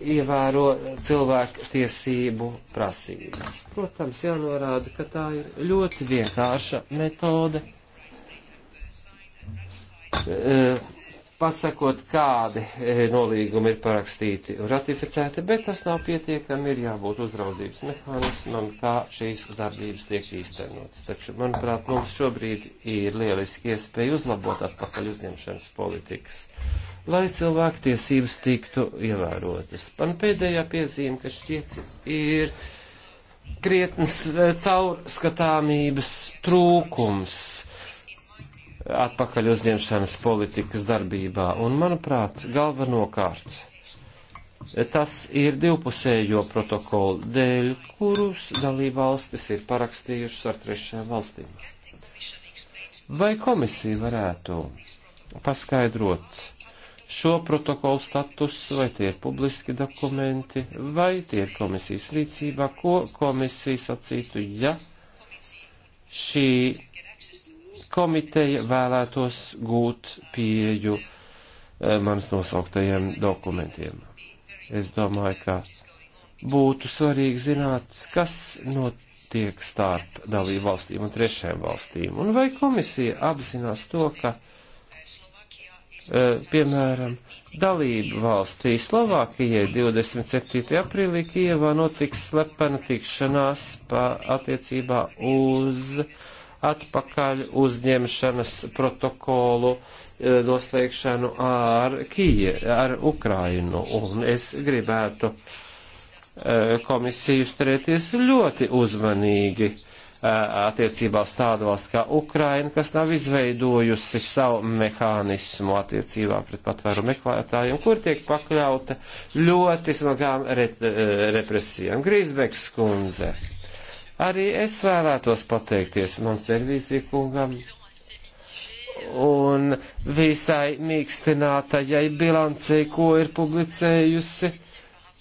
ievēro cilvēku tiesību prasības. Protams, jānorāda, ka tā ir ļoti vienkārša metode. E, pasakot, kādi e, nolīgumi ir parakstīti un ratificēti, bet tas nav pietiekami, ir jābūt uzraudzības mehānismam, kā šīs darbības tiek īstenotas. Taču, manuprāt, mums šobrīd ir lieliski iespēja uzlabot atpakaļ uzņemšanas politikas lai cilvēku tiesības tiktu ievērotas. Man pēdējā piezīme, kas šķiet ir krietnes eh, caurskatāmības trūkums atpakaļ uzņemšanas politikas darbībā, un, manuprāt, galvenokārt eh, tas ir divpusējo protokolu dēļ, kurus dalībvalstis ir parakstījušas ar trešajām valstīm. Vai komisija varētu paskaidrot šo protokolu status, vai tie ir publiski dokumenti, vai tie ir komisijas rīcībā, ko komisija sacītu, ja šī komiteja vēlētos gūt pieju e, manas nosauktajiem dokumentiem. Es domāju, ka būtu svarīgi zināt, kas notiek starp dalību valstīm un trešajām valstīm, un vai komisija apzinās to, ka Eh, piemēram, dalību valstī Slovākijai 27. aprīlī Kievā notiks slepena tikšanās attiecībā uz atpakaļ uzņemšanas protokolu eh, noslēgšanu ar Kiju, ar Ukrainu. Un es gribētu eh, komisiju turēties ļoti uzmanīgi attiecībā uz tādu valstu kā Ukraina, kas nav izveidojusi savu mehānismu attiecībā pret patvēru meklētājiem, kur tiek pakļauta ļoti smagām ret, e, represijām. Grīsbeks kundze, arī es vēlētos pateikties mans servīzija kungam un visai mīkstinātajai bilancei, ko ir publicējusi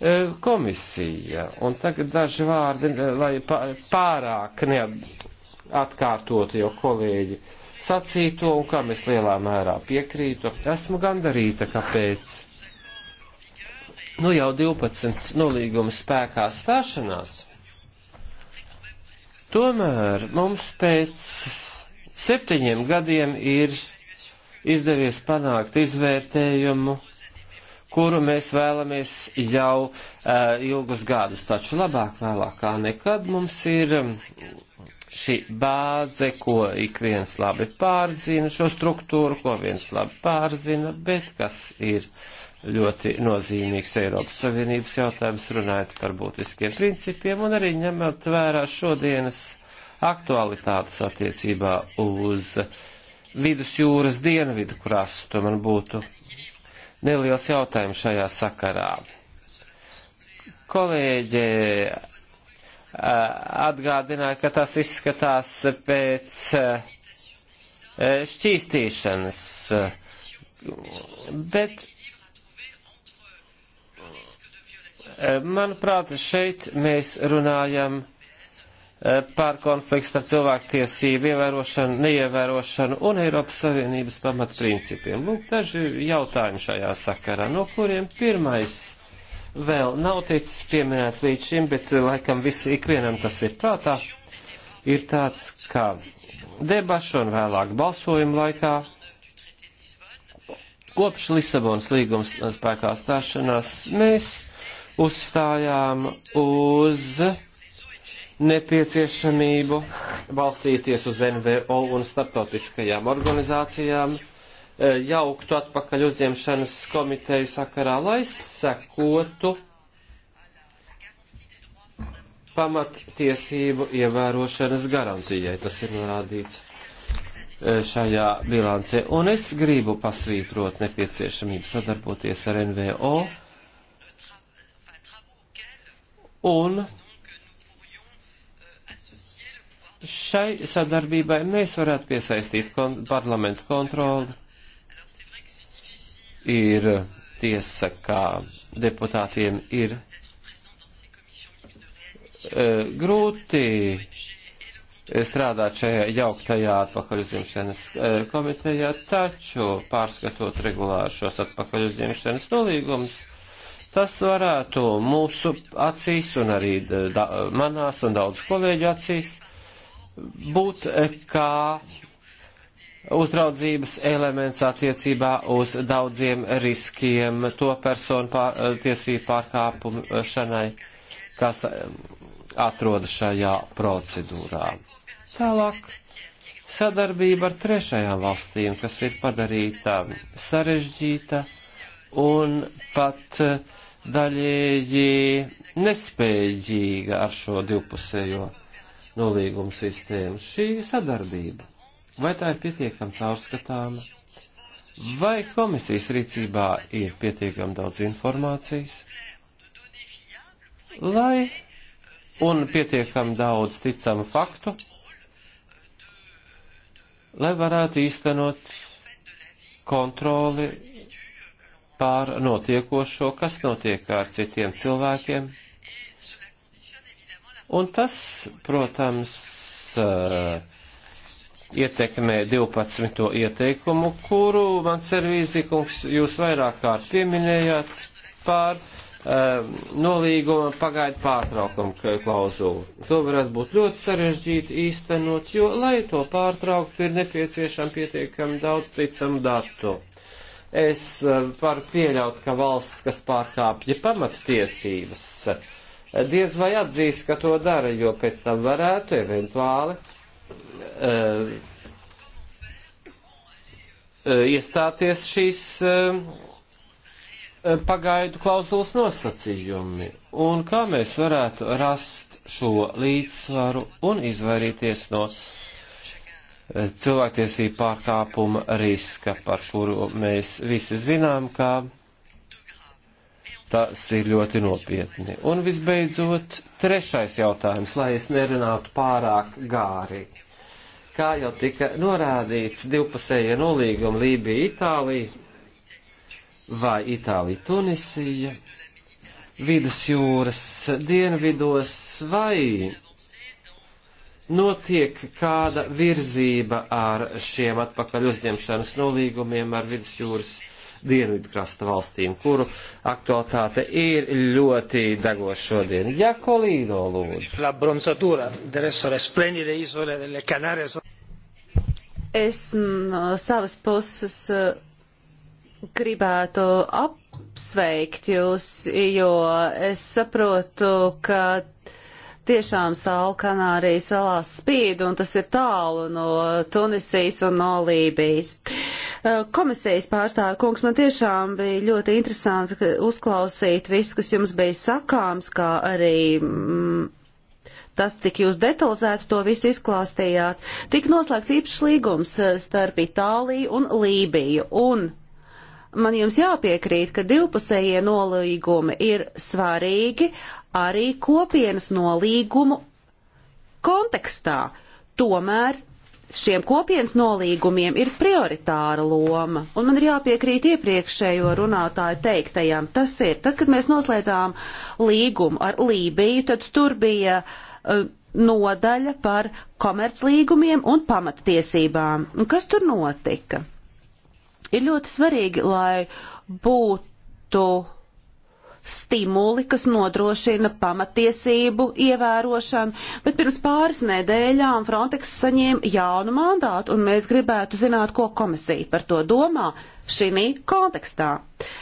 E, komisija. Un tagad daži vārdi, e, lai pārāk neatkārtotu jau kolēģi sacīto un kam es lielā mērā piekrītu. Esmu gandarīta, kāpēc. Nu jau 12 nolīguma spēkā stāšanās. Tomēr mums pēc septiņiem gadiem ir izdevies panākt izvērtējumu kuru mēs vēlamies jau uh, ilgus gadus. Taču labāk vēlākā nekad mums ir mm, šī bāze, ko ik viens labi pārzina, šo struktūru, ko viens labi pārzina, bet kas ir ļoti nozīmīgs Eiropas Savienības jautājums, runājot par būtiskiem principiem un arī ņemot vērā šodienas aktualitātes attiecībā uz vidusjūras dienvidu krastu, man būtu neliels jautājums šajā sakarā. Kolēģi atgādināja, ka tas izskatās pēc šķīstīšanas, bet manuprāt, šeit mēs runājam par Eh, par konfliktu starp cilvēktiesību ievērošanu, neievērošanu un Eiropas Savienības pamatprincipiem. Lūk, daži jautājumi šajā sakarā, no kuriem pirmais vēl nav ticis pieminēts līdz šim, bet eh, laikam visi ikvienam tas ir prātā, ir tāds, ka debašu un vēlāk balsojumu laikā kopš Lisabonas līgums spēkā stāšanās mēs uzstājām uz nepieciešamību balstīties uz NVO un starptautiskajām organizācijām e, jauktu atpakaļ uzņemšanas komiteju sakarā, lai sekotu pamattiesību ievērošanas garantijai. Tas ir norādīts e, šajā bilancē. Un es gribu pasvītrot nepieciešamību sadarboties ar NVO un šai sadarbībai mēs varētu piesaistīt kon parlamentu kontroli. Ir tiesa, ka deputātiem ir uh, grūti strādāt šajā jauktajā atpakaļuzņemšanas e, komitejā, taču pārskatot regulāri šos atpakaļuzņemšanas nolīgumus, tas varētu mūsu acīs un arī e, da, manās un daudz kolēģu acīs būt e, kā uzraudzības elements attiecībā uz daudziem riskiem to personu pār, e, tiesību pārkāpumšanai, kas e, atrodas šajā procedūrā. Tālāk sadarbība ar trešajām valstīm, kas ir padarīta sarežģīta un pat daļēji nespējīga ar šo divpusējo nolīguma sistēmu. Šī sadarbība, vai tā ir pietiekami caurskatāma, vai komisijas rīcībā ir pietiekami daudz informācijas, lai un pietiekami daudz ticamu faktu, lai varētu īstenot kontroli pār notiekošo, kas notiek ar citiem cilvēkiem Un tas, protams, ietekmē 12. ieteikumu, kuru man servīzīkums jūs vairāk kārt pieminējāt par nolīguma pagaidu pārtraukumu klauzulu. To varētu būt ļoti sarežģīti īstenot, jo, lai to pārtrauktu, ir nepieciešama pietiekami daudz ticamu datu. Es varu pieļaut, ka valsts, kas pārkāpja pamattiesības, diez vai atzīs, ka to dara, jo pēc tam varētu eventuāli uh, iestāties šīs uh, pagaidu klauzulas nosacījumi. Un kā mēs varētu rast šo līdzsvaru un izvairīties no cilvēktiesību pārkāpuma riska, par kuru mēs visi zinām, kā ka tas ir ļoti nopietni. Un visbeidzot, trešais jautājums, lai es nerunātu pārāk gāri. Kā jau tika norādīts, divpusējie nolīgumi Lībija, Itālija vai Itālija, Tunisija, vidus jūras dienvidos vai notiek kāda virzība ar šiem atpakaļ uzņemšanas nolīgumiem ar vidus jūras dienvidos dienvidu krasta valstīm, kuru aktualitāte ir ļoti degoša šodien. Ja kolīno lūdzu. Es no savas puses eh, gribētu apsveikt jūs, jo es saprotu, ka tiešām saule Kanārijas salās spīd, un tas ir tālu no Tunisijas un no Lībijas. Komisijas pārstāvi kungs, man tiešām bija ļoti interesanti uzklausīt visu, kas jums bija sakāms, kā arī mm, tas, cik jūs detalizēti to visu izklāstījāt. Tik noslēgts īpašs līgums starp Itāliju un Lībiju, un man jums jāpiekrīt, ka divpusējie nolīgumi ir svarīgi, arī kopienas nolīgumu kontekstā. Tomēr šiem kopienas nolīgumiem ir prioritāra loma, un man ir jāpiekrīt iepriekšējo runātāju teiktajam. Tas ir, tad, kad mēs noslēdzām līgumu ar Lībiju, tad tur bija uh, nodaļa par komerclīgumiem un pamattiesībām. Un kas tur notika? Ir ļoti svarīgi, lai būtu stimuli, kas nodrošina pamatiesību ievērošanu, bet pirms pāris nedēļām Frontex saņēma jaunu mandātu, un mēs gribētu zināt, ko komisija par to domā šī kontekstā. Uh,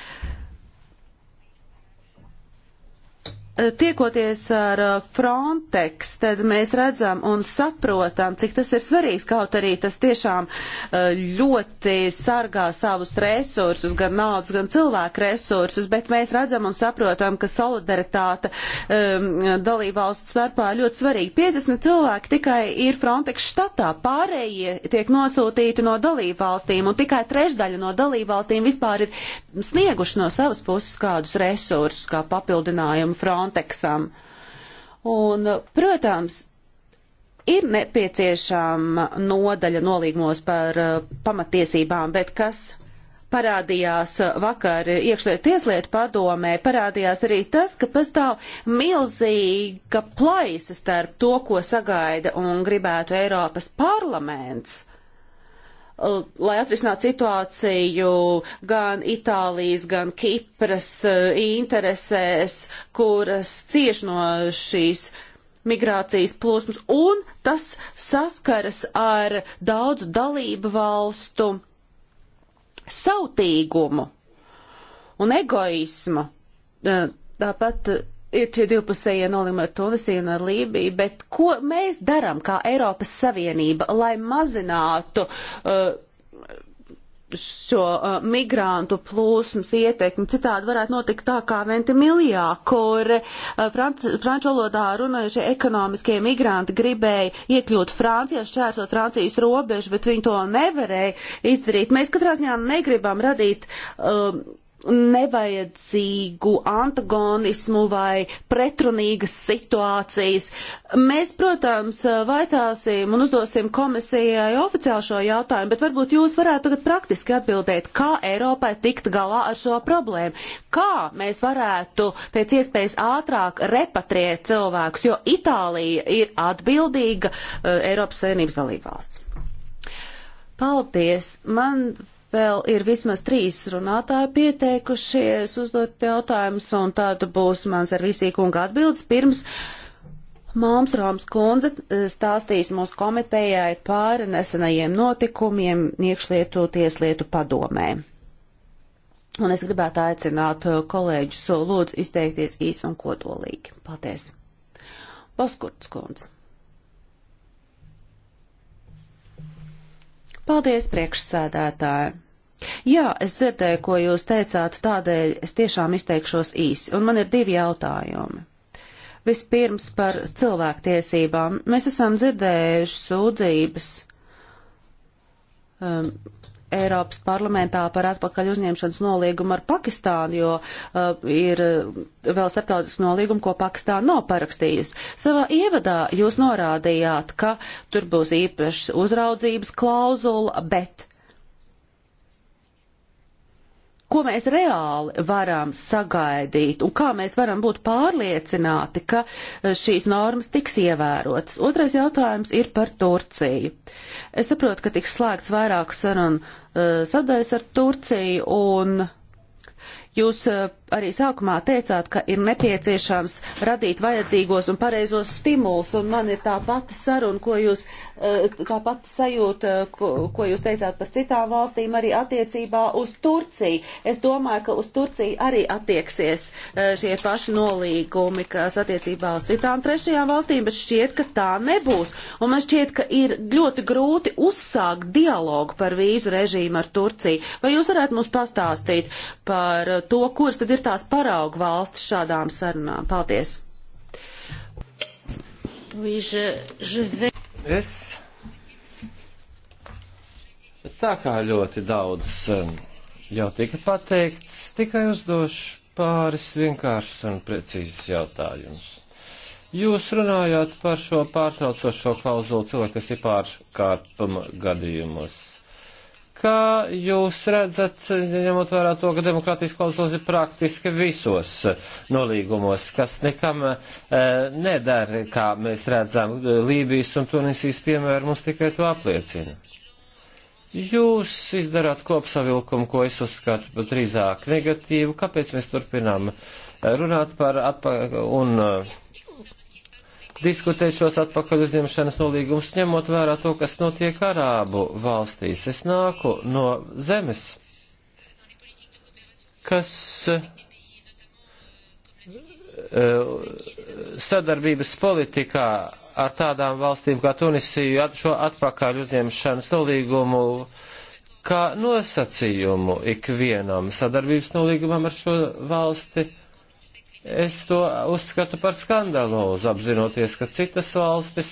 Eh, tiekoties ar eh, Frontex, tad mēs redzam un saprotam, cik tas ir svarīgs, kaut arī tas tiešām eh, ļoti sargā savus resursus, gan naudas, gan cilvēku resursus, bet mēs redzam un saprotam, ka solidaritāte um, ehm, dalībvalstu starpā ļoti svarīga. 50 cilvēki tikai ir Frontex štatā, pārējie tiek nosūtīti no dalībvalstīm, un tikai trešdaļa no dalībvalstīm vispār ir snieguši no savas puses kādus resursus kā papildinājumu Frontex. Frontexam. Un, protams, ir nepieciešama nodaļa nolīgumos par uh, pamatiesībām, bet kas parādījās vakar iekšlietu tieslietu padomē, parādījās arī tas, ka pastāv milzīga plaisa starp to, ko sagaida un gribētu Eiropas parlaments Uh, lai atrisinātu situāciju gan Itālijas, gan Kipras uh, interesēs, kuras cieš no šīs migrācijas plūsmas, un tas saskaras ar daudzu dalību valstu sautīgumu un egoismu. Uh, tāpat ir šie divpusējie nolīgumi ar Tunisiju un ar Lībiju, bet ko mēs darām kā Eiropas Savienība, lai mazinātu uh, šo uh, migrantu plūsmas ietekmi. Citādi varētu notikt tā kā Ventimiljā, kur uh, franču valodā runājušie ekonomiskie migranti gribēja iekļūt Francijā, šķērsot Francijas robežu, bet viņi to nevarēja izdarīt. Mēs katrā ziņā negribam radīt. Uh, nevajadzīgu antagonismu vai pretrunīgas situācijas. Mēs, protams, vaicāsim un uzdosim komisijai oficiāli šo jautājumu, bet varbūt jūs varētu tagad praktiski atbildēt, kā Eiropai tikt galā ar šo problēmu. Kā mēs varētu pēc iespējas ātrāk repatriēt cilvēkus, jo Itālija ir atbildīga uh, Eiropas Savienības dalībvalsts. Paldies! Man Vēl ir vismaz trīs runātāji pieteikušies uzdot jautājumus, un tāda būs mans ar visī kunga atbildes. Pirms Māms Roms kundze eh, stāstīs mūsu komitejai par nesenajiem notikumiem iekšlietu tieslietu padomē. Un es gribētu aicināt eh, kolēģus lūdzu izteikties īsi un kodolīgi. Paldies! Boskurts kundze. Paldies, priekšsēdētāji! Jā, es dzirdēju, ko jūs teicāt, tādēļ es tiešām izteikšos īsi, un man ir divi jautājumi. Vispirms par cilvēktiesībām. Mēs esam dzirdējuši sūdzības um, Eiropas parlamentā par atpakaļ uzņemšanas nolīgumu ar Pakistānu, jo uh, ir uh, vēl starptautisks nolīgums, ko Pakistāna nav parakstījusi. Savā ievadā jūs norādījāt, ka tur būs īpašs uzraudzības klauzula, bet ko mēs reāli varam sagaidīt un kā mēs varam būt pārliecināti, ka eh, šīs normas tiks ievērotas. Otrais jautājums ir par Turciju. Es saprotu, ka tiks slēgts vairākas sarunu eh, sadaļas ar Turciju un jūs eh, arī sākumā teicāt, ka ir nepieciešams radīt vajadzīgos un pareizos stimulus, un man ir tā pati saruna, ko jūs, eh, tā pati sajūta, eh, ko, ko jūs teicāt par citām valstīm, arī attiecībā uz Turciju. Es domāju, ka uz Turciju arī attieksies eh, šie paši nolīgumi, kas attiecībā uz citām trešajām valstīm, bet šķiet, ka tā nebūs. Un man šķiet, ka ir ļoti grūti uzsākt dialogu par vīzu režīmu ar Turciju. Vai jūs varētu mums pastāstīt par to, kuras tad ir ir tās paraugu valsts šādām sarunām? Paldies! Oui, je, je vais... Es tā kā ļoti daudz um, jau tika pateikts, tikai uzdošu pāris vienkāršus un precīzus jautājumus. Jūs runājāt par šo pārtraucošo klauzulu cilvēktiesību pārkārtuma gadījumus. Kā jūs redzat, ņemot vērā to, ka demokrātijas klauzulas ir praktiski visos nolīgumos, kas nekam e, nedara, kā mēs redzam, Lībijas un Tunisijas piemēru mums tikai to apliecina. Jūs izdarāt kopsavilkumu, ko es uzskatu pat drīzāk negatīvu, kāpēc mēs turpinām e, runāt par atpakaļ un. E, diskutēt šos atpakaļ uzņemšanas nolīgumus, ņemot vērā to, kas notiek Arābu valstīs. Es nāku no zemes, kas eh, sadarbības politikā ar tādām valstīm kā Tunisiju šo atpakaļ uzņemšanas nolīgumu kā nosacījumu ikvienam sadarbības nolīgumam ar šo valsti Es to uzskatu par skandalozu, apzinoties, ka citas valstis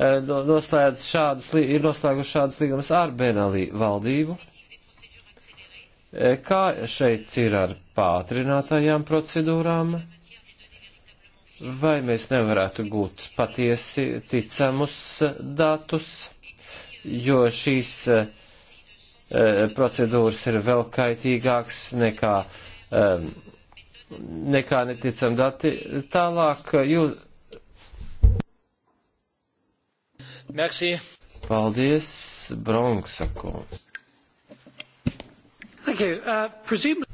eh, noslēdz šādus, ir noslēguši šādus līgumus ar Benelī valdību. Eh, kā šeit ir ar pātrinātajām procedūrām? Vai mēs nevarētu gūt patiesi ticamus eh, datus, jo šīs e, procedūras ir vēl kaitīgāks nekā e, nekā neticam dati. Tālāk jūs. Merci. Paldies, Bronksakums. Uh, presume...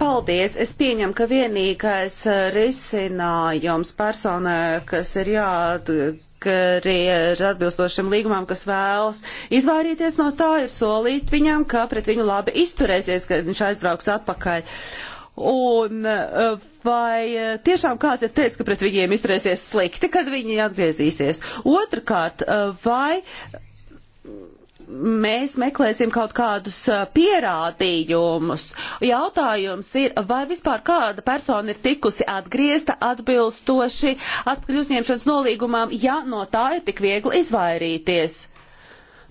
Paldies! Es pieņemu, ka vienīgais uh, risinājums personai, kas ir jāatgriež atbilstošiem līgumam, kas vēlas izvairīties no tā, ir solīt viņam, ka pret viņu labi izturēsies, kad viņš aizbrauks atpakaļ. Uh, Un eh, vai eh, tiešām kāds ir teicis, ka pret viņiem izturēsies slikti, kad viņi atgriezīsies? Otrakārt, eh, vai mēs meklēsim kaut kādus pierādījumus. Jautājums ir, vai vispār kāda persona ir tikusi atgriezta atbilstoši atpakaļ uzņemšanas nolīgumam, ja no tā ir tik viegli izvairīties?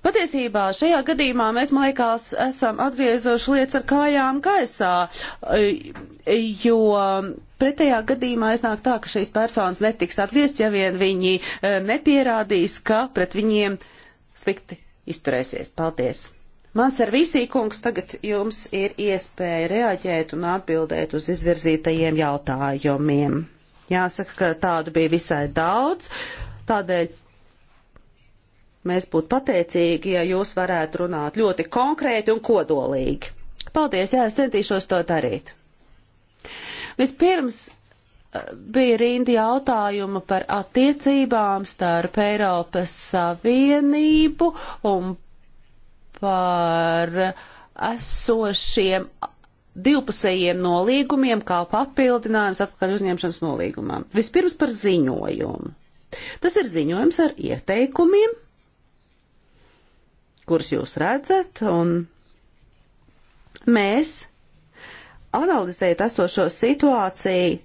Patiesībā šajā gadījumā mēs, man liekas, esam atgriezuši lietas ar kājām gaisā, e, jo pretējā gadījumā iznāk tā, ka šīs personas netiks atgriezt, ja vien viņi e, nepierādīs, ka pret viņiem slikti izturēsies. Paldies! Mans ar visī kungs tagad jums ir iespēja reaģēt un atbildēt uz izvirzītajiem jautājumiem. Jāsaka, ka tādu bija visai daudz, tādēļ Mēs būtu pateicīgi, ja jūs varētu runāt ļoti konkrēti un kodolīgi. Paldies, jā, es centīšos to darīt. Vispirms eh, bija rinda jautājuma par attiecībām starp Eiropas Savienību un par esošiem divpusējiem nolīgumiem kā papildinājums atpakaļ uzņemšanas nolīgumam. Vispirms par ziņojumu. Tas ir ziņojums ar ieteikumiem, kuras jūs redzat, un mēs, analizējot esošo situāciju,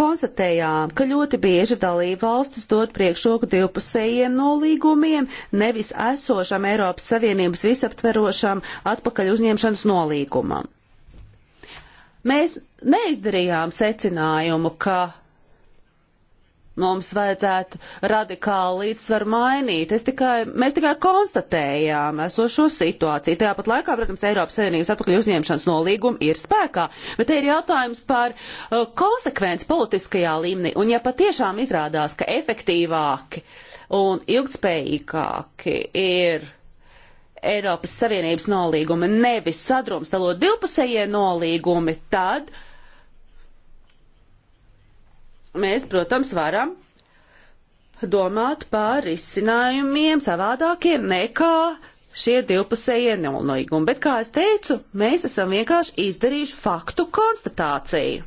konstatējām, ka ļoti bieži dalība valstis dod priekšroku divpusējiem nolīgumiem, nevis esošam Eiropas Savienības visaptverošam atpakaļ uzņemšanas nolīgumam. Mēs neizdarījām secinājumu, ka mums vajadzētu radikāli līdzsvaru mainīt. Es tikai, mēs tikai konstatējām esošo situāciju. Tāpat laikā, protams, Eiropas Savienības atpakaļ uzņemšanas nolīguma ir spēkā, bet te ir jautājums par uh, konsekvenci politiskajā līmenī. Un ja patiešām izrādās, ka efektīvāki un ilgtspējīgāki ir. Eiropas Savienības nolīgumi nevis sadrumstalot divpusējie nolīgumi, tad uh, mēs, protams, varam domāt par izcinājumiem savādākiem nekā šie divpusējie nolīgumi. Bet, kā es teicu, mēs esam vienkārši izdarījuši faktu konstatāciju.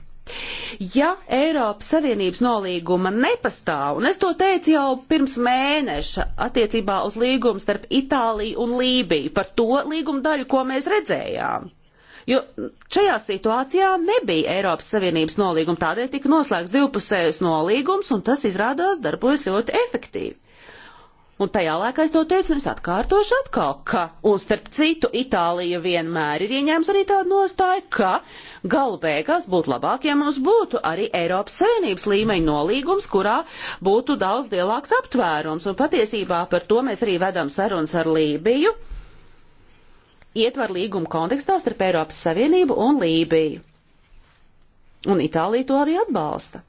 Ja Eiropas Savienības nolīguma nepastāv, un es to teicu jau pirms mēneša attiecībā uz līgumu starp Itāliju un Lībiju par to līguma daļu, ko mēs redzējām, Jo šajā situācijā nebija Eiropas Savienības nolīguma, tādēļ tika noslēgts divpusējs nolīgums, un tas izrādās darbojas ļoti efektīvi. Un tajā laikā es to teicu, un es atkārtošu atkal, ka, un starp citu, Itālija vienmēr ir ieņēmusi arī tādu nostāju, ka galu beigās būtu labāk, ja mums būtu arī Eiropas Savienības līmeņa nolīgums, kurā būtu daudz lielāks aptvērums. Un patiesībā par to mēs arī vedam sarunas ar Lībiju ietver līguma kontekstā starp Eiropas Savienību un Lībiju. Un Itālija to arī atbalsta.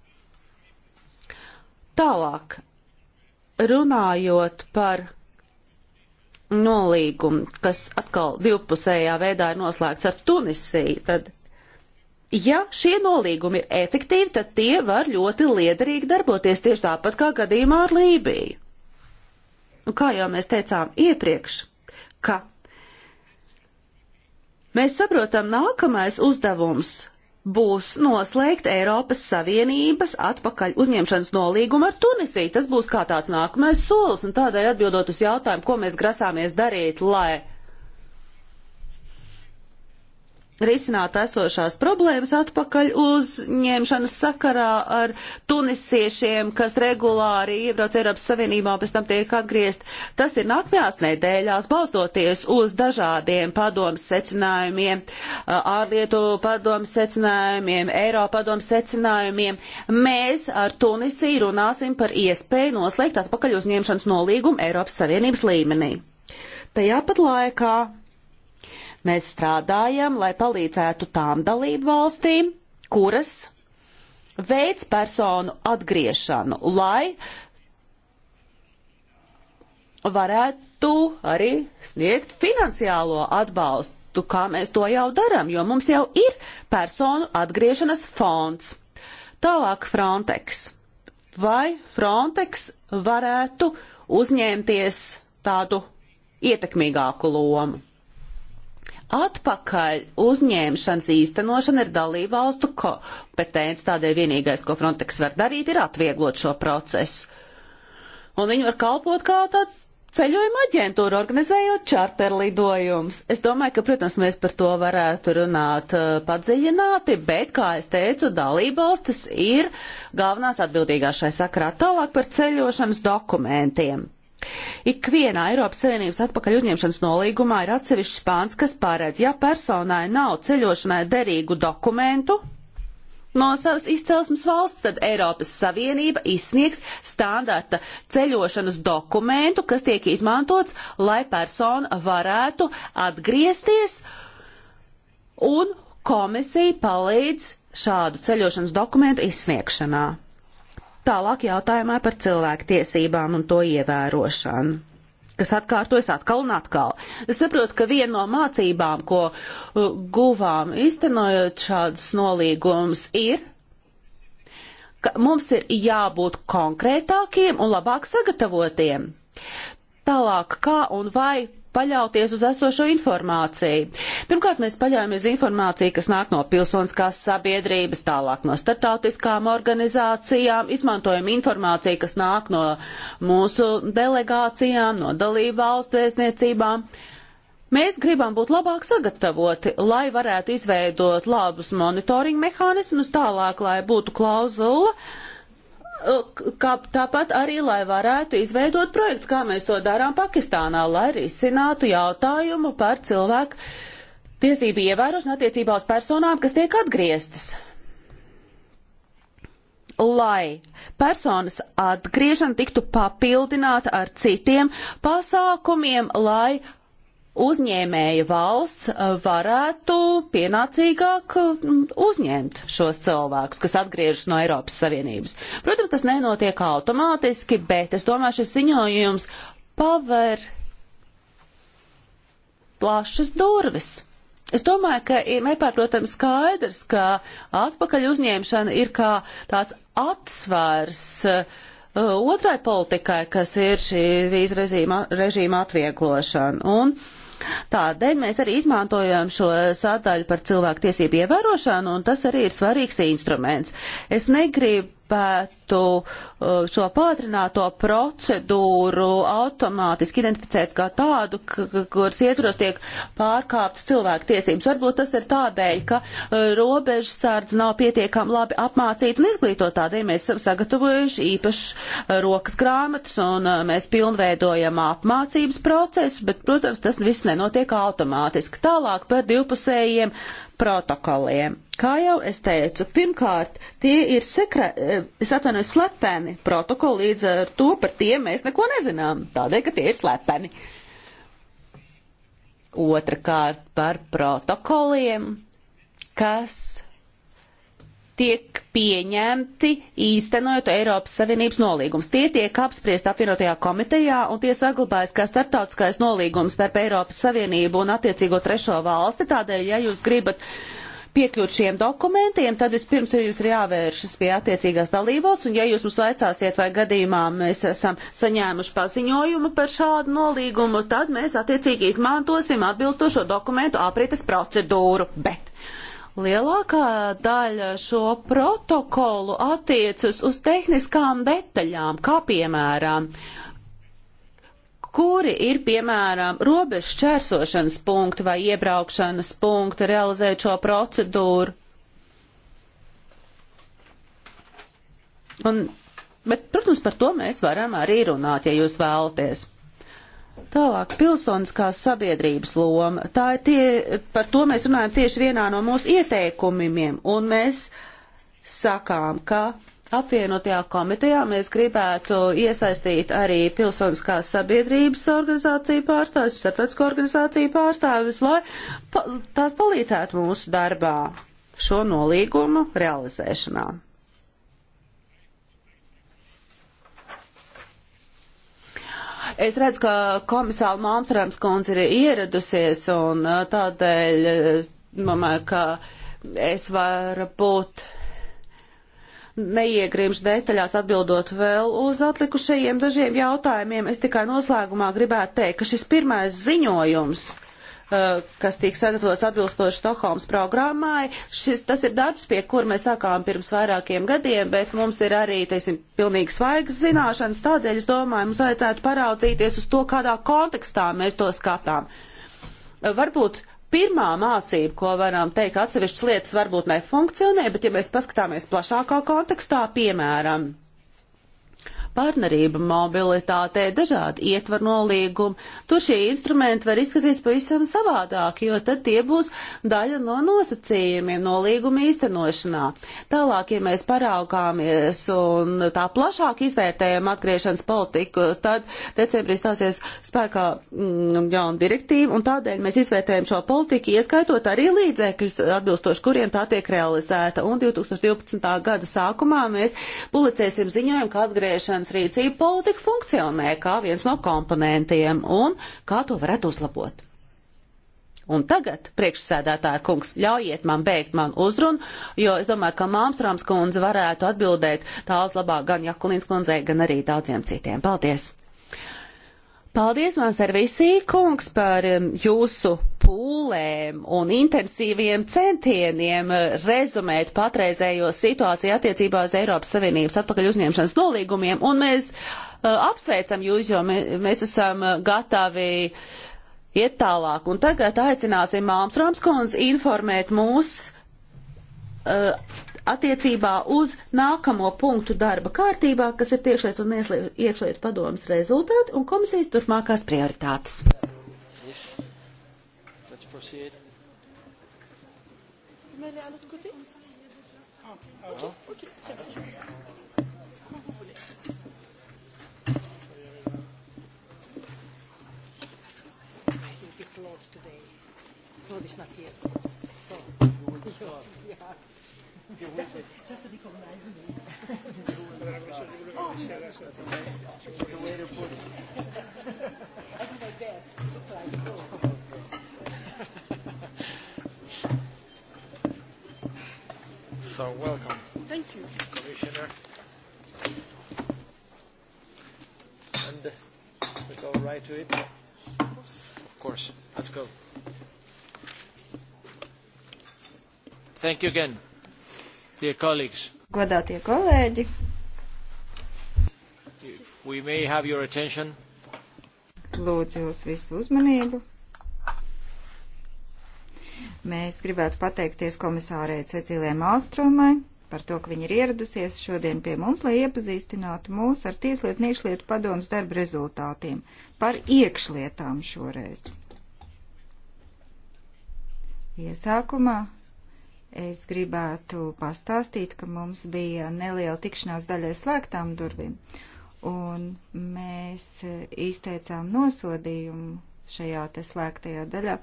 Tālāk, runājot par nolīgumu, kas atkal divpusējā veidā ir noslēgts ar Tunisiju, tad, ja šie nolīgumi ir efektīvi, tad tie var ļoti liederīgi darboties tieši tāpat kā gadījumā ar Lībiju. Un kā jau mēs teicām iepriekš, ka Mēs saprotam, nākamais uzdevums būs noslēgt Eiropas Savienības atpakaļ uzņemšanas nolīgumu ar Tunisiju. Tas būs kā tāds nākamais solis, un tādēļ atbildot uz jautājumu, ko mēs grasāmies darīt, lai risināt esošās problēmas atpakaļ uzņemšanas sakarā ar tunisiešiem, kas regulāri iebrauc Eiropas Savienībā un pēc tam tiek atgriezt. Tas ir nākamajās nedēļās, balstoties uz dažādiem padomas secinājumiem, ārlietu padomas secinājumiem, Eiropa padomas secinājumiem. Mēs ar Tunisiju runāsim par iespēju noslēgt atpakaļ uzņemšanas nolīgumu Eiropas Savienības līmenī. Tajā pat laikā Mēs strādājam, lai palīdzētu tām dalību valstīm, kuras veids personu atgriešanu, lai varētu arī sniegt finansiālo atbalstu, kā mēs to jau darām, jo mums jau ir personu atgriešanas fonds. Tālāk Frontex. Vai Frontex varētu uzņemties tādu ietekmīgāku lomu? Atpakaļ uzņemšanas īstenošana ir dalību valstu kompetence, tādēļ vienīgais, ko Frontex var darīt, ir atvieglot šo procesu. Un viņi var kalpot kā tāds ceļojuma aģentūra, organizējot čarterlidojumus. Es domāju, ka, protams, mēs par to varētu runāt uh, padziļināti, bet, kā es teicu, dalību valstis ir galvenās atbildīgās šai sakrā tālāk par ceļošanas dokumentiem. Ikvienā Eiropas Savienības atpakaļ uzņemšanas nolīgumā ir atsevišķs pāns, kas paredz, ja personai nav ceļošanai derīgu dokumentu no savas izcelsmes valsts, tad Eiropas Savienība izsniegs standarta ceļošanas dokumentu, kas tiek izmantots, lai persona varētu atgriezties un komisija palīdz šādu ceļošanas dokumentu izsniegšanā. Tālāk jautājumā par cilvēktiesībām un to ievērošanu kas atkārtojas atkal un atkal. Es saprotu, ka viena no mācībām, ko uh, guvām iztenojot šādus nolīgumus, ir, ka mums ir jābūt konkrētākiem un labāk sagatavotiem. Tālāk, kā un vai paļauties uz esošo informāciju. Pirmkārt, mēs paļaujamies informāciju, kas nāk no pilsoniskās sabiedrības, tālāk no starptautiskām organizācijām, izmantojam informāciju, kas nāk no mūsu delegācijām, no dalību valstu vēstniecībām. Mēs gribam būt labāk sagatavoti, lai varētu izveidot labus monitoringa mehānismus tālāk, lai būtu klauzula, uh, kā, tāpat arī, lai varētu izveidot projekts, kā mēs to darām Pakistānā, lai risinātu jautājumu par cilvēku tiesību ievērošanu attiecībā uz personām, kas tiek atgrieztas. Lai personas atgriešana tiktu papildināta ar citiem pasākumiem, lai uzņēmēja valsts uh, varētu pienācīgāk mm, uzņemt šos cilvēkus, kas atgriežas no Eiropas Savienības. Protams, tas nenotiek automātiski, bet es domāju, šis ziņojums paver plašas durvis. Es domāju, ka ir nepārprotami skaidrs, ka atpakaļ uzņemšana ir kā tāds atsvērs uh, otrai politikai, kas ir šī vīzu režīma, režīma atvieglošana. Un Tādēļ mēs arī izmantojam šo sādaļu par cilvēku tiesību ievērošanu, un tas arī ir svarīgs instruments. Es negribu gribētu uh, šo pātrināto procedūru automātiski identificēt kā tādu, kuras ietvaros tiek pārkāptas cilvēku tiesības. Varbūt tas ir tādēļ, ka uh, robežsardze nav pietiekami labi apmācīta un izglītot tādēļ. Mēs esam sagatavojuši īpašas uh, rokas grāmatas un mēs pilnveidojam apmācības procesu, bet, protams, tas viss nenotiek automātiski. Tālāk par divpusējiem protokoliem. Kā jau es teicu, pirmkārt, tie ir sekre, eh, es atvainoju, slepeni protokoli, līdz ar to par tiem mēs neko nezinām, tādēļ, ka tie ir slepeni. Otrakārt par protokoliem, kas tiek pieņemti īstenojot Eiropas Savienības nolīgums. Tie tiek apspriest apvienotajā komitejā un tie saglabājas kā starptautiskais nolīgums starp Eiropas Savienību un attiecīgo trešo valsti. Tādēļ, ja jūs gribat piekļūt šiem dokumentiem, tad vispirms jums ir jāvēršas pie attiecīgās dalībvalsts, un ja jūs mums vaicāsiet, vai gadījumā mēs esam saņēmuši paziņojumu par šādu nolīgumu, tad mēs attiecīgi izmantosim atbilstošo dokumentu aprites procedūru. Bet Lielākā daļa šo protokolu attiecas uz tehniskām detaļām, kā piemēram, kuri ir, piemēram, robežu čērsošanas punkti vai iebraukšanas punkti realizēt šo procedūru. Un, bet, protams, par to mēs varam arī runāt, ja jūs vēlaties. Tālāk, pilsoniskās sabiedrības loma. Tā ir tie, par to mēs runājam tieši vienā no mūsu ieteikumiem, un mēs sakām, ka apvienotajā komitejā mēs gribētu iesaistīt arī pilsoniskās sabiedrības organizāciju pārstāvis, starptautisko organizāciju pārstāvis, lai pa, tās palīdzētu mūsu darbā šo nolīgumu realizēšanā. Es redzu, ka komisāla Malmstrāms kundze ir ieradusies un uh, tādēļ es domāju, ka es varu būt neiegrimšu detaļās atbildot vēl uz atlikušajiem dažiem jautājumiem. Es tikai noslēgumā gribētu teikt, ka šis pirmais ziņojums Eh, kas tiek sagatavots atbilstoši Stokholmas programmai. Šis, tas ir darbs, pie kur mēs sākām pirms vairākiem gadiem, bet mums ir arī, teiksim, pilnīgi svaigas zināšanas. Tādēļ, es domāju, mums vajadzētu paraudzīties uz to, kādā kontekstā mēs to skatām. Eh, varbūt pirmā mācība, ko varam teikt, atsevišķas lietas varbūt nefunkcionē, bet ja mēs paskatāmies plašākā kontekstā, piemēram, partnerība mobilitātē, dažādi ietvaru nolīgumi. Tur šie instrumenti var izskatīties pavisam savādāk, jo tad tie būs daļa no nosacījumiem nolīguma īstenošanā. Tālāk, ja mēs paraugāmies un tā plašāk izvērtējam atgriešanas politiku, tad decembrī stāsies spēkā mm, jauna direktīva, un tādēļ mēs izvērtējam šo politiku, ieskaitot arī līdzekļus, atbilstoši kuriem tā tiek realizēta. Un 2012. gada sākumā mēs publicēsim ziņojumu, ka atgriešanas Padomas rīcība politika funkcionē kā viens no komponentiem un kā to varētu uzlabot. Un tagad, priekšsēdētāja kungs, ļaujiet man beigt man uzrunu, jo es domāju, ka Māmstrāms kundze varētu atbildēt tā uz labāk gan Jakulīns kundzei, gan arī daudziem citiem. Paldies! Paldies, Manservisī kungs, par um, jūsu pūlēm un intensīviem centieniem uh, rezumēt patreizējo situāciju attiecībā uz Eiropas Savienības atpakaļ uzņemšanas nolīgumiem, un mēs uh, apsveicam jūs, jo mēs esam uh, gatavi iet tālāk. Un tagad aicināsim Māmstroms kundzi informēt mūs. Uh, attiecībā uz nākamo punktu darba kārtībā, kas ir tiešlietu un iekšlietu padomas rezultāti un komisijas turpmākās prioritātes. Yes. just, just to recognize me. oh, yes. That's a way to put it. I do my best to try to go. So, welcome. Thank you. Commissioner. And we go right to it. Of course. Of course. Let's go. Thank you again. Dear colleagues. Godātie kolēģi. We may have your attention. Lūdzu jūs visu uzmanību. Mēs gribētu pateikties komisārei Cecilijai Malstromai par to, ka viņa ir ieradusies šodien pie mums, lai iepazīstinātu mūs ar Tieslietu un iekšlietu padomus darba rezultātiem par iekšlietām šoreiz. Iesākumā Es gribētu pastāstīt, ka mums bija neliela tikšanās daļai slēgtām durvīm, un mēs izteicām nosodījumu šajā te slēgtajā daļā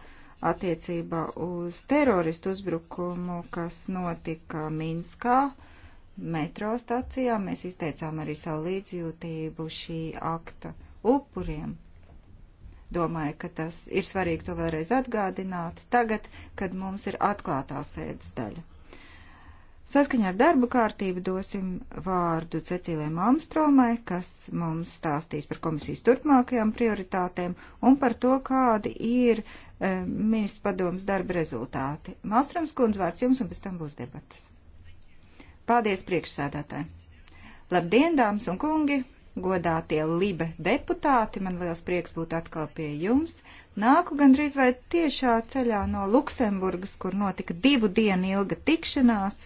attiecībā uz teroristu uzbrukumu, kas notika Minskā metro stacijā. Mēs izteicām arī savu līdzjūtību šī akta upuriem. Domāju, ka tas ir svarīgi to vēlreiz atgādināt tagad, kad mums ir atklātā sēdes daļa. Saskaņā ar darbu kārtību dosim vārdu Cecīlēm Almstromai, kas mums stāstīs par komisijas turpmākajām prioritātēm un par to, kādi ir e, eh, ministrs padomas darba rezultāti. Malstroms kundz vārds jums un pēc tam būs debatas. Paldies priekšsēdētāji! Labdien, dāmas un kungi! godātie Libe deputāti, man liels prieks būt atkal pie jums. Nāku gandrīz vai tiešā ceļā no Luksemburgas, kur notika divu dienu ilga tikšanās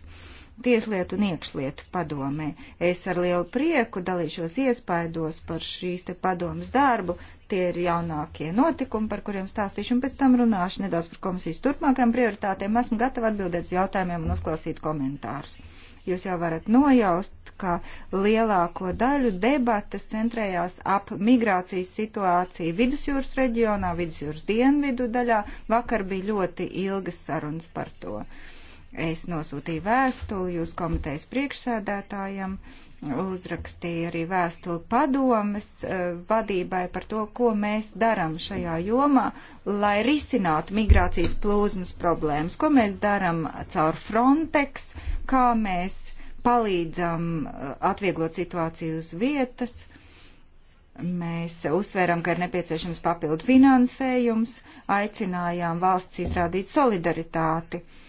Tieslietu un iekšlietu padomē. Es ar lielu prieku dalīšos iespaidos par šīs te padomas darbu. Tie ir jaunākie notikumi, par kuriem stāstīšu, un pēc tam runāšu nedaudz par komisijas turpmākajām prioritātēm. Esmu gatava atbildēt uz jautājumiem un uzklausīt komentārus. Jūs jau varat nojaust, ka lielāko daļu debatas centrējās ap migrācijas situāciju vidusjūras reģionā, vidusjūras dienvidu daļā. Vakar bija ļoti ilgas sarunas par to. Es nosūtīju vēstuli jūs komitejas priekšsēdētājiem. Uh, uzrakstīja arī vēstuli padomas eh, vadībai par to, ko mēs darām šajā jomā, lai risinātu migrācijas plūsmas problēmas, ko mēs darām caur Frontex, kā mēs palīdzam eh, atvieglot situāciju uz vietas. Mēs uzsveram, ka ir nepieciešams papildu finansējums, aicinājām valsts izrādīt solidaritāti. Uh,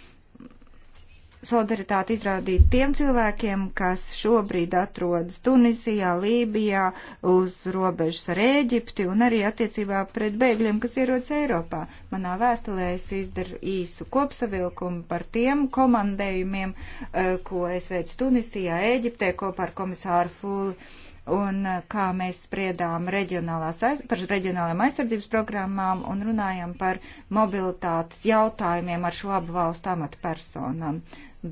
solidaritāti izrādīt tiem cilvēkiem, kas šobrīd atrodas Tunisijā, Lībijā, uz robežas ar Ēģipti un arī attiecībā pret bēgļiem, kas ierodas Eiropā. Manā vēstulē es izdaru īsu kopsavilkumu par tiem komandējumiem, eh, ko es veicu Tunisijā, Ēģiptē kopā ar komisāru Fūli un eh, kā mēs spriedām aiz, par reģionālām aizsardzības programmām un runājam par mobilitātes jautājumiem ar šo abu valstu amatpersonām.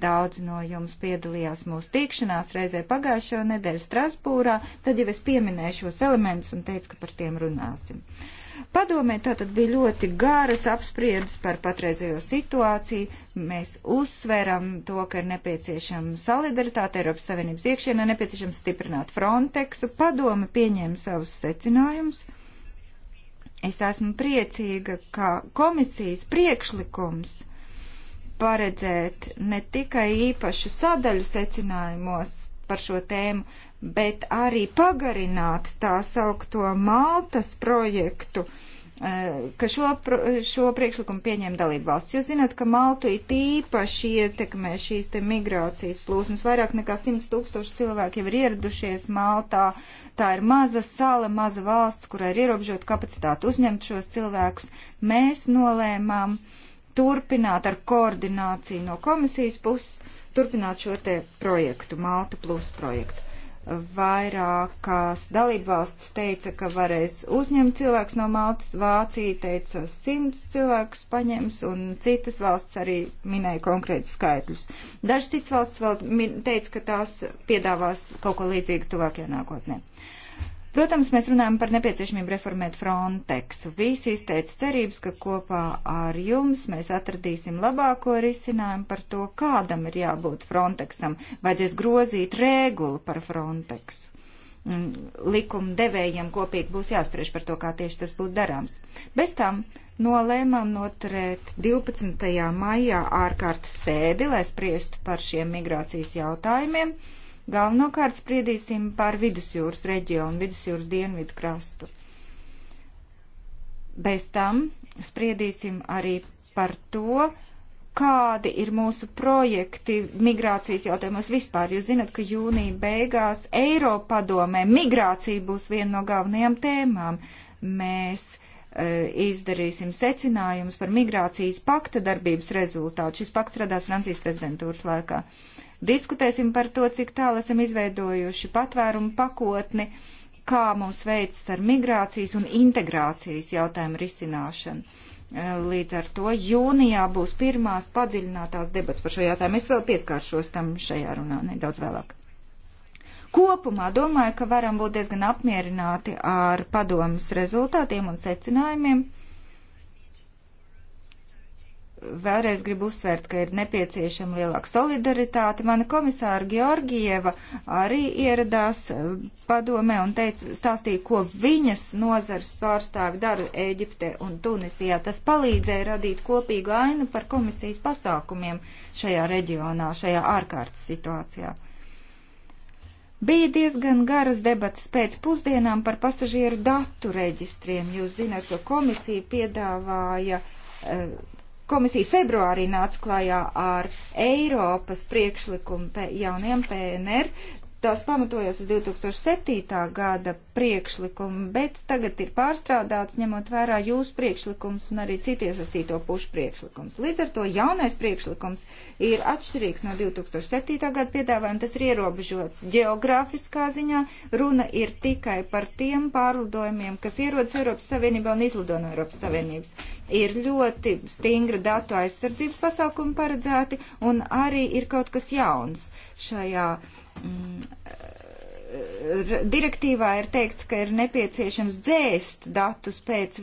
Daudz no jums piedalījās mūsu tikšanās reizē pagājušo nedēļu Strasbūrā, tad jau es pieminēju šos elementus un teicu, ka par tiem runāsim. Padomē tātad bija ļoti garas apspriedas par patreizējo situāciju. Mēs uzsveram to, ka ir nepieciešama solidaritāte Eiropas Savienības iekšienē, nepieciešams stiprināt Frontexu. Padome pieņēma savus secinājumus. Es esmu priecīga, ka komisijas priekšlikums paredzēt ne tikai īpašu sadaļu secinājumos par šo tēmu, bet arī pagarināt tā saukto Maltas projektu, eh, ka šo, šo priekšlikumu pieņem dalību valsts. Jūs zināt, ka Maltu it īpaši ietekmē šīs te migrācijas plūsmas. Vairāk nekā 100 tūkstoši cilvēki jau ir ieradušies Maltā. Tā ir maza sala, maza valsts, kurai ir ierobežota kapacitāte uzņemt šos cilvēkus. Mēs nolēmām uh, turpināt ar koordināciju no komisijas puses, turpināt šo te projektu, Malta Plus projektu. Vairākās dalībvalstis teica, ka varēs uzņemt cilvēkus no Maltas, Vācija teica simts cilvēkus paņems, un citas valsts arī minēja konkrētus skaitļus. Dažas citas valsts vēl teica, ka tās piedāvās kaut ko līdzīgu tuvākajā nākotnē. Uh, Protams, mēs runājam par nepieciešamību reformēt Frontexu. Visi izteica cerības, ka kopā ar jums mēs atradīsim labāko risinājumu par to, kādam ir jābūt Frontexam. Vajadzēs grozīt regulu par Frontexu likuma devējiem kopīgi būs jāspriež par to, kā tieši tas būtu darāms. Bez tam nolēmām noturēt 12. maijā ārkārtas sēdi, lai spriestu par šiem migrācijas jautājumiem. Uh, Galvenokārt spriedīsim par vidusjūras reģionu, vidusjūras dienvidu krastu. Bez tam spriedīsim arī par to, kādi ir mūsu projekti migrācijas jautājumos vispār. Jūs zinat, ka jūnija beigās Eiropadomē migrācija būs viena no galvenajām tēmām. Mēs e, izdarīsim secinājumus par migrācijas pakta darbības rezultātu. Šis pakts radās Francijas prezidentūras laikā. Uh, Diskutēsim par to, cik tālu esam izveidojuši patvērumu pakotni, kā mums veicas ar migrācijas un integrācijas jautājumu risināšanu. Eh, līdz ar to jūnijā būs pirmās padziļinātās debats par šo jautājumu. Es vēl pieskāršos tam šajā runā nedaudz vēlāk. Kopumā domāju, ka varam būt diezgan apmierināti ar padomus rezultātiem un secinājumiem vēlreiz gribu uzsvērt, ka ir nepieciešama lielāka solidaritāte. Mana komisāra Georgieva arī ieradās e, padomē un teica, stāstīja, ko viņas nozars pārstāvi dara Ēģipte un Tunisijā. Tas palīdzēja radīt kopīgu ainu par komisijas pasākumiem šajā reģionā, šajā ārkārtas situācijā. Bija diezgan garas debatas pēc pusdienām par pasažieru datu reģistriem. Jūs zināt, ka komisija piedāvāja uh, Komisija februārī nāca klajā ar Eiropas priekšlikumu jauniem PNR. Tas pamatojas uz 2007. gada priekšlikumu, bet tagad ir pārstrādāts, ņemot vērā jūsu priekšlikums un arī citu iesaistīto pušu priekšlikums. Līdz ar to jaunais priekšlikums ir atšķirīgs no 2007. gada piedāvājuma, tas ir ierobežots geogrāfiskā ziņā. Runa ir tikai par tiem pārlidojumiem, kas ierodas Eiropas Savienībā un izlido no Eiropas Savienības. Ir ļoti stingra datu aizsardzības pasākuma paredzēti un arī ir kaut kas jauns šajā Mm, direktīvā ir teikts, ka ir nepieciešams dzēst datus pēc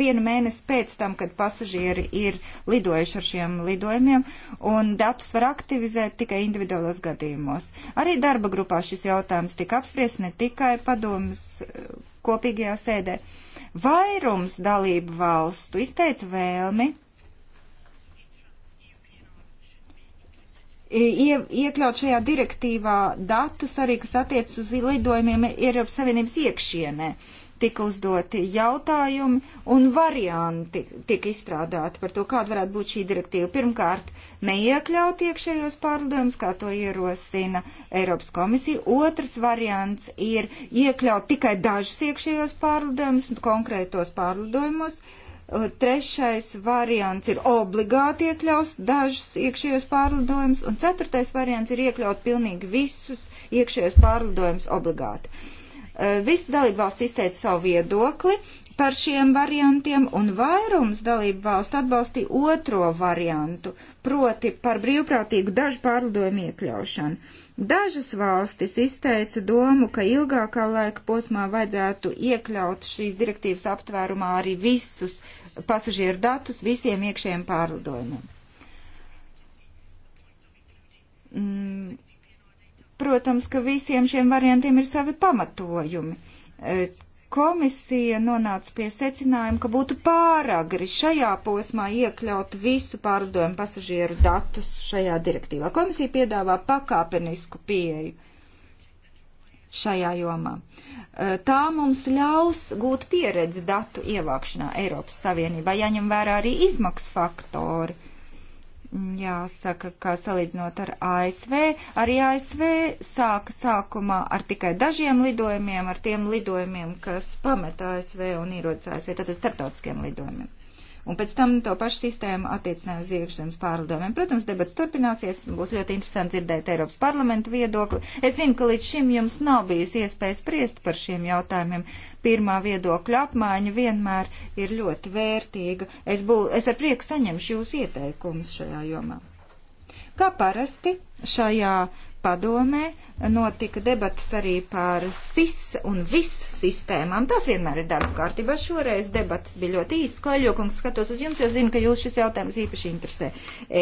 vienu mēnesi pēc tam, kad pasažieri ir lidojuši ar šiem lidojumiem, un datus var aktivizēt tikai individuālos gadījumos. Arī darba grupā šis jautājums tika apspriests ne tikai padomas eh, kopīgajā sēdē. Vairums dalību valstu izteica vēlmi ie, iekļaut šajā direktīvā datus arī, kas attiecas uz lidojumiem Eiropas Savienības iekšienē. Tika uzdoti jautājumi un varianti tika izstrādāti par to, kāda varētu būt šī direktīva. Pirmkārt, neiekļaut iekšējos pārlidojumus, kā to ierosina Eiropas komisija. Otrs variants ir iekļaut tikai dažus iekšējos pārlidojumus un konkrētos pārlidojumus. Uh, Trešais variants ir obligāti iekļaus dažus iekšējos pārlidojumus, un ceturtais variants ir iekļaut pilnīgi visus iekšējos pārlidojumus obligāti. E, Viss dalībvalsts izteica savu viedokli par šiem variantiem, un vairums dalībvalstu atbalstīja otro variantu, proti par brīvprātīgu dažu pārlidojumu iekļaušanu. Dažas valstis izteica domu, ka ilgākā laika posmā vajadzētu iekļaut šīs direktīvas aptvērumā arī visus pasažieru datus visiem iekšējiem pārlidojumiem. Mm, protams, ka visiem šiem variantiem ir savi pamatojumi. E, komisija nonāca pie secinājuma, ka būtu pāragri šajā posmā iekļaut visu pārlidojumu pasažieru datus šajā direktīvā. Komisija piedāvā pakāpenisku pieeju šajā jomā. Eh, tā mums ļaus gūt pieredzi datu ievākšanā Eiropas Savienībā, jaņem vērā arī izmaksu faktori. Mm, jāsaka, ka salīdzinot ar ASV, arī ASV sāka sākumā ar tikai dažiem lidojumiem, ar tiem lidojumiem, kas pamet ASV un ierodas ASV, tātad starptautiskiem lidojumiem. Un pēc tam to pašu sistēmu attiecināja uz iekšzemes pārlidojumiem. Protams, debats turpināsies, būs ļoti interesanti dzirdēt Eiropas parlamentu viedokli. Es zinu, ka līdz šim jums nav bijusi iespēja spriest par šiem jautājumiem. Pirmā viedokļa apmaiņa vienmēr ir ļoti vērtīga. Es, bū, es ar prieku saņemšu jūs ieteikumus šajā jomā. Kā parasti šajā padomē notika debatas arī par SIS un VIS sistēmām. Tas vienmēr ir darba kārtībā. Šoreiz debats bija ļoti īsts. Koļokungs skatos uz jums, jo zinu, ka jūs šis jautājums īpaši interesē.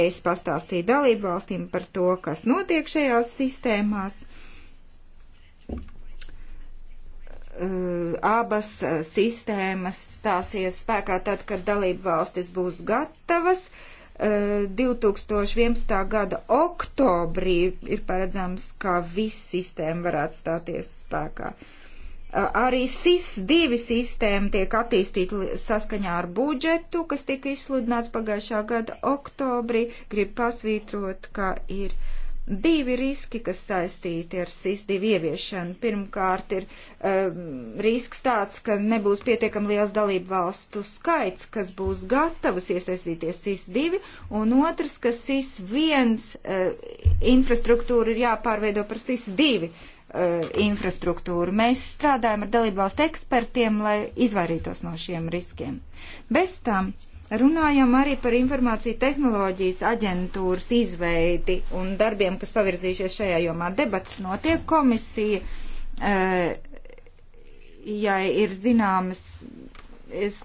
Es pastāstīju dalību valstīm par to, kas notiek šajās sistēmās. Uh, abas uh, sistēmas stāsies spēkā tad, kad dalību valstis būs gatavas. 2011. Uh, gada oktobrī ir paredzams, ka viss sistēma varētu stāties spēkā. Uh, Arī SIS-2 sistēma tiek attīstīta saskaņā ar budžetu, kas tika izsludināts pagājušā gada oktobrī. Gribu pasvītrot, ka ir divi riski, kas saistīti ar SIS-2 ieviešanu. Pirmkārt ir um, risks tāds, ka nebūs pietiekami liels dalību valstu skaits, kas būs gatavas iesaistīties SIS-2, un otrs, ka SIS-1 uh, infrastruktūra ir jāpārveido par SIS-2. Uh, Eh, infrastruktūru. Mēs strādājam ar dalībvalstu ekspertiem, lai izvairītos no šiem riskiem. Bez tam runājam arī par informāciju tehnoloģijas aģentūras izveidi un darbiem, kas pavirzījušies šajā jomā. Debats notiek komisija, eh, ja ir zināmas,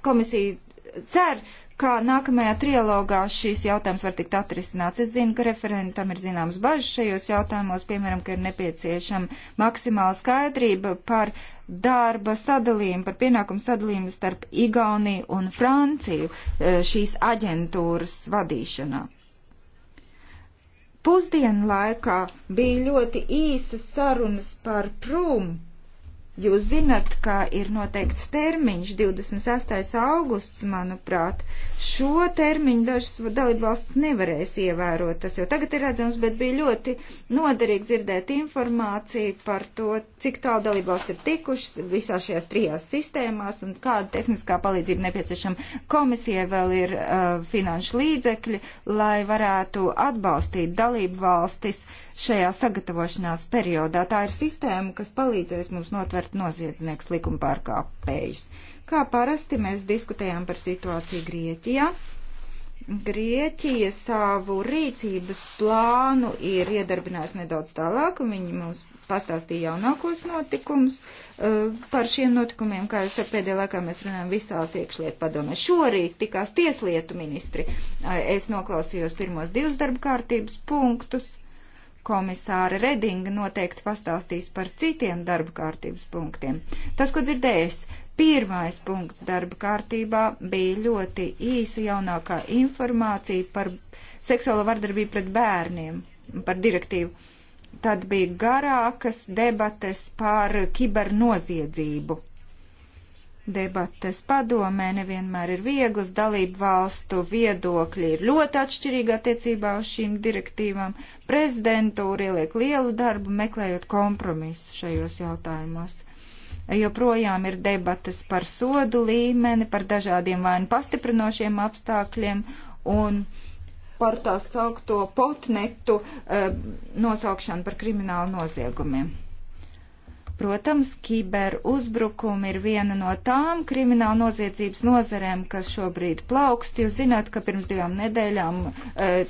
komisija cer, kā nākamajā trilogā šīs jautājums var tikt atrisināts. Es zinu, ka referentam ir zināms bažas šajos jautājumos, piemēram, ka ir nepieciešama maksimāla skaidrība par darba sadalījumu, par pienākumu sadalījumu starp Igauniju un Franciju e, šīs aģentūras vadīšanā. Pusdienu laikā bija ļoti īsas sarunas par prūmu Jūs zinat, ka ir noteikts termiņš 28. augusts, manuprāt. Šo termiņu dažas dalībvalstis nevarēs ievērot. Tas jau tagad ir redzams, bet bija ļoti noderīgi dzirdēt informāciju par to, cik tālu dalībvalsts ir tikušas visā šajās trijās sistēmās un kāda tehniskā palīdzība nepieciešama. Komisijai vēl ir uh, finanšu līdzekļi, lai varētu atbalstīt dalībvalstis. Uh, šajā sagatavošanās periodā. Tā ir sistēma, kas palīdzēs mums notvert noziedznieks likuma pārkāpējus. Kā parasti mēs diskutējām par situāciju Grieķijā. Grieķija savu rīcības plānu ir iedarbinājusi nedaudz tālāk, un viņi mums pastāstīja jaunākos notikumus. Uh, par šiem notikumiem, kā jūs sakat, pēdējā laikā mēs runājam visās iekšlietu padomē. Šorīt tikās tieslietu ministri. Uh, es noklausījos pirmos divus darba kārtības punktus komisāra Redinga noteikti pastāstīs par citiem darba kārtības punktiem. Tas, ko dzirdējis, pirmais punkts darba kārtībā bija ļoti īsa jaunākā informācija par seksuālo vardarbību pret bērniem, par direktīvu. Tad bija garākas debates par kibernoziedzību Debates padomē nevienmēr ir vieglas, dalību valstu viedokļi ir ļoti atšķirīgi attiecībā uz šīm direktīvām. Prezidentūra ieliek lielu darbu, meklējot kompromisu šajos jautājumos joprojām ir debatas par sodu līmeni, par dažādiem vainu pastiprinošiem apstākļiem un par tā saukto potnetu eh, nosaukšanu par kriminālu noziegumiem. Protams, kiberuzbrukumi ir viena no tām krimināla noziedzības nozarēm, kas šobrīd plaukst. Jūs zināt, ka pirms divām nedēļām eh,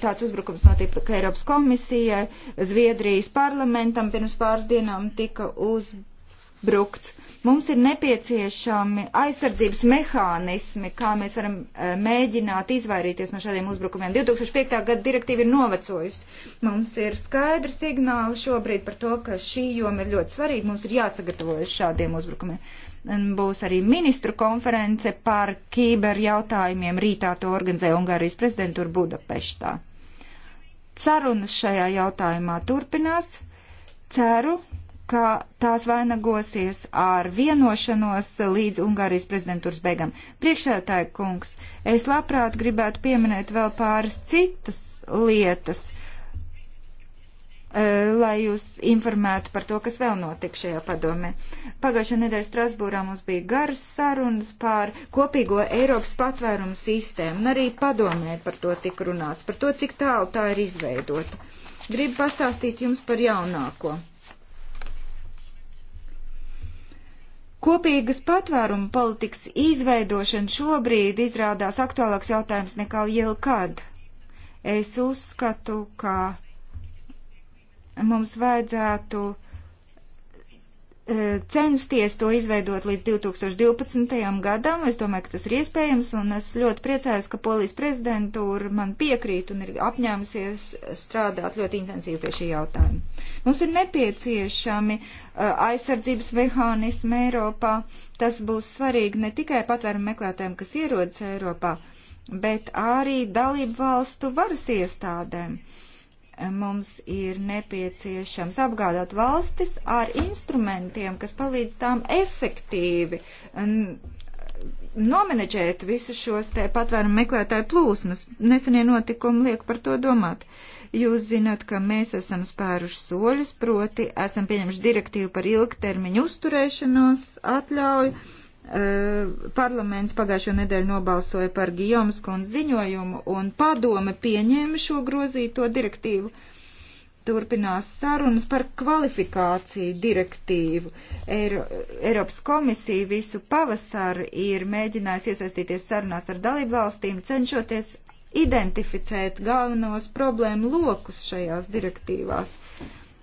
tāds uzbrukums notika Eiropas komisijai, Zviedrijas parlamentam pirms pāris dienām tika uzbrukts Mums ir nepieciešami aizsardzības mehānismi, kā mēs varam eh, mēģināt izvairīties no šādiem uzbrukumiem. 2005. gada direktīva ir novecojusi. Mums ir skaidri signāli šobrīd par to, ka šī joma ir ļoti svarīga. Mums ir jāsagatavojas šādiem uzbrukumiem. Būs arī ministru konference par kīber jautājumiem. Rītā to organizē Ungārijas prezidentūra Budapeštā. Sarunas šajā jautājumā turpinās. Ceru, ka tās vainagosies ar vienošanos līdz Ungārijas prezidentūras beigām. Priekšētāja kungs, es labprāt gribētu pieminēt vēl pāris citas lietas, eh, lai jūs informētu par to, kas vēl notika šajā padomē. Pagājušajā nedēļā Strasbūrā mums bija garas sarunas par kopīgo Eiropas patvērumu sistēmu, un arī padomē par to tika runāts, par to, cik tālu tā ir izveidota. Gribu pastāstīt jums par jaunāko. Kopīgas patvērumu politikas izveidošana šobrīd izrādās aktuālāks jautājums nekā jebkad. Es uzskatu, ka mums vajadzētu E, censties to izveidot līdz 2012. gadam. Es domāju, ka tas ir iespējams, un es ļoti priecājos, ka Polijas prezidentūra man piekrīt un ir apņēmusies strādāt ļoti intensīvi pie šī jautājuma. Mums ir nepieciešami e, aizsardzības mehānismi Eiropā. Tas būs svarīgi ne tikai patvērumu meklētājiem, kas ierodas Eiropā, bet arī dalību valstu varas iestādēm. Uh, mums ir nepieciešams apgādāt valstis ar instrumentiem, kas palīdz tām efektīvi nomenedžēt visus šos te patvērumu meklētāju plūsmas. Nesenie notikumi liek par to domāt. Jūs zināt, ka mēs esam spēruši soļus, proti esam pieņemši direktīvu par ilgtermiņu uzturēšanos atļauju. Mm Eh, parlaments pagājušo nedēļu nobalsoja par Gijomas kundzi ziņojumu un padome pieņēma šo grozīto direktīvu. Turpinās sarunas par kvalifikāciju direktīvu. Eiro, Eiropas komisija visu pavasaru ir mēģinājusi iesaistīties sarunās ar dalību valstīm, cenšoties identificēt galvenos problēmu lokus šajās direktīvās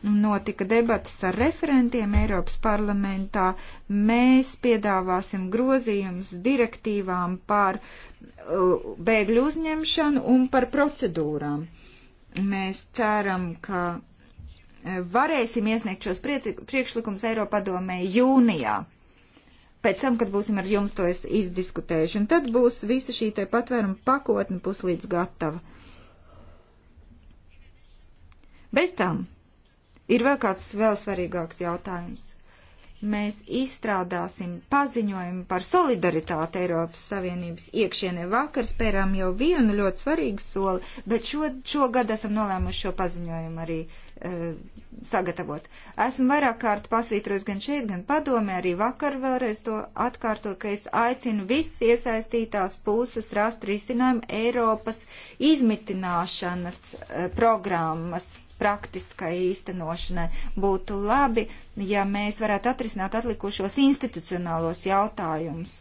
notika debatas ar referentiem Eiropas parlamentā. Mēs piedāvāsim grozījumus direktīvām par uh, bēgļu uzņemšanu un par procedūrām. Mēs ceram, ka uh, varēsim iesniegt šos priekšlikumus Eiropadomē jūnijā pēc tam, kad būsim ar jums to izdiskutējuši. Un tad būs visa šī te patvēruma pakotne puslīdz gatava. Bez tam Ir vēl kāds vēl svarīgāks jautājums. Mēs izstrādāsim paziņojumu par solidaritāti Eiropas Savienības iekšienē. Vakar spērām jau vienu ļoti svarīgu soli, bet šo, šogad esam nolēmuši šo paziņojumu arī e, sagatavot. Esmu vairāk kārt pasvītrojis gan šeit, gan padomē, arī vakar vēlreiz to atkārto, ka es aicinu visas iesaistītās puses rast risinājumu Eiropas izmitināšanas e, programmas praktiskai īstenošanai. Būtu labi, ja mēs varētu atrisināt atlikušos institucionālos jautājumus.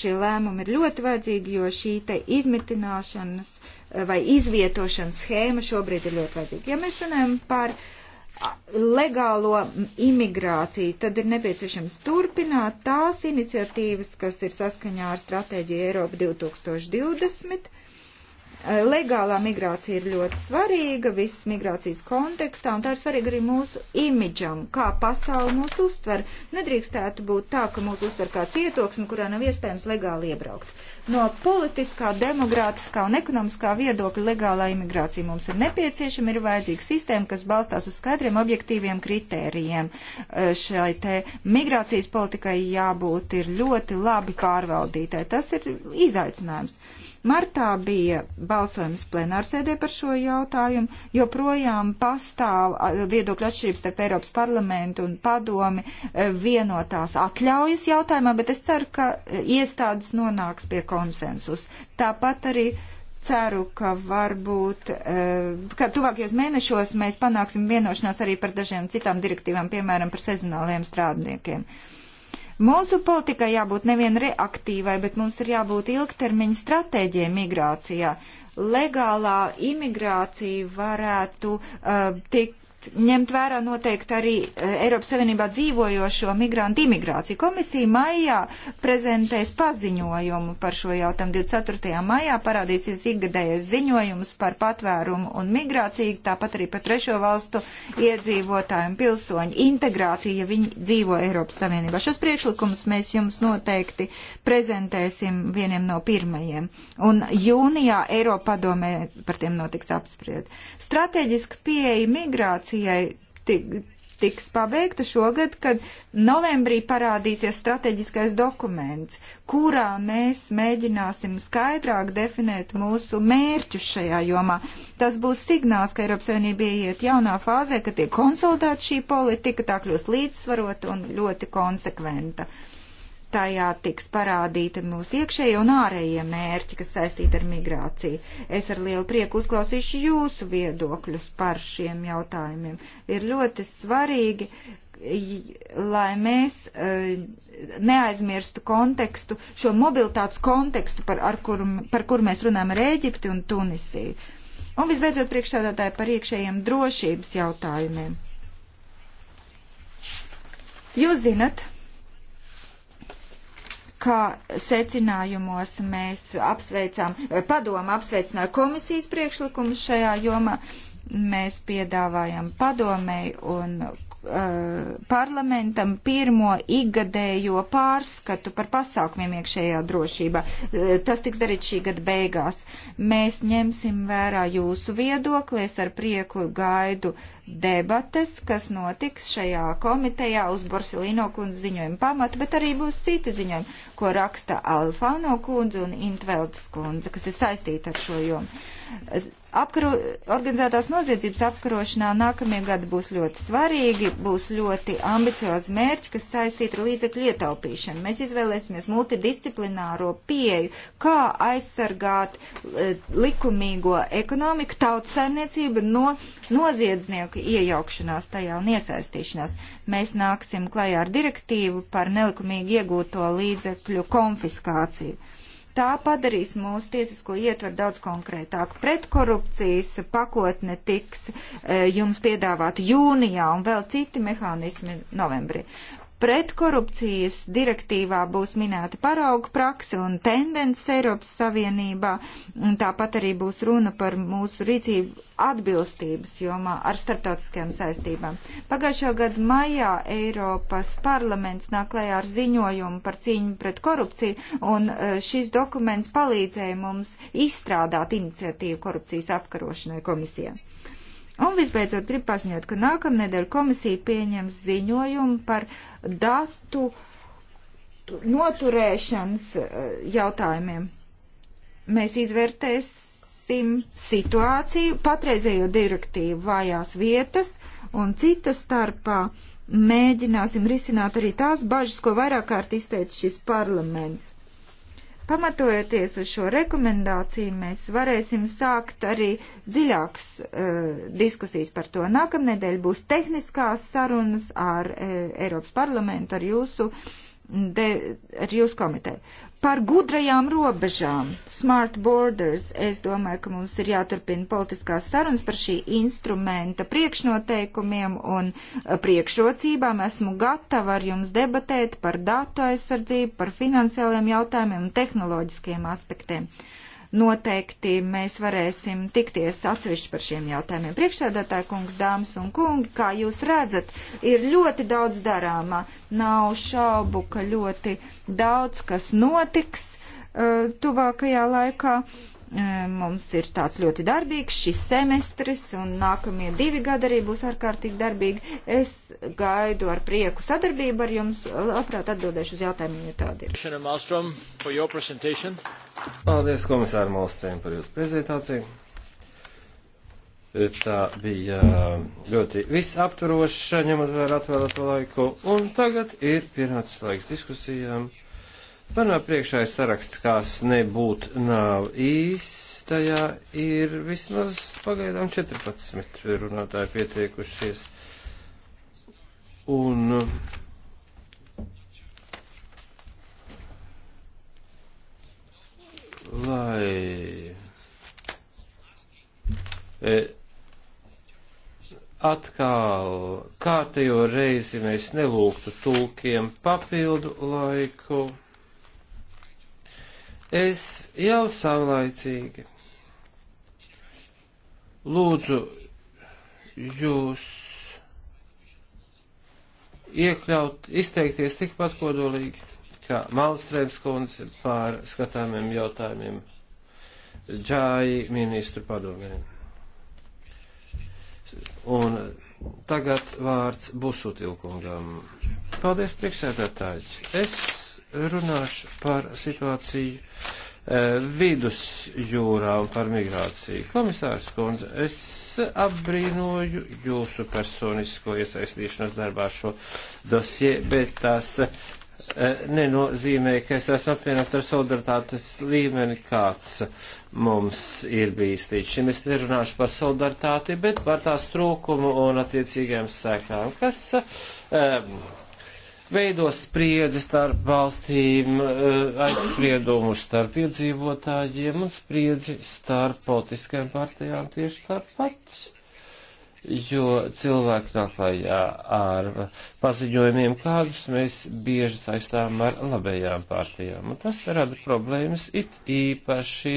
Šie lēmumi ir ļoti vajadzīgi, jo šī te izmitināšanas eh, vai izvietošanas schēma šobrīd ir ļoti vajadzīga. Ja mēs runājam par legālo imigrāciju, tad ir nepieciešams turpināt tās iniciatīvas, kas ir saskaņā ar stratēģiju Eiropa 2020 Eh, legālā migrācija ir ļoti svarīga visas migrācijas kontekstā, un tā ir svarīga arī mūsu imidžam, kā pasauli mūs uztver. Nedrīkstētu būt tā, ka mūs uztver kā cietoksni, kurā nav iespējams legāli iebraukt. No politiskā, demokrātiskā un ekonomiskā viedokļa legālā imigrācija mums ir nepieciešama, ir vajadzīga sistēma, kas balstās uz skaidriem objektīviem kritērijiem. Eh, šai te migrācijas politikai jābūt ir ļoti labi pārvaldītai. Tas ir izaicinājums. Martā bija balsojums plenārsēdē par šo jautājumu, jo projām pastāv viedokļu atšķirības starp Eiropas parlamentu un padomi e, vienotās atļaujas jautājumā, bet es ceru, ka e, iestādes nonāks pie konsensus. Tāpat arī ceru, ka varbūt, e, ka tuvākajos mēnešos mēs panāksim vienošanās arī par dažiem citām direktīvām, piemēram, par sezonāliem strādniekiem. Uh, Mūsu politikai jābūt nevien reaktīvai, bet mums ir jābūt ilgtermiņa stratēģijai migrācijā. Legālā imigrācija varētu uh, tikt ņemt vērā noteikti arī e, Eiropas Savienībā dzīvojošo migrantu imigrāciju. Komisija maijā prezentēs paziņojumu par šo jautājumu. 24. maijā parādīsies ikgadējais ziņojums par patvērumu un migrāciju, tāpat arī par trešo valstu iedzīvotāju un pilsoņu integrāciju, ja viņi dzīvo Eiropas Savienībā. Šos priekšlikumus mēs jums noteikti prezentēsim vieniem no pirmajiem. Un jūnijā Eiropa padomē par tiem notiks apspried. Strateģiska pieeja migrācija diskusijai tiks pabeigta šogad, kad novembrī parādīsies strateģiskais dokuments, kurā mēs mēģināsim skaidrāk definēt mūsu mērķus šajā jomā. Tas būs signāls, ka Eiropas Savienība ieiet jaunā fāzē, ka tiek konsolidēta šī politika, tā kļūst līdzsvarota un ļoti konsekventa. Uh, tajā tiks parādīti mūsu iekšējie un ārējie mērķi, kas saistīti ar migrāciju. Es ar lielu prieku uzklausīšu jūsu viedokļus par šiem jautājumiem. Ir ļoti svarīgi, lai mēs eh, neaizmirstu kontekstu, šo mobilitātes kontekstu, par, kur, par kur mēs runājam ar Ēģipti un Tunisiju. Un visbeidzot priekšsēdētāji par iekšējiem drošības jautājumiem. Jūs zinat, ka secinājumos mēs apsveicām, eh, padoma apsveicināja komisijas priekšlikumus šajā jomā. Mēs piedāvājam padomēji un Eh, parlamentam pirmo ikgadējo pārskatu par pasākumiem iekšējā drošībā. Eh, tas tiks darīt šī gada beigās. Mēs ņemsim vērā jūsu viedokli. Es ar prieku gaidu debates, kas notiks šajā komitejā uz Borsilino kundzi ziņojumu pamatu, bet arī būs citi ziņojumi, ko raksta Alfano kundze un Intveldes kundze, kas ir saistīti ar šo jomu Apkaro, organizētās noziedzības apkarošanā nākamie gadi būs ļoti svarīgi, būs ļoti ambiciozi mērķi, kas saistīti ar līdzekļu ietaupīšanu. Mēs izvēlēsimies multidisciplināro pieju, kā aizsargāt e, likumīgo ekonomiku, tautsaimniecību no noziedznieku iejaukšanās tajā un iesaistīšanās. Mēs nāksim klajā ar direktīvu par nelikumīgi iegūto līdzekļu konfiskāciju Tā padarīs mūsu tiesisko ietvaru daudz konkrētāku. Pretkorupcijas pakotne tiks e, jums piedāvāta jūnijā un vēl citi mehānismi novembrī. Pretkorupcijas direktīvā būs minēta paraugu prakse un tendence Eiropas Savienībā, un tāpat arī būs runa par mūsu rīcību atbilstības jomā ar starptautiskajām saistībām. Pagājušā gada maijā Eiropas parlaments nāk klajā ar ziņojumu par cīņu pret korupciju, un e, šis dokuments palīdzēja mums izstrādāt iniciatīvu korupcijas apkarošanai komisijā. Un visbeidzot, gribu paziņot, ka nākamnedēļ komisija pieņems ziņojumu par datu noturēšanas eh, jautājumiem. Mēs izvērtēsim situāciju, patreizējo direktīvu vājās vietas un citas starpā mēģināsim risināt arī tās bažas, ko vairāk kārt izteica šis parlaments Pamatojoties uz šo rekomendāciju, mēs varēsim sākt arī dziļākas uh, diskusijas par to. Nākamnedēļ būs tehniskās sarunas ar uh, Eiropas parlamentu, ar jūsu, de, ar jūsu komiteju. Par gudrajām robežām, smart borders, es domāju, ka mums ir jāturpina politiskās sarunas par šī instrumenta priekšnoteikumiem un uh, priekšrocībām. Esmu gatava ar jums debatēt par datu aizsardzību, par finansiāliem jautājumiem un tehnoloģiskiem aspektiem. Uh, Noteikti mēs varēsim tikties atsevišķi par šiem jautājumiem. Priekšsēdētāji kungs, dāmas un kungi, kā jūs redzat, ir ļoti daudz darāmā. Nav šaubu, ka ļoti daudz kas notiks uh, tuvākajā laikā. Uh, Ehm, mums ir tāds ļoti darbīgs šis semestris, un nākamie divi gadi arī būs ārkārtīgi darbīgi. Es gaidu ar prieku sadarbību ar jums. Labprāt atbildēšu uz jautājumiem, ja tādi ir. Paldies, komisāra Malstrēm, par jūsu prezentāciju. Tā bija eh, ļoti visaptvaroša, ņemot vērā atvēlēto laiku. Un tagad ir pienācis laiks diskusijām. Manā priekšā ir saraksts, kas nebūt nav īsts, tajā ir vismaz pagaidām 14 runātāji pieteikušies. Un lai e, atkal kārtējo reizi mēs nelūgtu tulkiem papildu laiku. Es jau savlaicīgi lūdzu jūs iekļaut, izteikties tikpat kodolīgi, kā Malstrēms kundze pār skatāmiem jautājumiem džāji ministru padomēm. Un tagad vārds Busutilkungam. Paldies, priekšsēdētāji. Es runāšu par situāciju e, vidusjūrā un par migrāciju. Komisārs Konze, es apbrīnoju jūsu personisko iesaistīšanos darbā šo dosie, bet tās e, nenozīmē, ka es esmu apvienots ar solidaritātes līmeni, kāds mums ir bijis līdz šim. Es nerunāšu par solidaritāti, bet par tās trūkumu un attiecīgajām sēkām, kas um, veidos spriedzi starp valstīm, eh, aizspriedumu starp iedzīvotājiem un spriedzi starp politiskajām partijām tieši tāpat. Jo cilvēki nāk klajā ar paziņojumiem, kādus mēs bieži saistām ar labējām partijām. Un tas rada problēmas it īpaši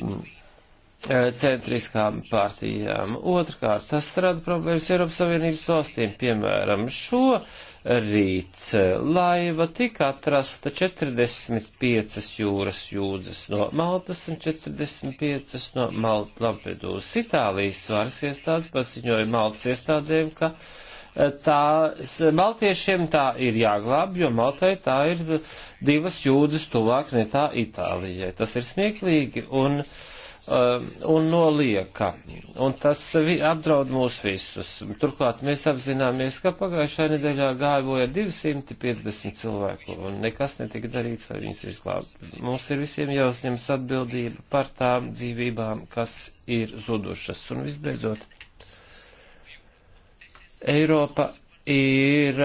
mm, eh, centriskām partijām. Otrkārt, tas rada problēmas Eiropas Savienības valstīm. Piemēram, šo uh, rīt eh, laiva tika atrasta 45 jūras jūdzes no Maltas un 45 no Malt Lampedūras. Itālijas varas iestādes paziņoja Maltas iestādēm, ka eh, tā, Maltiešiem tā ir jāglāb, jo Maltai tā ir divas jūdzes tuvāk ne tā Itālijai. Tas ir smieklīgi un. Uh, Um, un nolieka. Un tas apdraud mūs visus. Turklāt mēs apzināmies, ka pagājušā nedēļā gāja bojā 250 cilvēku, un nekas netika darīts, lai viņus izglābtu. Mums ir visiem jāuzņemas atbildība par tām dzīvībām, kas ir zudušas. Un visbeidzot, Eiropa ir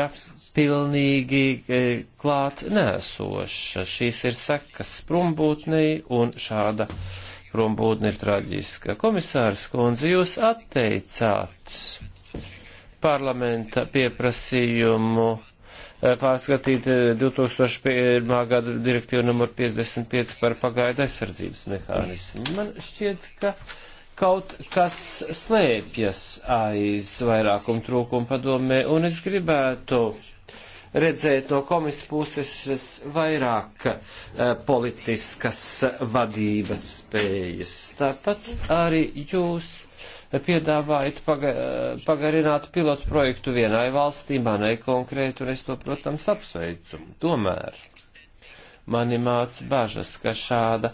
pilnīgi e, klāt nēsoša. Šīs ir sekas sprumbūtnei un šāda. Uh, rumbūdne ir traģiska. Komisārs Kundze, jūs atteicāt parlamenta pieprasījumu eh, pārskatīt 2001. Eh, gada direktīvu numur 55 par pagaidu aizsardzības mehānismu. Man šķiet, ka kaut kas slēpjas aiz vairākumu trūkumu padomē, un es gribētu redzēt no komisijas puses vairāk uh, politiskas vadības spējas. Tāpat arī jūs piedāvājat paga eh, pagarināt pilotu projektu vienai valstī, manai konkrēti, un es to, protams, apsveicu. Tomēr mani māc bažas, ka šāda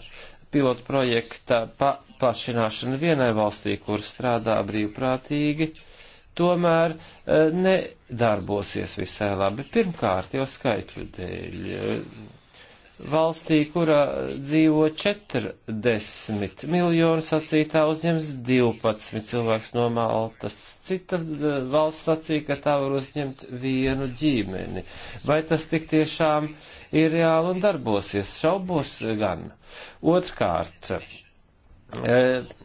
pilotu projekta pa pašināšana vienai valstī, kur strādā brīvprātīgi, uh, tomēr eh, nedarbosies visai labi. Pirmkārt, jau skaitļu dēļ. Eh, valstī, kurā dzīvo 40 miljonu sacītā uzņems 12 cilvēks no Maltas. Cita eh, valsts sacīja, ka tā var uzņemt vienu ģimeni. Vai tas tik tiešām ir reāli un darbosies? Šaubos gan. Otrkārt,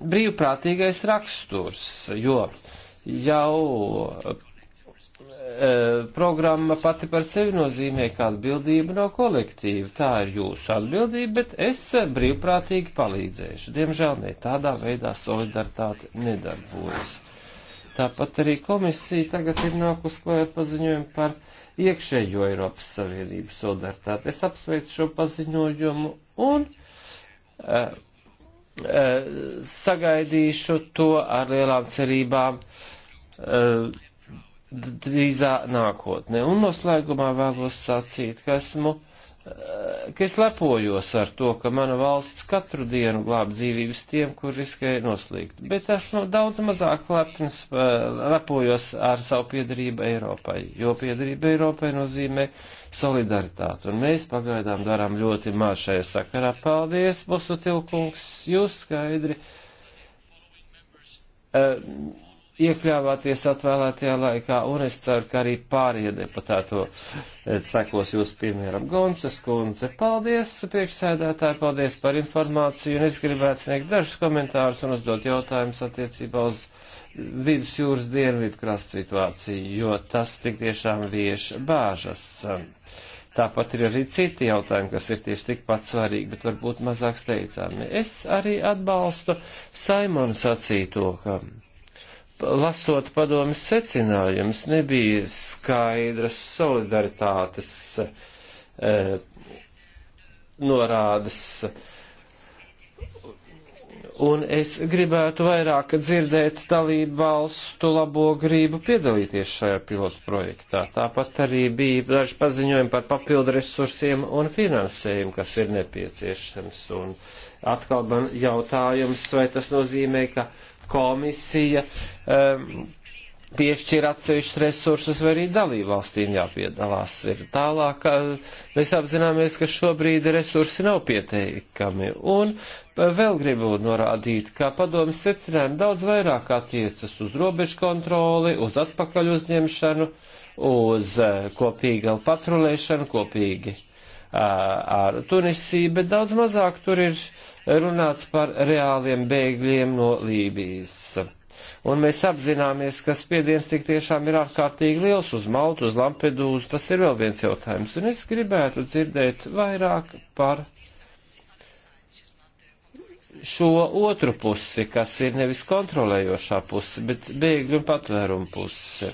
brīvprātīgais raksturs, jo jau e, programma pati par sevi nozīmē, ka atbildība nav kolektīva. Tā ir jūsu atbildība, bet es brīvprātīgi palīdzēšu. Diemžēl ne tādā veidā solidaritāte nedarbojas. Tāpat arī komisija tagad ir nākus klājot paziņojumu par iekšējo Eiropas Savienības solidaritāti. Es apsveicu šo paziņojumu un uh, Eh, sagaidīšu to ar lielām cerībām eh, drīzā nākotnē. Un noslēgumā vēlos sacīt, ka esmu ka es lepojos ar to, ka mana valsts katru dienu glāb dzīvības tiem, kur riskēja noslīgt. Bet esmu daudz mazāk lepns, eh, lepojos ar savu piedarību Eiropai, jo piedarība Eiropai nozīmē solidaritāti. Un mēs pagaidām darām ļoti maz šajā sakarā. Paldies, Bosutilkungs, jūs skaidri. Uh, iekļāvāties atvēlētajā laikā, un es ceru, ka arī pārējie deputāto eh, sekos jūs, piemēram, Gonces kundze. Paldies, priekšsēdētāji, paldies par informāciju, un es gribētu sniegt dažus komentārus un uzdot jautājumus attiecībā uz vidus jūras dienvidu krastu situāciju, jo tas tik tiešām vieš bāžas. Tāpat ir arī citi jautājumi, kas ir tieši tikpat svarīgi, bet varbūt mazāk steidzami. Es arī atbalstu Saimonu sacīto, ka lasot padomas secinājumus, nebija skaidras solidaritātes e, norādes. Un es gribētu vairāk dzirdēt dalību valstu labo grību piedalīties šajā pilotu projektā. Tāpat arī bija daži paziņojumi par papildu resursiem un finansējumu, kas ir nepieciešams. Un atkal man jautājums, vai tas nozīmē, ka uh, komisija um, piešķir atsevišķus resursus, vai arī dalībvalstīm jāpiedalās. Ir tālāk, mēs apzināmies, ka šobrīd resursi nav pieteikami. Un vēl gribu norādīt, ka padomas secinājumi daudz vairāk attiecas uz robežu kontroli, uz atpakaļ uzņemšanu, uz eh, kopīgu patrulēšanu, kopīgi ar Tunisiju, bet daudz mazāk tur ir runāts par reāliem bēgļiem no Lībijas. Un mēs apzināmies, ka spiediens tik tiešām ir ārkārtīgi liels uz Maltu, uz Lampedūzu. Tas ir vēl viens jautājums. Un es gribētu dzirdēt vairāk par šo otru pusi, kas ir nevis kontrolējošā pusi, bet bēgļu un patvērumu pusi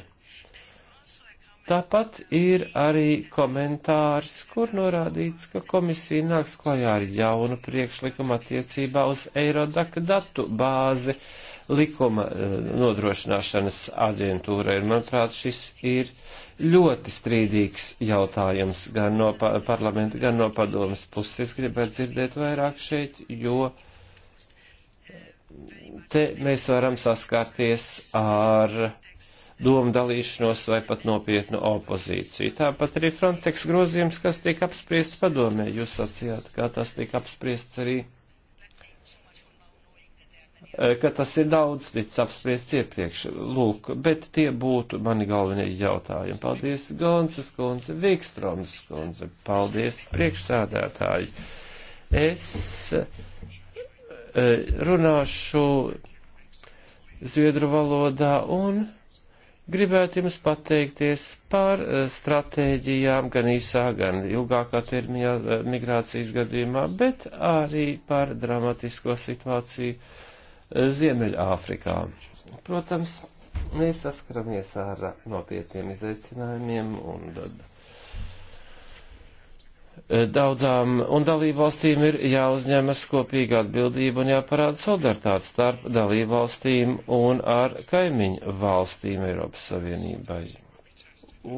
Tāpat ir arī komentārs, kur norādīts, ka komisija nāks klajā ar jaunu priekšlikumu attiecībā uz Eirodaka datu bāzi likuma eh, nodrošināšanas aģentūrai. Manuprāt, šis ir ļoti strīdīgs jautājums gan no parlamenta, gan no padomas puses. Gribētu dzirdēt vairāk šeit, jo te mēs varam saskarties ar domu dalīšanos vai pat nopietnu opozīciju. Tāpat arī Frontex grozījums, kas tiek apspriests padomē, jūs sacījāt, kā tas tiek apspriests arī, e, ka tas ir daudz ticis apspriests iepriekš. Lūk, bet tie būtu mani galvenie jautājumi. Paldies, Gonsas kundze, Vikstroms kundze, paldies, priekšsādātāji. Es e, runāšu zviedru valodā un Gribētu jums pateikties par eh, stratēģijām gan īsā, gan ilgākā termiņā eh, migrācijas gadījumā, bet arī par dramatisko situāciju eh, Ziemeļāfrikā. Protams, mēs saskaramies ar nopietniem izaicinājumiem un tad Eh, daudzām un dalībvalstīm ir jāuzņemas kopīga atbildība un jāparāda solidaritāte starp dalībvalstīm un ar kaimiņu valstīm Eiropas Savienībai.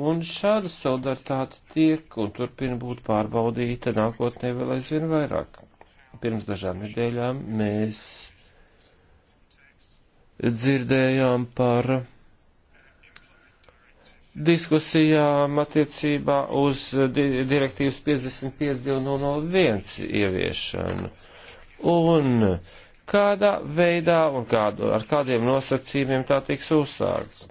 Un šāda solidaritāte tiek un turpina būt pārbaudīta nākotnē vēl aizvien vairāk. Pirms dažām nedēļām mēs dzirdējām par diskusijām attiecībā uz di direktīvas 55.201 ieviešanu. Un kādā veidā un kādu, ar kādiem nosacījumiem tā tiks uzsākts.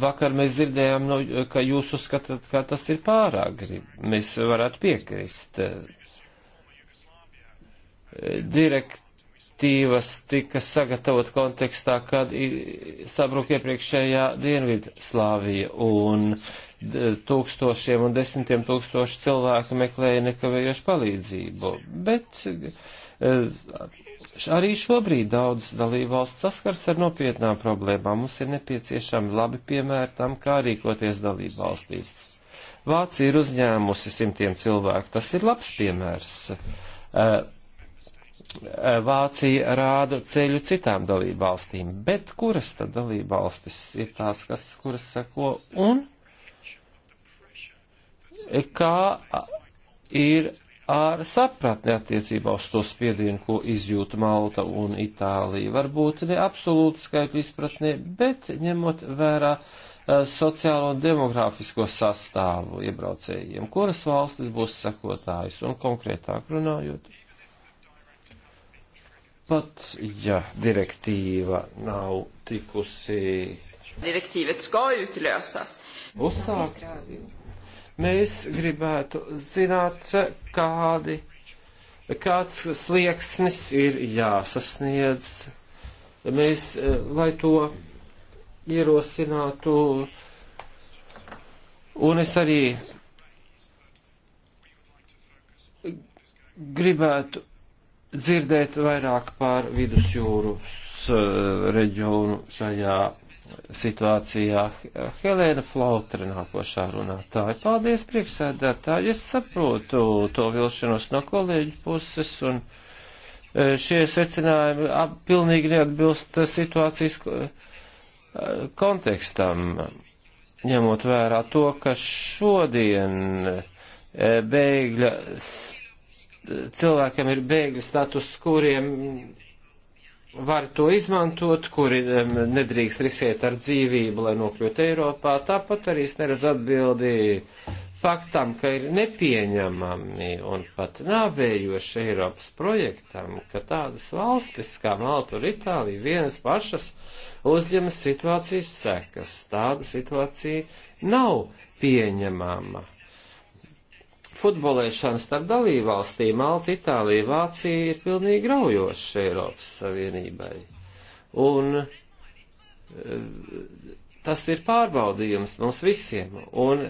Vakar mēs dzirdējām, no, ka jūs uzskatāt, ka tas ir pārāk grib. Mēs varētu piekrist. Direkt direktīvas tika sagatavot kontekstā, kad sabruk iepriekšējā Dienvidslāvija un tūkstošiem un desmitiem tūkstoši cilvēku meklēja nekavējošu palīdzību. Bet e, arī šobrīd daudz dalībvalsts saskars ar nopietnām problēmām. Mums ir nepieciešami labi piemēri tam, kā rīkoties dalībvalstīs. Vācija ir uzņēmusi simtiem cilvēku. Tas ir labs piemērs. Uh, Eh, Vācija rāda ceļu citām dalību valstīm, bet kuras tad dalību valstis ir tās, kas, kuras sako, un kā ir ar sapratni attiecībā uz to spiedienu, ko izjūta Malta un Itālija. Varbūt ne absolūti skaitļu izpratnē, bet ņemot vērā eh, sociālo un demografisko sastāvu iebraucējiem, kuras valstis būs sekotājas un konkrētāk runājot pat ja direktīva nav tikusi. Direktīvet skoju utlösas. Uzsākt. Mēs gribētu zināt, kādi, kāds slieksnis ir jāsasniedz. Mēs, lai to ierosinātu, un es arī gribētu dzirdēt vairāk par vidusjūras eh, reģionu šajā situācijā. Helēna Flautra nākošā runātāja. Paldies, priekšsēdētāji. Es saprotu to vilšanos no kolēģu puses un eh, šie secinājumi ap, pilnīgi neatbilst situācijas eh, kontekstam, ņemot vērā to, ka šodien bēgļa cilvēkam ir bēgļu status, kuriem var to izmantot, kuri nedrīkst risēt ar dzīvību, lai nokļūtu Eiropā. Tāpat arī es neredzu atbildi faktam, ka ir nepieņemami un pat nāvējoši Eiropas projektam, ka tādas valstis kā Malta un Itālija vienas pašas uzņemas situācijas sekas. Tāda situācija nav pieņemama futbolēšana starp dalībvalstīm, Malta, Itālija, Vācija ir pilnīgi graujošs Eiropas Savienībai. Un eh, tas ir pārbaudījums mums visiem. Un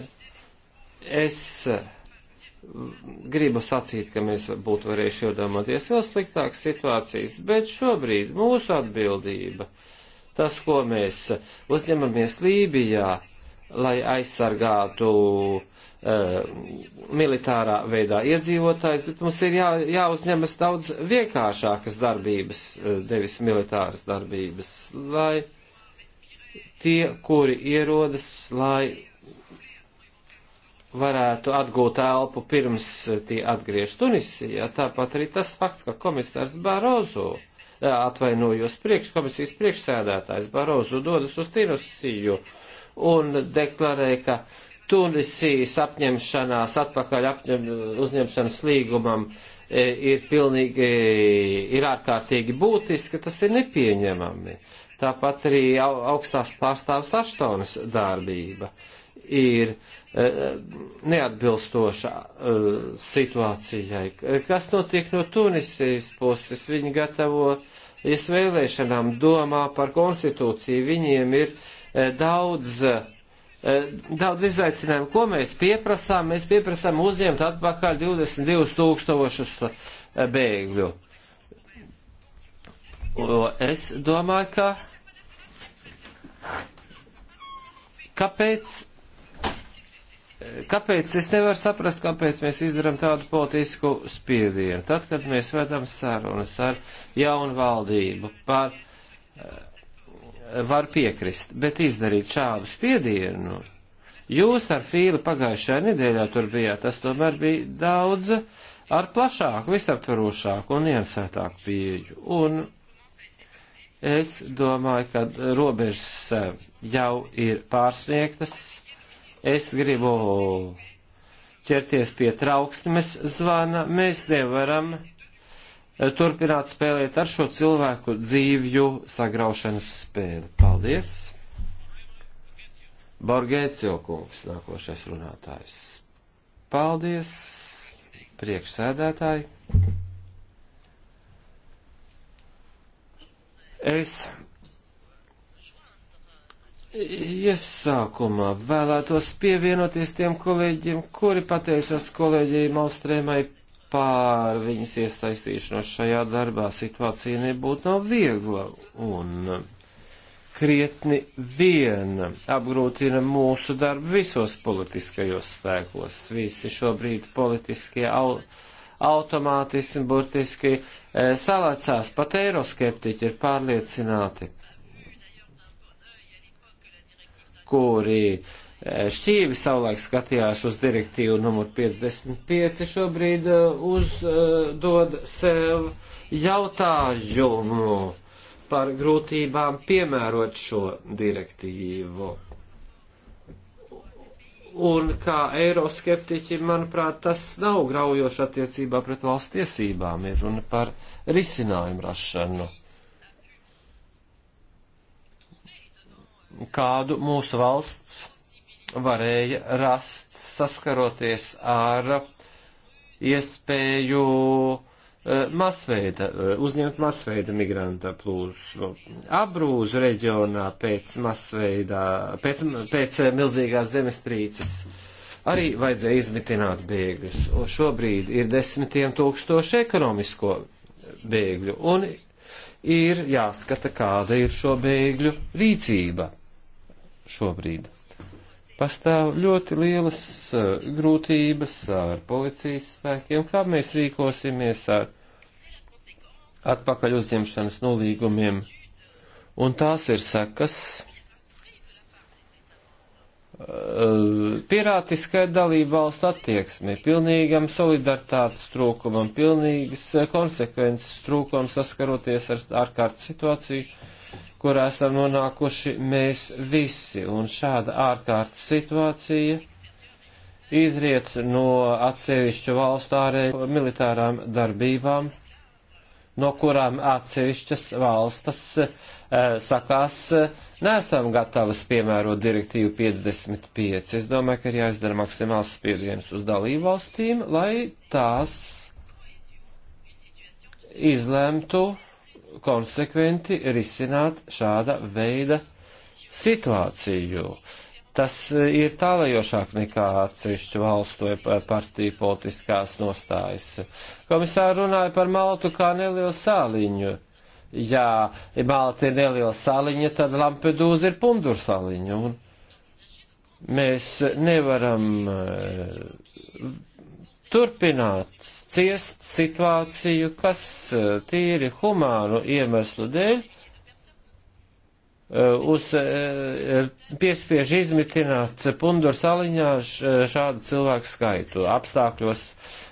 es eh, gribu sacīt, ka mēs būtu varējuši iedomāties vēl sliktākas situācijas, bet šobrīd mūsu atbildība, tas, ko mēs uzņemamies Lībijā, lai aizsargātu uh, militārā veidā iedzīvotājs, bet mums ir jā, jāuzņemas daudz vienkāršākas darbības, nevis eh, militāras darbības, lai tie, kuri ierodas, lai varētu atgūt elpu pirms eh, tie atgriež Tunisijā. Tāpat arī tas fakts, ka komisārs Barozu, atvainojos priekš, komisijas priekšsēdētājs Barozu dodas uz Tunisiju, uh, un deklarēja, ka Tunisijas apņemšanās atpakaļ apņem, uzņemšanas līgumam e, ir pilnīgi, ir ārkārtīgi būtiski, tas ir nepieņemami. Tāpat arī augstās pārstāvs Aštonas darbība ir e, neatbilstošā e, situācijai. Kas notiek no Tunisijas puses? Viņi gatavojas vēlēšanām, domā par konstitūciju, viņiem ir uh, Eh, daudz, eh, daudz izaicinājumu. Ko mēs pieprasām? Mēs pieprasām uzņemt atpakaļ 22 tūkstošus eh, bēgļu. Es domāju, ka kāpēc, kāpēc es nevaru saprast, kāpēc mēs izdarām tādu politisku spiedienu. Tad, kad mēs vedam sarunas ar jaunu valdību par uh, var piekrist, bet izdarīt šādu spiedienu. Jūs ar Fīlu pagājušajā nedēļā tur bijāt, tas tomēr bija daudz ar plašāku, visaptvarošāku un iemesētāku pieeju. Un es domāju, ka robežas eh, jau ir pārsniegtas. Es gribu ķerties pie trauksmes zvana. Mēs nevaram Eh, turpināt spēlēt ar šo cilvēku dzīvju sagraušanas spēli. Paldies! Borgēcio kungs, nākošais runātājs. Paldies, priekšsēdētāji. Es Iesākumā vēlētos pievienoties tiem kolēģiem, kuri pateicās kolēģijai Malstrēmai pār viņas iesaistīšanos šajā darbā situācija nebūtu nav viegla un krietni vien apgrūtina mūsu darbu visos politiskajos spēkos. Visi šobrīd politiskie au, automātismi burtiski e, salacās, pat eiroskeptiķi ir pārliecināti, kuri Eh, Šķīvi savulaik skatījās uz direktīvu numur 55, šobrīd eh, uzdod eh, sev jautājumu par grūtībām piemērot šo direktīvu. Un kā eiroskeptiķi, manuprāt, tas nav graujoši attiecībā pret valsts tiesībām, ir runa par risinājumu rašanu. Kādu mūsu valsts varēja rast, saskaroties ar iespēju e, masveida, e, uzņemt masveida migranta plūsmu. Abrūžu reģionā pēc masveida, pēc, pēc milzīgās zemestrīces arī vajadzēja izmitināt bēgļus. Un šobrīd ir desmitiem tūkstoši ekonomisko bēgļu. Un ir jāskata, kāda ir šo bēgļu rīcība šobrīd pastāv ļoti lielas uh, grūtības ar policijas spēkiem, kā mēs rīkosimies ar atpakaļ uzņemšanas nolīgumiem. Un tās ir sekas uh, pirātiskai dalību valstu attieksmi, pilnīgam solidaritātes trūkumam, pilnīgas eh, konsekvences trūkumam saskaroties ar ārkārtas situāciju kurā esam nonākuši mēs visi, un šāda ārkārtas situācija izriet no atsevišķu valstu ārēju militārām darbībām, no kurām atsevišķas valstas e, eh, sakās, eh, nesam gatavas piemērot direktīvu 55. Es domāju, ka ir jāizdara maksimāls spiediens uz dalību valstīm, lai tās izlemtu konsekventi risināt šāda veida situāciju. Tas e, ir tālajošāk nekā atsevišķu valstu vai partiju politiskās nostājas. Komisāri runāja par Maltu kā nelielu sāliņu. Jā, ja Malta ir neliela sāliņa, tad Lampedūza ir pundur sāliņa. Un mēs nevaram e, turpināt ciest situāciju, kas eh, tīri humānu iemeslu dēļ eh, uz eh, piespiež izmitināt pundur saliņā šādu cilvēku skaitu apstākļos,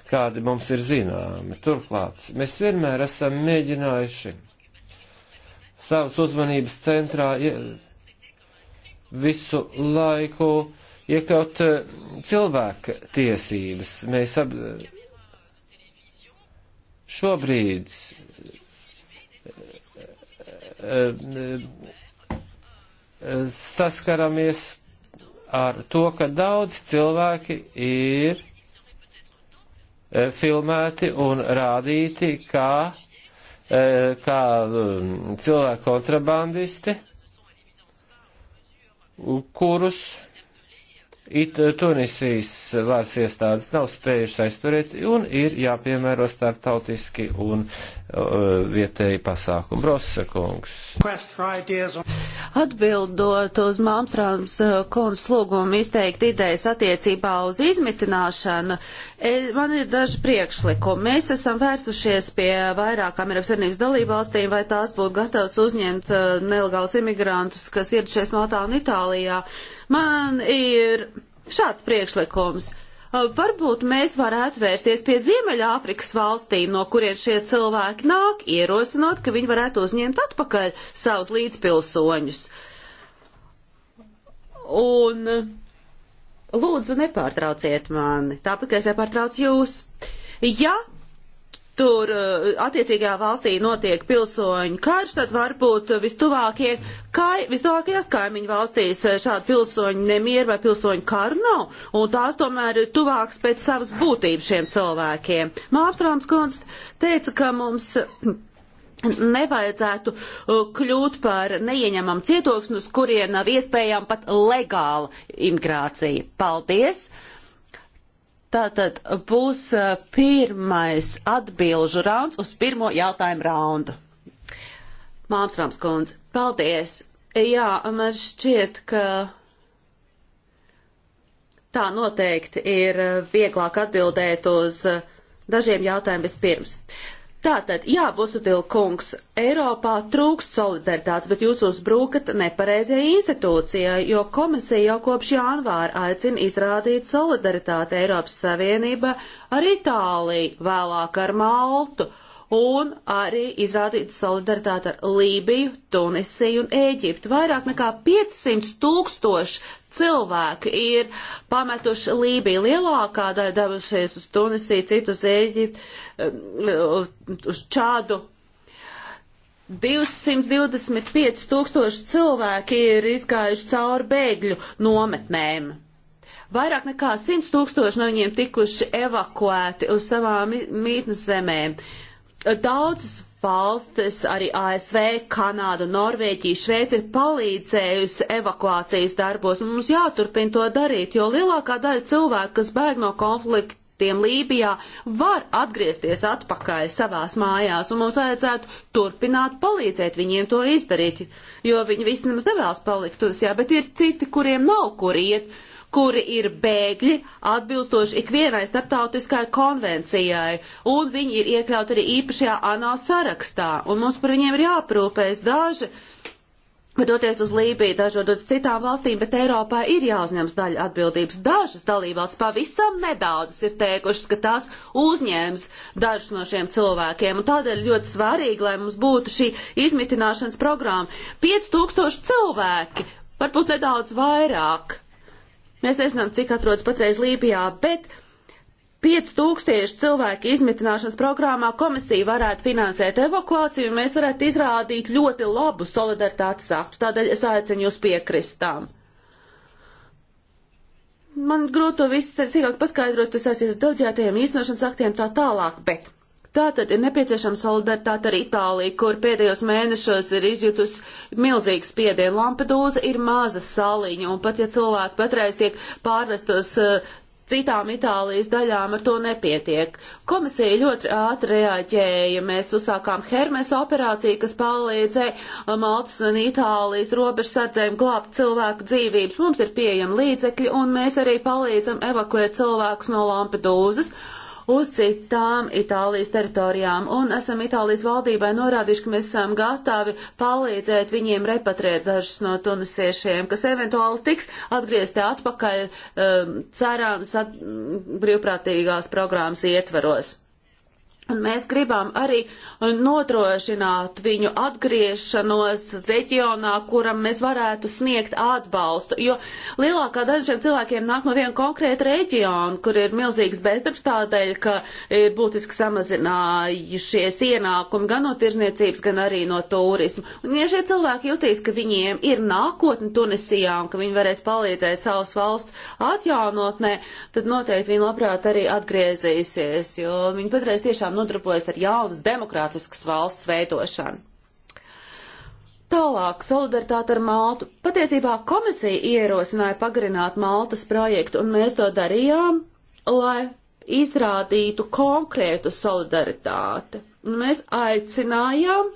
kādi mums ir zināmi. Turklāt mēs vienmēr esam mēģinājuši savas uzmanības centrā visu laiku iekļaut eh, cilvēka tiesības. Mēs ap... šobrīd eh, eh, saskaramies ar to, ka daudz cilvēki ir filmēti un rādīti kā, kā mm, cilvēku kontrabandisti, kurus It eh, Tunisijas varas iestādes nav spējušas aizturēt un ir jāpiemēro starptautiski un uh, vietēji pasākumi. Brosekungs. Atbildot uz Māmstrāms eh, kundas lūgumu izteikt idejas attiecībā uz izmitināšanu, e, man ir daži priekšlikumi. Mēs esam vērsušies pie vairākām Eiropas Savienības dalībvalstīm, vai tās būtu gatavas uzņemt nelegālus imigrantus, kas ieradušies Maltā un Itālijā. Uh, Man ir šāds priekšlikums. Uh, varbūt mēs varētu vērsties pie Ziemeļāfrikas valstīm, no kuriem šie cilvēki nāk, ierosinot, ka viņi varētu uzņemt atpakaļ savus līdzpilsoņus. Un uh, lūdzu, nepārtrauciet mani, tāpat, ka es nepārtraucu jūs. Ja tur eh, attiecīgajā valstī notiek pilsoņu karš, tad varbūt vistuvākie, kai, vistuvākajās kaimiņu valstīs eh, šādu pilsoņu nemieru vai pilsoņu karu nav, un tās tomēr ir tuvāks pēc savas būtības šiem cilvēkiem. Māpstrāms konst teica, ka mums nevajadzētu eh, kļūt par neieņemam cietoksnus, kurien nav iespējama pat legāla imigrācija. Paldies! Tātad būs pirmais atbilžu rauns uz pirmo jautājumu raundu. Māmsrams kundze, paldies. Jā, man šķiet, ka tā noteikti ir vieglāk atbildēt uz dažiem jautājumiem vispirms. Uh, Tātad, jā, Busutil kungs, Eiropā trūkst solidaritātes, bet jūs uzbrukat nepareizajai institūcijai, jo komisija jau kopš janvāra aicina izrādīt solidaritāti Eiropas Savienība ar Itāliju, vēlāk ar Maltu, un arī izrādīt solidaritāti ar Lībiju, Tunisiju un Ēģiptu. Vairāk nekā 500 tūkstoši cilvēki ir pametuši Lībiju. Lielākā daļa devusies uz Tunisiju, citu uz Eģiptu, eh, uz Čādu. 225 tūkstoši cilvēki ir izgājuši cauri bēgļu nometnēm. Vairāk nekā 100 tūkstoši no viņiem tikuši evakuēti uz savām mītnes zemēm. Daudzas valstis, arī ASV, Kanāda, Norvēģija, Šveica ir palīdzējusi evakuācijas darbos, un mums jāturpina to darīt, jo lielākā daļa cilvēku, kas bēg no konfliktiem Lībijā, var atgriezties atpakaļ savās mājās, un mums vajadzētu turpināt palīdzēt viņiem to izdarīt, jo viņi visi nemaz nevēlas palikt uz jā, bet ir citi, kuriem nav kur iet, kuri ir bēgļi atbilstoši ikvienai starptautiskai konvencijai, un viņi ir iekļauti arī īpašajā ANO sarakstā, un mums par viņiem ir jāprūpēs daži. Doties uz Lībiju, dažādos citām valstīm, bet Eiropā ir jāuzņems daļa atbildības. Dažas dalībvalsts pavisam nedaudzas ir teikušas, ka tās uzņēms dažus no šiem cilvēkiem, un tādēļ ļoti svarīgi, lai mums būtu šī izmitināšanas programma. 5000 cilvēki, varbūt nedaudz vairāk, Mēs nezinām, cik atrodas patreiz Lībijā, bet 5000 cilvēku izmitināšanas programmā komisija varētu finansēt evakuāciju, un mēs varētu izrādīt ļoti labu solidaritātes aktu. Tādēļ es aicinu jūs piekrist tam. Man grūti to visu sīkāk paskaidrot, tas aizies ar delģētajiem īstenošanas aktiem tā tālāk, bet Tātad ir nepieciešama solidaritāte ar Itāliju, kur pēdējos mēnešos ir izjutus milzīgs spiediens. Lampedūza ir maza saliņa, un pat ja cilvēki patreiz tiek pārvestos uh, citām Itālijas daļām ar to nepietiek. Komisija ļoti ātri reaģēja. Mēs uzsākām Hermes operāciju, kas palīdzēja eh, Maltas un Itālijas robežsardzēm glābt cilvēku dzīvības. Mums ir pieejami līdzekļi, un mēs arī palīdzam evakuēt cilvēkus no Lampedūzas uz citām Itālijas teritorijām, un esam Itālijas valdībai norādījuši, ka mēs esam gatavi palīdzēt viņiem repatriēt dažus no tunisiešiem, kas eventuāli tiks atgriezti atpakaļ um, cerāms at, brīvprātīgās programmas ietveros. Un mēs gribam arī nodrošināt viņu atgriešanos reģionā, kuram mēs varētu sniegt atbalstu, jo lielākā daļa šiem cilvēkiem nāk no viena konkrēta reģiona, kur ir milzīgs bezdarbs tādēļ, ka ir būtiski samazinājušies ienākumi gan no tirzniecības, gan arī no turismu. Un ja šie cilvēki jutīs, ka viņiem ir nākotne Tunisijā un ka viņi varēs palīdzēt savas valsts atjaunotnē, tad noteikti viņi labprāt arī atgriezīsies, jo viņi patreiz tiešām nodarbojas ar jaunas demokrātiskas valsts veidošanu. Tālāk solidaritāte ar Maltu. Patiesībā komisija ierosināja pagarināt Maltas projektu, un mēs to darījām, lai izrādītu konkrētu solidaritāti. Un mēs aicinājām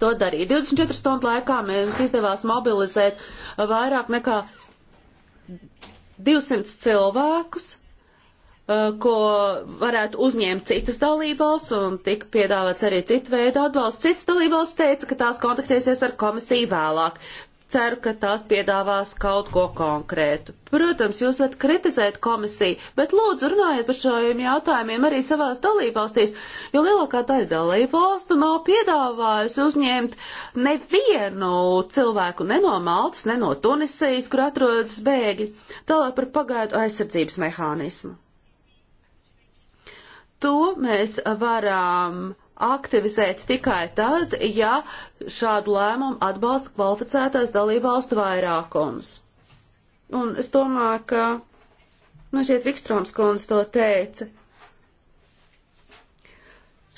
to darīt. 24 stundu laikā mums izdevās mobilizēt vairāk nekā 200 cilvēkus, Eh, ko varētu uzņemt citas dalībvalsts, un tika piedāvāts arī citu veidu atbalsts. Cits dalībvalsts teica, ka tās kontaktēsies ar komisiju vēlāk. Ceru, ka tās piedāvās kaut ko konkrētu. Protams, jūs varat kritizēt komisiju, bet lūdzu runājiet par šiem jautājumiem arī savās dalībvalstīs, jo lielākā daļa dalībvalstu nav piedāvājusi uzņemt nevienu cilvēku ne no Maltas, ne no Tunisijas, kur atrodas bēgļi, tālāk par pagaidu aizsardzības mehānismu. To mēs varam aktivizēt tikai tad, ja šādu lēmumu atbalsta kvalificētais dalībvalstu vairākums. Un es domāju, ka, nu šeit Vikstrāms kundze to teica,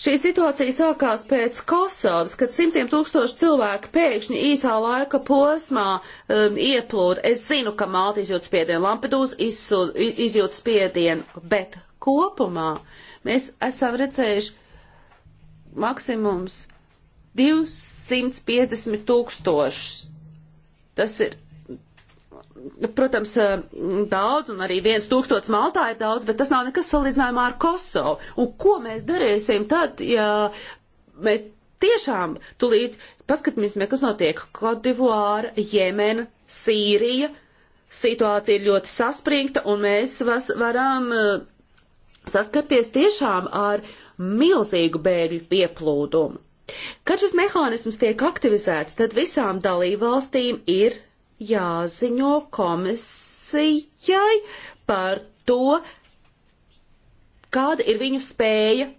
Šī situācija sākās pēc Kosovas, kad simtiem tūkstoši cilvēku pēkšņi īsā laika posmā um, ieplūda. Es zinu, ka Malta izjūt spiedienu, Lampedūza iz, izjūt spiedienu, bet kopumā uh, Mēs esam redzējuši maksimums 250 tūkstošus. Tas ir, nu, protams, eh, daudz, un arī viens tūkstots Maltā ir daudz, bet tas nav nekas salīdzinājumā ar Kosovu. Un ko mēs darīsim tad, ja mēs tiešām tulīt paskatīsimies, kas notiek Kodivāra, Jemena, Sīrija. Situācija ir ļoti saspringta, un mēs vas, varam uh, saskarties tiešām ar milzīgu bēgļu pieplūdumu. Kad šis mehānisms tiek aktivizēts, tad visām dalībvalstīm ir jāziņo komisijai par to, kāda ir viņu spēja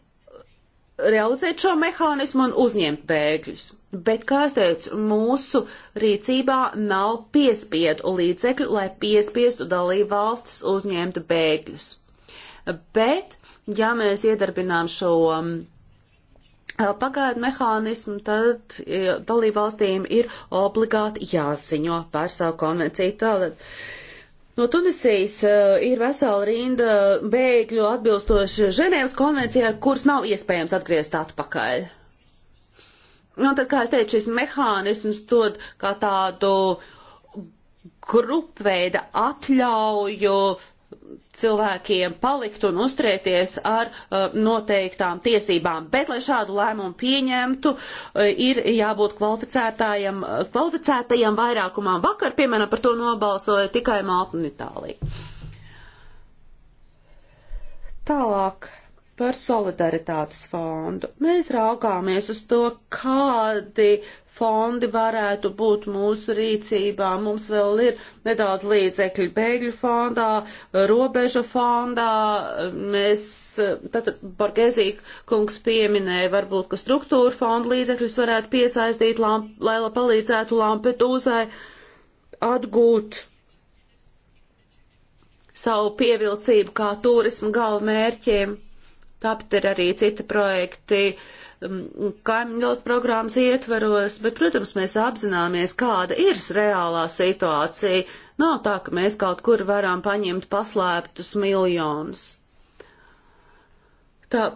realizēt šo mehānismu un uzņemt bēgļus. Bet, kā es teicu, mūsu rīcībā nav piespiedu līdzekļu, lai piespiestu dalību valstis uzņemt bēgļus bet ja mēs iedarbinām šo um, uh, pagaidu mehānismu, tad e, dalībvalstīm ir obligāti jāziņo par savu konvenciju. Tātad, No Tunisijas uh, ir vesela rinda bēgļu atbilstoši Ženēvas konvencijā, kuras nav iespējams atgriezt atpakaļ. Nu, tad, kā es teicu, šis mehānisms dod kā tādu grupveida atļauju cilvēkiem palikt un uzturēties ar uh, noteiktām tiesībām. Bet, lai šādu lēmumu pieņemtu, uh, ir jābūt kvalificētājiem, uh, kvalificētajiem vairākumam. Vakar, piemēram, par to nobalsoja tikai Malta un Itālija. Tālāk par solidaritātes fondu. Mēs raugāmies uz to, kādi fondi varētu būt mūsu rīcībā. Mums vēl ir nedaudz līdzekļu bēgļu fondā, robežu fondā. Mēs, tad Borgēzija kungs pieminēja, varbūt, ka struktūra fonda līdzekļus varētu piesaistīt, lamp, lai palīdzētu Lampedūzai atgūt savu pievilcību kā turismu galvmērķiem. Tāpat ir arī citi projekti uh, Um, kaimiņos programmas ietveros, bet, protams, mēs apzināmies, kāda ir reālā situācija. Nav tā, ka mēs kaut kur varam paņemt paslēptus miljonus. Tā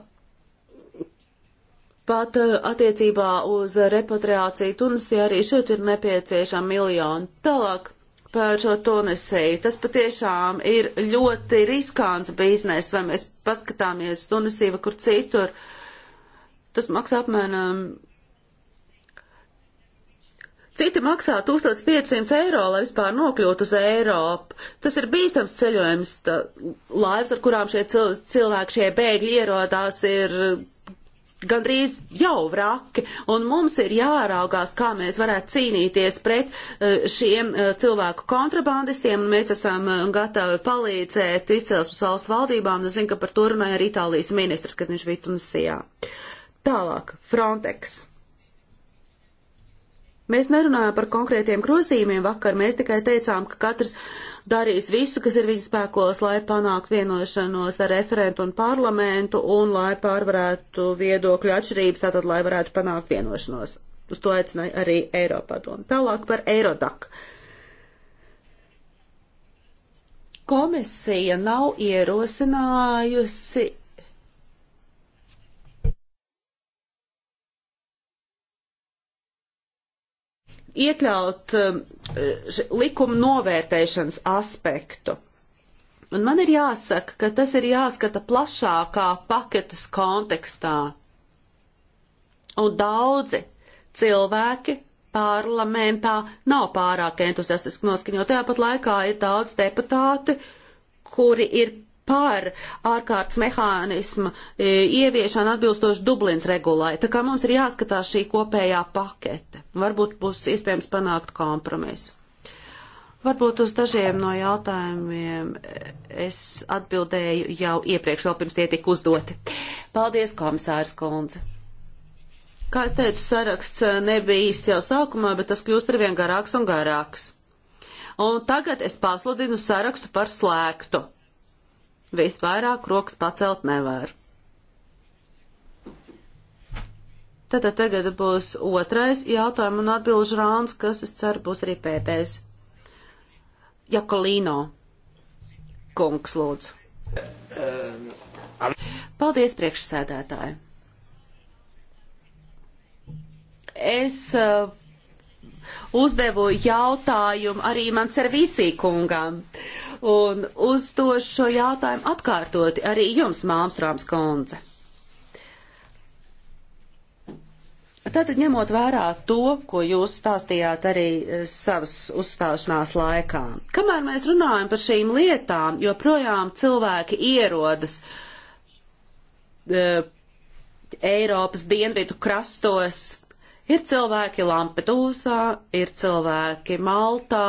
pat uh, attiecībā uz repatriāciju Tunisijā arī šeit ir nepieciešama miljonu. Tālāk par šo Tunisiju. Tas patiešām ir ļoti riskants biznes, vai mēs paskatāmies Tunisiju vai kur citur. Uh, Tas maksā apmēram. Citi maksā 1500 eiro, lai vispār nokļūtu uz Eiropu. Tas ir bīstams ceļojums. Tā, laivas, ar kurām šie cilvēki, šie bēgļi ierodās, ir gandrīz jau vraki, un mums ir jāraugās, kā mēs varētu cīnīties pret eh, šiem eh, cilvēku kontrabandistiem, un mēs esam eh, gatavi palīdzēt izcelsmes valstu valdībām. Es zinu, ka par to runāja arī Itālijas ministrs, kad viņš bija Tunisijā. Uh, Tālāk, Frontex. Mēs nerunājām par konkrētiem grozījumiem vakar, mēs tikai teicām, ka katrs darīs visu, kas ir viņa spēkos, lai panāktu vienošanos ar referentu un parlamentu un lai pārvarētu viedokļu atšķirības, tātad lai varētu panākt vienošanos. Uz to aicināja arī Eiropadoma. Tālāk par Eirodak. Komisija nav ierosinājusi iekļaut um, likuma novērtēšanas aspektu. Un man ir jāsaka, ka tas ir jāskata plašākā paketes kontekstā. Un daudzi cilvēki parlamentā nav pārāk entuziastiski noskaņot. Tāpat laikā ir daudz deputāti, kuri ir par ārkārtas mehānismu e, ieviešanu atbilstoši Dublins regulai. Tā kā mums ir jāskatās šī kopējā pakete. Varbūt būs iespējams panākt kompromisu. Varbūt uz dažiem no jautājumiem es atbildēju jau iepriekš, vēl pirms tie tika uzdoti. Paldies, komisārs Kundze! Kā es teicu, saraksts e, nebija īsts jau sākumā, bet tas kļūst arvien garāks un garāks. Un tagad es pasludinu sarakstu par slēgtu visvairāk rokas pacelt nevar. Tātad tagad būs otrais jautājumu un atbilžu rāns, kas, es ceru, būs arī pēdējais. Jakolīno. Kungs, lūdzu. Paldies, priekšsēdētāji. Es uh, uzdevu jautājumu arī man servīsī kungam. Uh, un uzdošu šo jautājumu atkārtoti arī jums, Māmstrāms Konze. Tātad ņemot vērā to, ko jūs stāstījāt arī eh, savas uzstāšanās laikā. Kamēr mēs runājam par šīm lietām, joprojām cilvēki ierodas e, Eiropas dienvidu krastos, ir cilvēki Lampedūzā, ir cilvēki Maltā,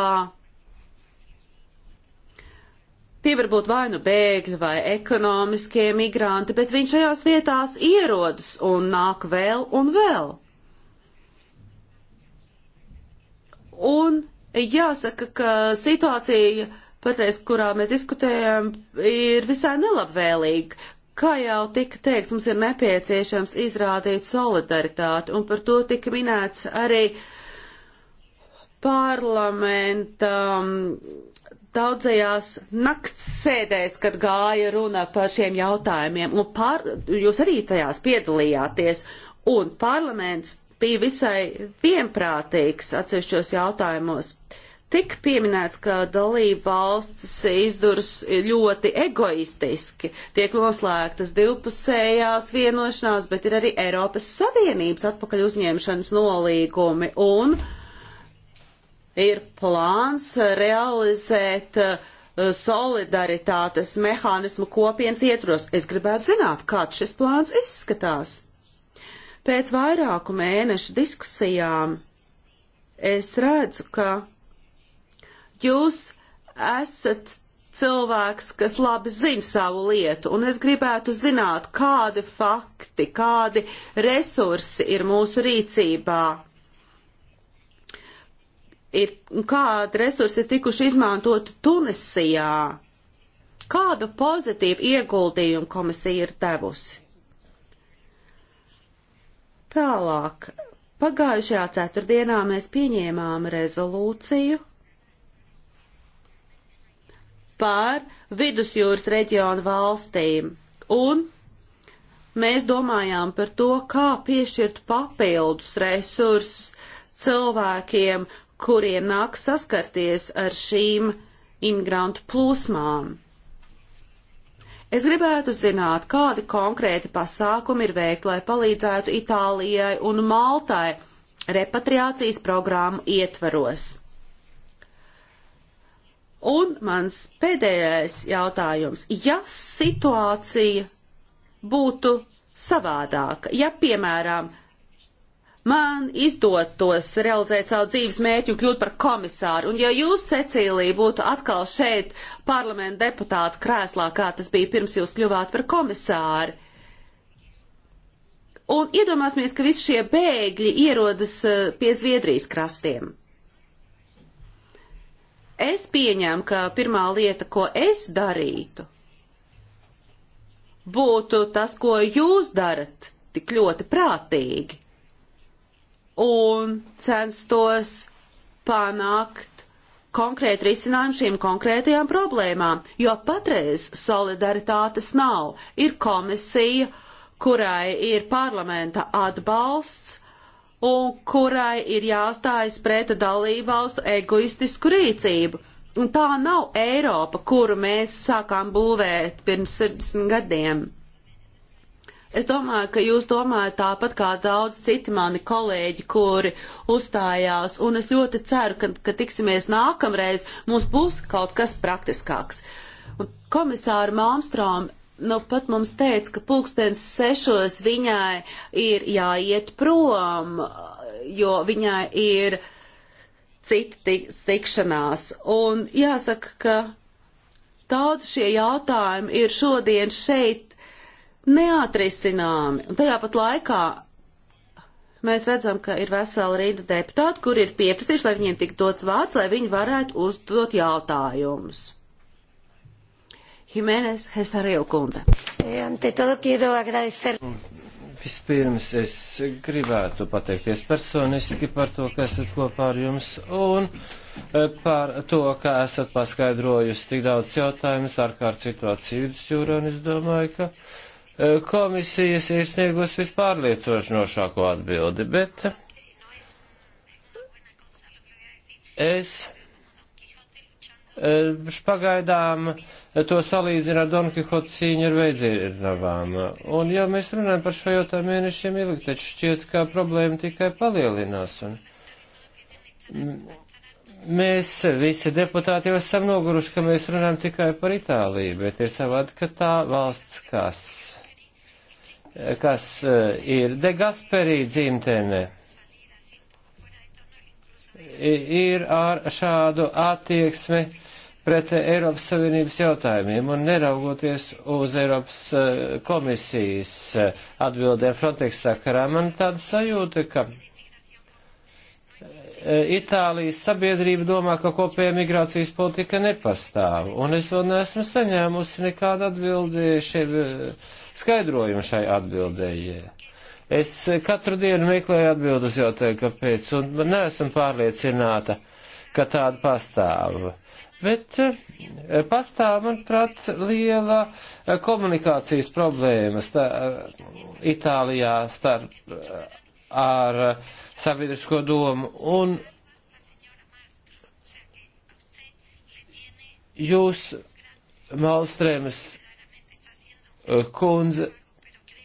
Tie var būt vai nu bēgļi, vai ekonomiskie migranti, bet viņš šajās vietās ierodas un nāk vēl un vēl. Un jāsaka, ka situācija patreiz, kurā mēs diskutējam, ir visai nelabvēlīga. Kā jau tika teikts, mums ir nepieciešams izrādīt solidaritāti, un par to tika minēts arī parlamenta um, daudzajās nakts sēdēs, kad gāja runa par šiem jautājumiem, un pār, jūs arī tajās piedalījāties, un parlaments bija visai vienprātīgs atsevišķos jautājumos. Tik pieminēts, ka dalība valstis izdurs ļoti egoistiski, tiek noslēgtas divpusējās vienošanās, bet ir arī Eiropas Savienības atpakaļ uzņemšanas nolīgumi un uh, ir plāns realizēt eh, solidaritātes mehānismu kopienas ietros. Es gribētu zināt, kāds šis plāns izskatās. Pēc vairāku mēnešu diskusijām es redzu, ka jūs esat cilvēks, kas labi zina savu lietu, un es gribētu zināt, kādi fakti, kādi resursi ir mūsu rīcībā ir, kādi resursi ir tikuši izmantoti Tunisijā, kādu pozitīvu ieguldījumu komisija ir devusi. Tālāk, pagājušajā ceturtdienā mēs pieņēmām rezolūciju par vidusjūras reģionu valstīm un mēs domājām par to, kā piešķirt papildus resursus cilvēkiem, kuriem nāk saskarties ar šīm imigrantu plūsmām. Es gribētu zināt, kādi konkrēti pasākumi ir veikti, lai palīdzētu Itālijai un Maltai repatriācijas programmu ietvaros. Un mans pēdējais jautājums. Ja situācija būtu savādāka, ja, piemēram, man izdotos realizēt savu dzīves mērķi un kļūt par komisāru. Un ja jūs, Cecīlija, būtu atkal šeit parlamenta deputāta krēslā, kā tas bija pirms jūs kļuvāt par komisāru, un iedomāsimies, ka visi šie bēgļi ierodas eh, pie Zviedrijas krastiem. Es pieņēmu, ka pirmā lieta, ko es darītu, būtu tas, ko jūs darat tik ļoti prātīgi un censtos panākt konkrētu risinājumu šīm konkrētajām problēmām, jo patreiz solidaritātes nav. Ir komisija, kurai ir parlamenta atbalsts un kurai ir jāstājas pret dalību valstu egoistisku rīcību. Un tā nav Eiropa, kuru mēs sākām būvēt pirms 70 gadiem. Es domāju, ka jūs domājat tāpat kā daudz citi mani kolēģi, kuri uzstājās, un es ļoti ceru, ka, ka tiksimies nākamreiz, mums būs kaut kas praktiskāks. Un komisāra Malmstrom nu pat mums teica, ka pulkstens sešos viņai ir jāiet prom, jo viņai ir citi tikšanās. Un jāsaka, ka daudz šie jautājumi ir šodien šeit neatrisināmi. Un tajā pat laikā mēs redzam, ka ir vesela rinda deputāti, kur ir pieprasījuši, lai viņiem tik dots vārds, lai viņi varētu uzdot jautājumus. Jimenez Hestaril kundze. Eh, Vispirms es gribētu pateikties personiski par to, ka esat kopā ar jums un eh, par to, ka esat paskaidrojusi tik daudz jautājumus ārkārt situāciju vidusjūrā un es domāju, ka Eh, komisijas ir sniegus vispārliecošāko atbildi, bet es eh, pagaidām to salīdzinu ar Don Kihotu cīņu ar veidzinavām. Un, ja mēs runājam par šo jautājumu mēnešiem ilgi, taču šķiet, ka problēma tikai palielinās. Un, mm, mēs visi deputāti jau esam noguruši, ka mēs runājam tikai par Itāliju, bet ir savādi, ka tā valsts, kas kas eh, ir De Gasperī dzimtene, ir ar šādu attieksmi pret Eiropas Savienības jautājumiem un neraugoties uz Eiropas eh, komisijas eh, atbildēm Frontex sakarā, man tāda sajūta, ka Itālijas sabiedrība domā, ka kopējā migrācijas politika nepastāv, un es vēl neesmu saņēmusi nekādu atbildi šeit skaidrojumu šai atbildējai. Es katru dienu meklēju atbildes jautājumu, kāpēc, un man neesmu pārliecināta, ka tāda pastāv. Bet eh, pastāv, manuprāt, liela eh, komunikācijas problēma stā, eh, Itālijā starp ar sabiedrisko domu un jūs, Malstrēmas Eh, kundze,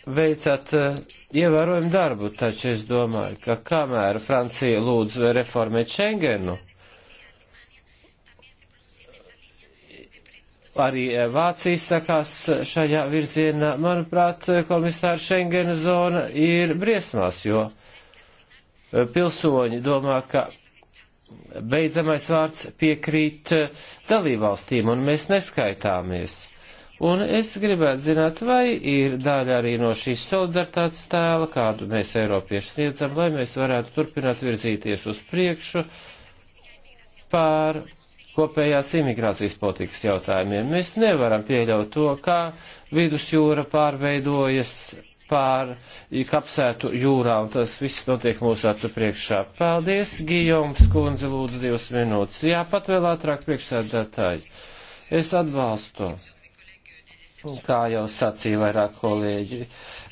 veicat eh, ievērojumu darbu, taču es domāju, ka kamēr Francija lūdz reformēt Schengenu, arī eh, Vācija sakās šajā virzienā, manuprāt, komisāra Schengena zona ir briesmās, jo pilsoņi domā, ka beidzamais vārds piekrīt dalībvalstīm, un mēs neskaitāmies. Un es gribētu zināt, vai ir daļa arī no šīs solidaritātes tēla, kādu mēs Eiropieši sniedzam, lai mēs varētu turpināt virzīties uz priekšu pār kopējās imigrācijas politikas jautājumiem. Mēs nevaram pieļaut to, kā vidusjūra pārveidojas pār kapsētu jūrā, un tas viss notiek mūsu acu priekšā. Paldies, Gijoms, kundze, lūdzu, divas minūtes. Jā, pat vēl ātrāk priekšsēdētāji. Es atbalstu to kā jau sacīja vairāk kolēģi,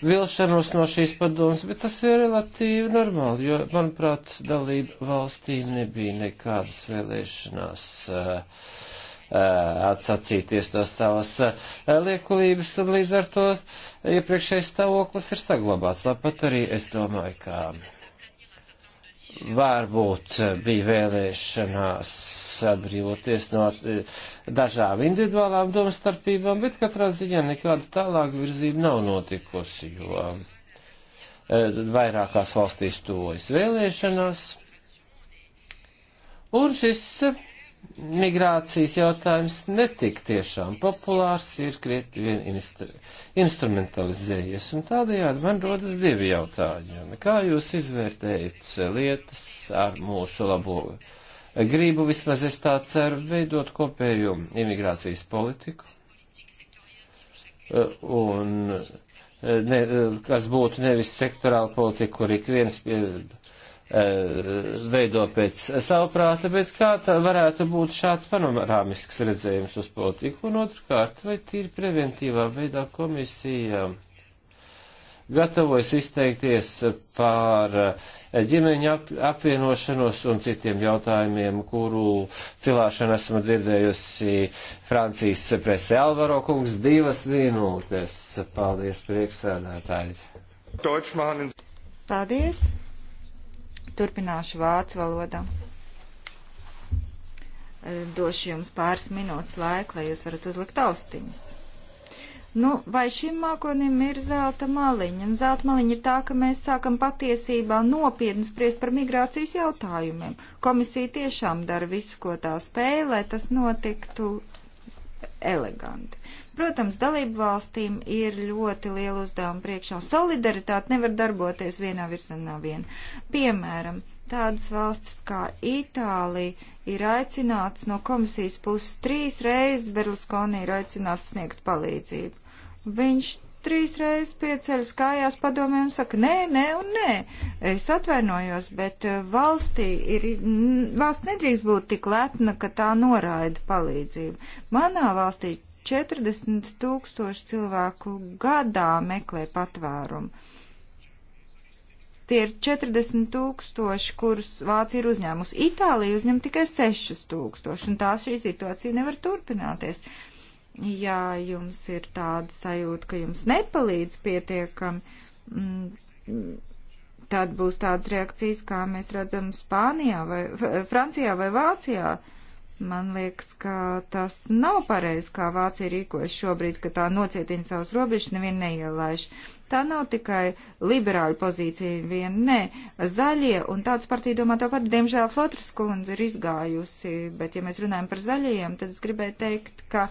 vilšanos no šīs padomas, bet tas ir relatīvi normāli, jo, manuprāt, dalība valstī nebija nekādas vēlēšanās. Uh, atsacīties no savas eh, liekulības, un līdz ar to iepriekšējais stāvoklis ir saglabāts. Tāpat arī es domāju, ka varbūt eh, bija vēlēšanās atbrīvoties no eh, dažām individuālām domstarpībām, bet katrā ziņā nekāda tālāka virzība nav notikusi, jo eh, vairākās valstīs tuvojas vēlēšanās. Un šis migrācijas jautājums netik tiešām populārs, ir krietni vien instru, instrumentalizējies, un tādējādi man rodas divi jautājumi. Kā jūs izvērtējat lietas ar mūsu labo gribu, vismaz es tā ceru, veidot kopēju imigrācijas politiku? Un ne, kas būtu nevis sektorāla politika, kur ik viens pie, Eh, veido pēc savuprāta, bet kā tā varētu būt šāds panorāmisks redzējums uz politiku, un otrkārt, vai tīri preventīvā veidā komisija gatavojas izteikties par eh, ģimeņu apvienošanos un citiem jautājumiem, kuru cilāšanu esmu dzirdējusi Francijas presē. Alvaro kungs, divas minūtes. Paldies, priekšsēdētāji. Paldies. Turpināšu vācu valodā. E, došu jums pāris minūtes laika, lai jūs varat uzlikt austiņas. Nu, vai šim mākonim ir zelta maliņa? Un zelta maliņa ir tā, ka mēs sākam patiesībā nopietni spriest par migrācijas jautājumiem. Komisija tiešām dara visu, ko tā spēj, lai tas notiktu eleganti. Protams, dalību valstīm ir ļoti liela uzdevuma priekšā. Solidaritāte nevar darboties vienā virzienā vien. Piemēram, tādas valstis kā Itālija ir aicināts no komisijas puses trīs reizes Berluskoni ir aicināts sniegt palīdzību. Viņš trīs reizes pieceļas kājās padomē un saka, nē, nē un nē. Es atvainojos, bet eh, valstī ir, valsts nedrīkst būt tik lepna, ka tā noraida palīdzību. Manā valstī 40 tūkstoši cilvēku gadā meklē patvērumu. Tie ir 40 tūkstoši, kurus Vācija ir uzņēmusi. Itālija uzņem tikai 6 tūkstoši, un tā šī situācija nevar turpināties. Ja jums ir tāda sajūta, ka jums nepalīdz pietiekami, mm, tad būs tādas reakcijas, kā mēs redzam Spānijā vai Francijā vai Vācijā. Uh, Man liekas, ka tas nav pareizi, kā Vācija rīkojas šobrīd, ka tā nocietina savus robežas, nevienu neielaiž. Tā nav tikai liberāļu pozīcija vien, nē, zaļie, un tāds partija domā tāpat, diemžēl Flotras kundze ir izgājusi, bet ja mēs runājam par zaļajiem, tad es gribēju teikt, ka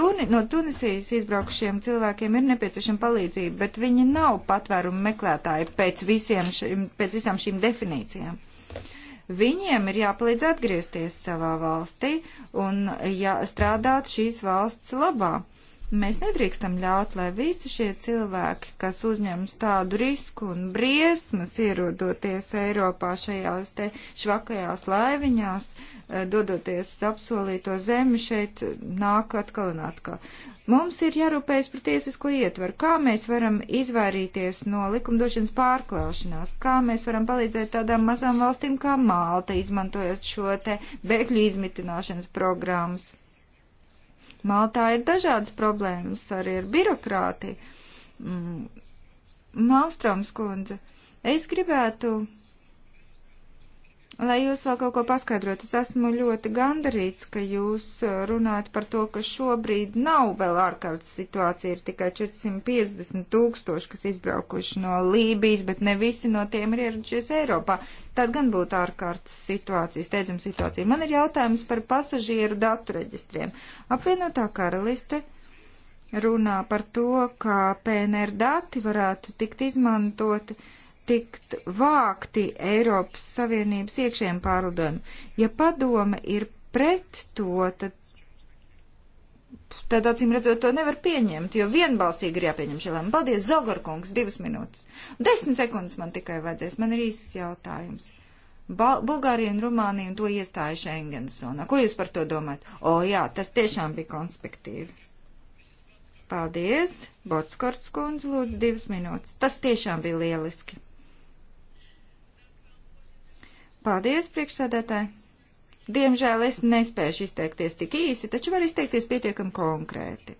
tuni, no Tunisijas izbraukušiem cilvēkiem ir nepieciešama palīdzība, bet viņi nav patvērumu meklētāji pēc, visiem, šim, pēc visām šīm definīcijām. Viņiem ir jāpalīdz atgriezties savā valstī un strādāt šīs valsts labā. Mēs nedrīkstam ļaut, lai visi šie cilvēki, kas uzņems tādu risku un briesmas, ierodoties Eiropā šajās te švakajās laiviņās, eh, dodoties uz apsolīto zemi, šeit eh, nāk atkal un atkal. Mums ir jārūpējas par tiesisko ietvaru, kā mēs varam izvairīties no likumdošanas pārklāšanās, kā mēs varam palīdzēt tādām mazām valstīm kā Malta, izmantojot šo te bēgļu izmitināšanas programmas. Maltā ir dažādas problēmas arī ar birokrātiju. Mm, Malstroms kundze, es gribētu Lai jūs vēl kaut ko paskaidrotu, es esmu ļoti gandarīts, ka jūs uh, runājat par to, ka šobrīd nav vēl ārkārtas situācija, ir tikai 450 tūkstoši, kas izbraukuši no Lībijas, bet ne visi no tiem ir ieradušies Eiropā. Tad gan būtu ārkārtas situācija, steidzam situācija. Man ir jautājums par pasažieru datu reģistriem. Apvienotā karaliste runā par to, kā PNR dati varētu tikt izmantoti tikt vākti Eiropas Savienības iekšējiem pārlidojumiem. Ja padome ir pret to, tad, tad acīm redzot, to nevar pieņemt, jo vienbalsīgi ir jāpieņem šī lēma. Paldies, Zogorkungs, divas minūtes. Desmit sekundes man tikai vajadzēs, man ir īsts jautājums. Bal Bulgārija un Rumānija un to iestāja Schengensonā. Ko jūs par to domājat? O, jā, tas tiešām bija konspektīvi. Paldies, Botskorts kundze, lūdzu, divas minūtes. Tas tiešām bija lieliski. Paldies, priekšsēdētāji! Diemžēl es nespēšu izteikties tik īsi, taču var izteikties pietiekami konkrēti.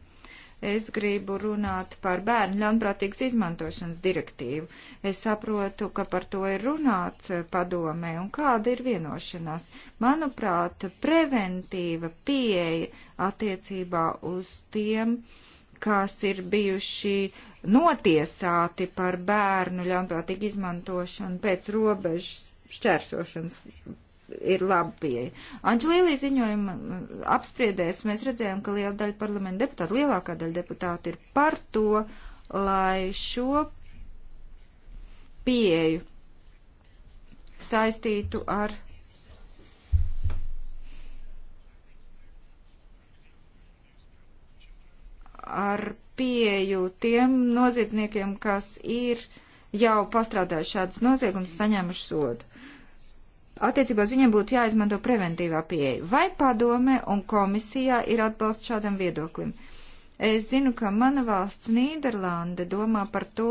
Es gribu runāt par bērnu ļaunprātīgas izmantošanas direktīvu. Es saprotu, ka par to ir runāts eh, padomē un kāda ir vienošanās. Manuprāt, preventīva pieeja attiecībā uz tiem, kas ir bijuši notiesāti par bērnu ļaunprātīgu izmantošanu pēc robežas šķērsošanas ir laba pieeja. Anģelīlī ziņojuma mm, apspriedēs mēs redzējām, ka liela daļa parlamenta deputāta, lielākā daļa deputāta ir par to, lai šo pieeju saistītu ar ar pieju tiem noziedzniekiem, kas ir uh, jau pastrādājuši šādus noziegumus, saņēmuši sodu. Attiecībā uz viņiem būtu jāizmanto preventīvā pieeja. Vai padome un komisijā ir atbalsts šādam viedoklim? Es zinu, ka mana valsts Nīderlande domā par to,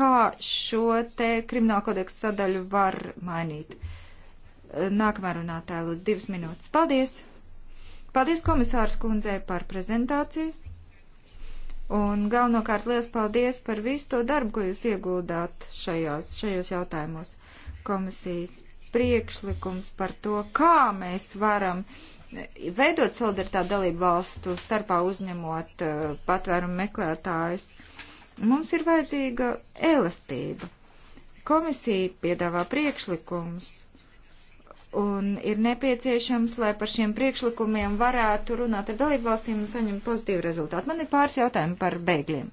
kā šo te krimināla kodeksa sadaļu var mainīt. Nākamā runātāja lūdzu divas minūtes. Paldies! Paldies komisārs kundzei par prezentāciju. Un galvenokārt liels paldies par visu to darbu, ko jūs ieguldāt šajos, šajos jautājumos. Komisijas priekšlikums par to, kā mēs varam eh, veidot solidaritāti dalību valstu starpā uzņemot uh, patvērumu meklētājus. Mums ir vajadzīga elastība. Komisija piedāvā priekšlikumus, un ir nepieciešams, lai par šiem priekšlikumiem varētu runāt ar dalību valstīm un saņemt pozitīvu rezultātu. Man ir pāris jautājumi par bēgļiem.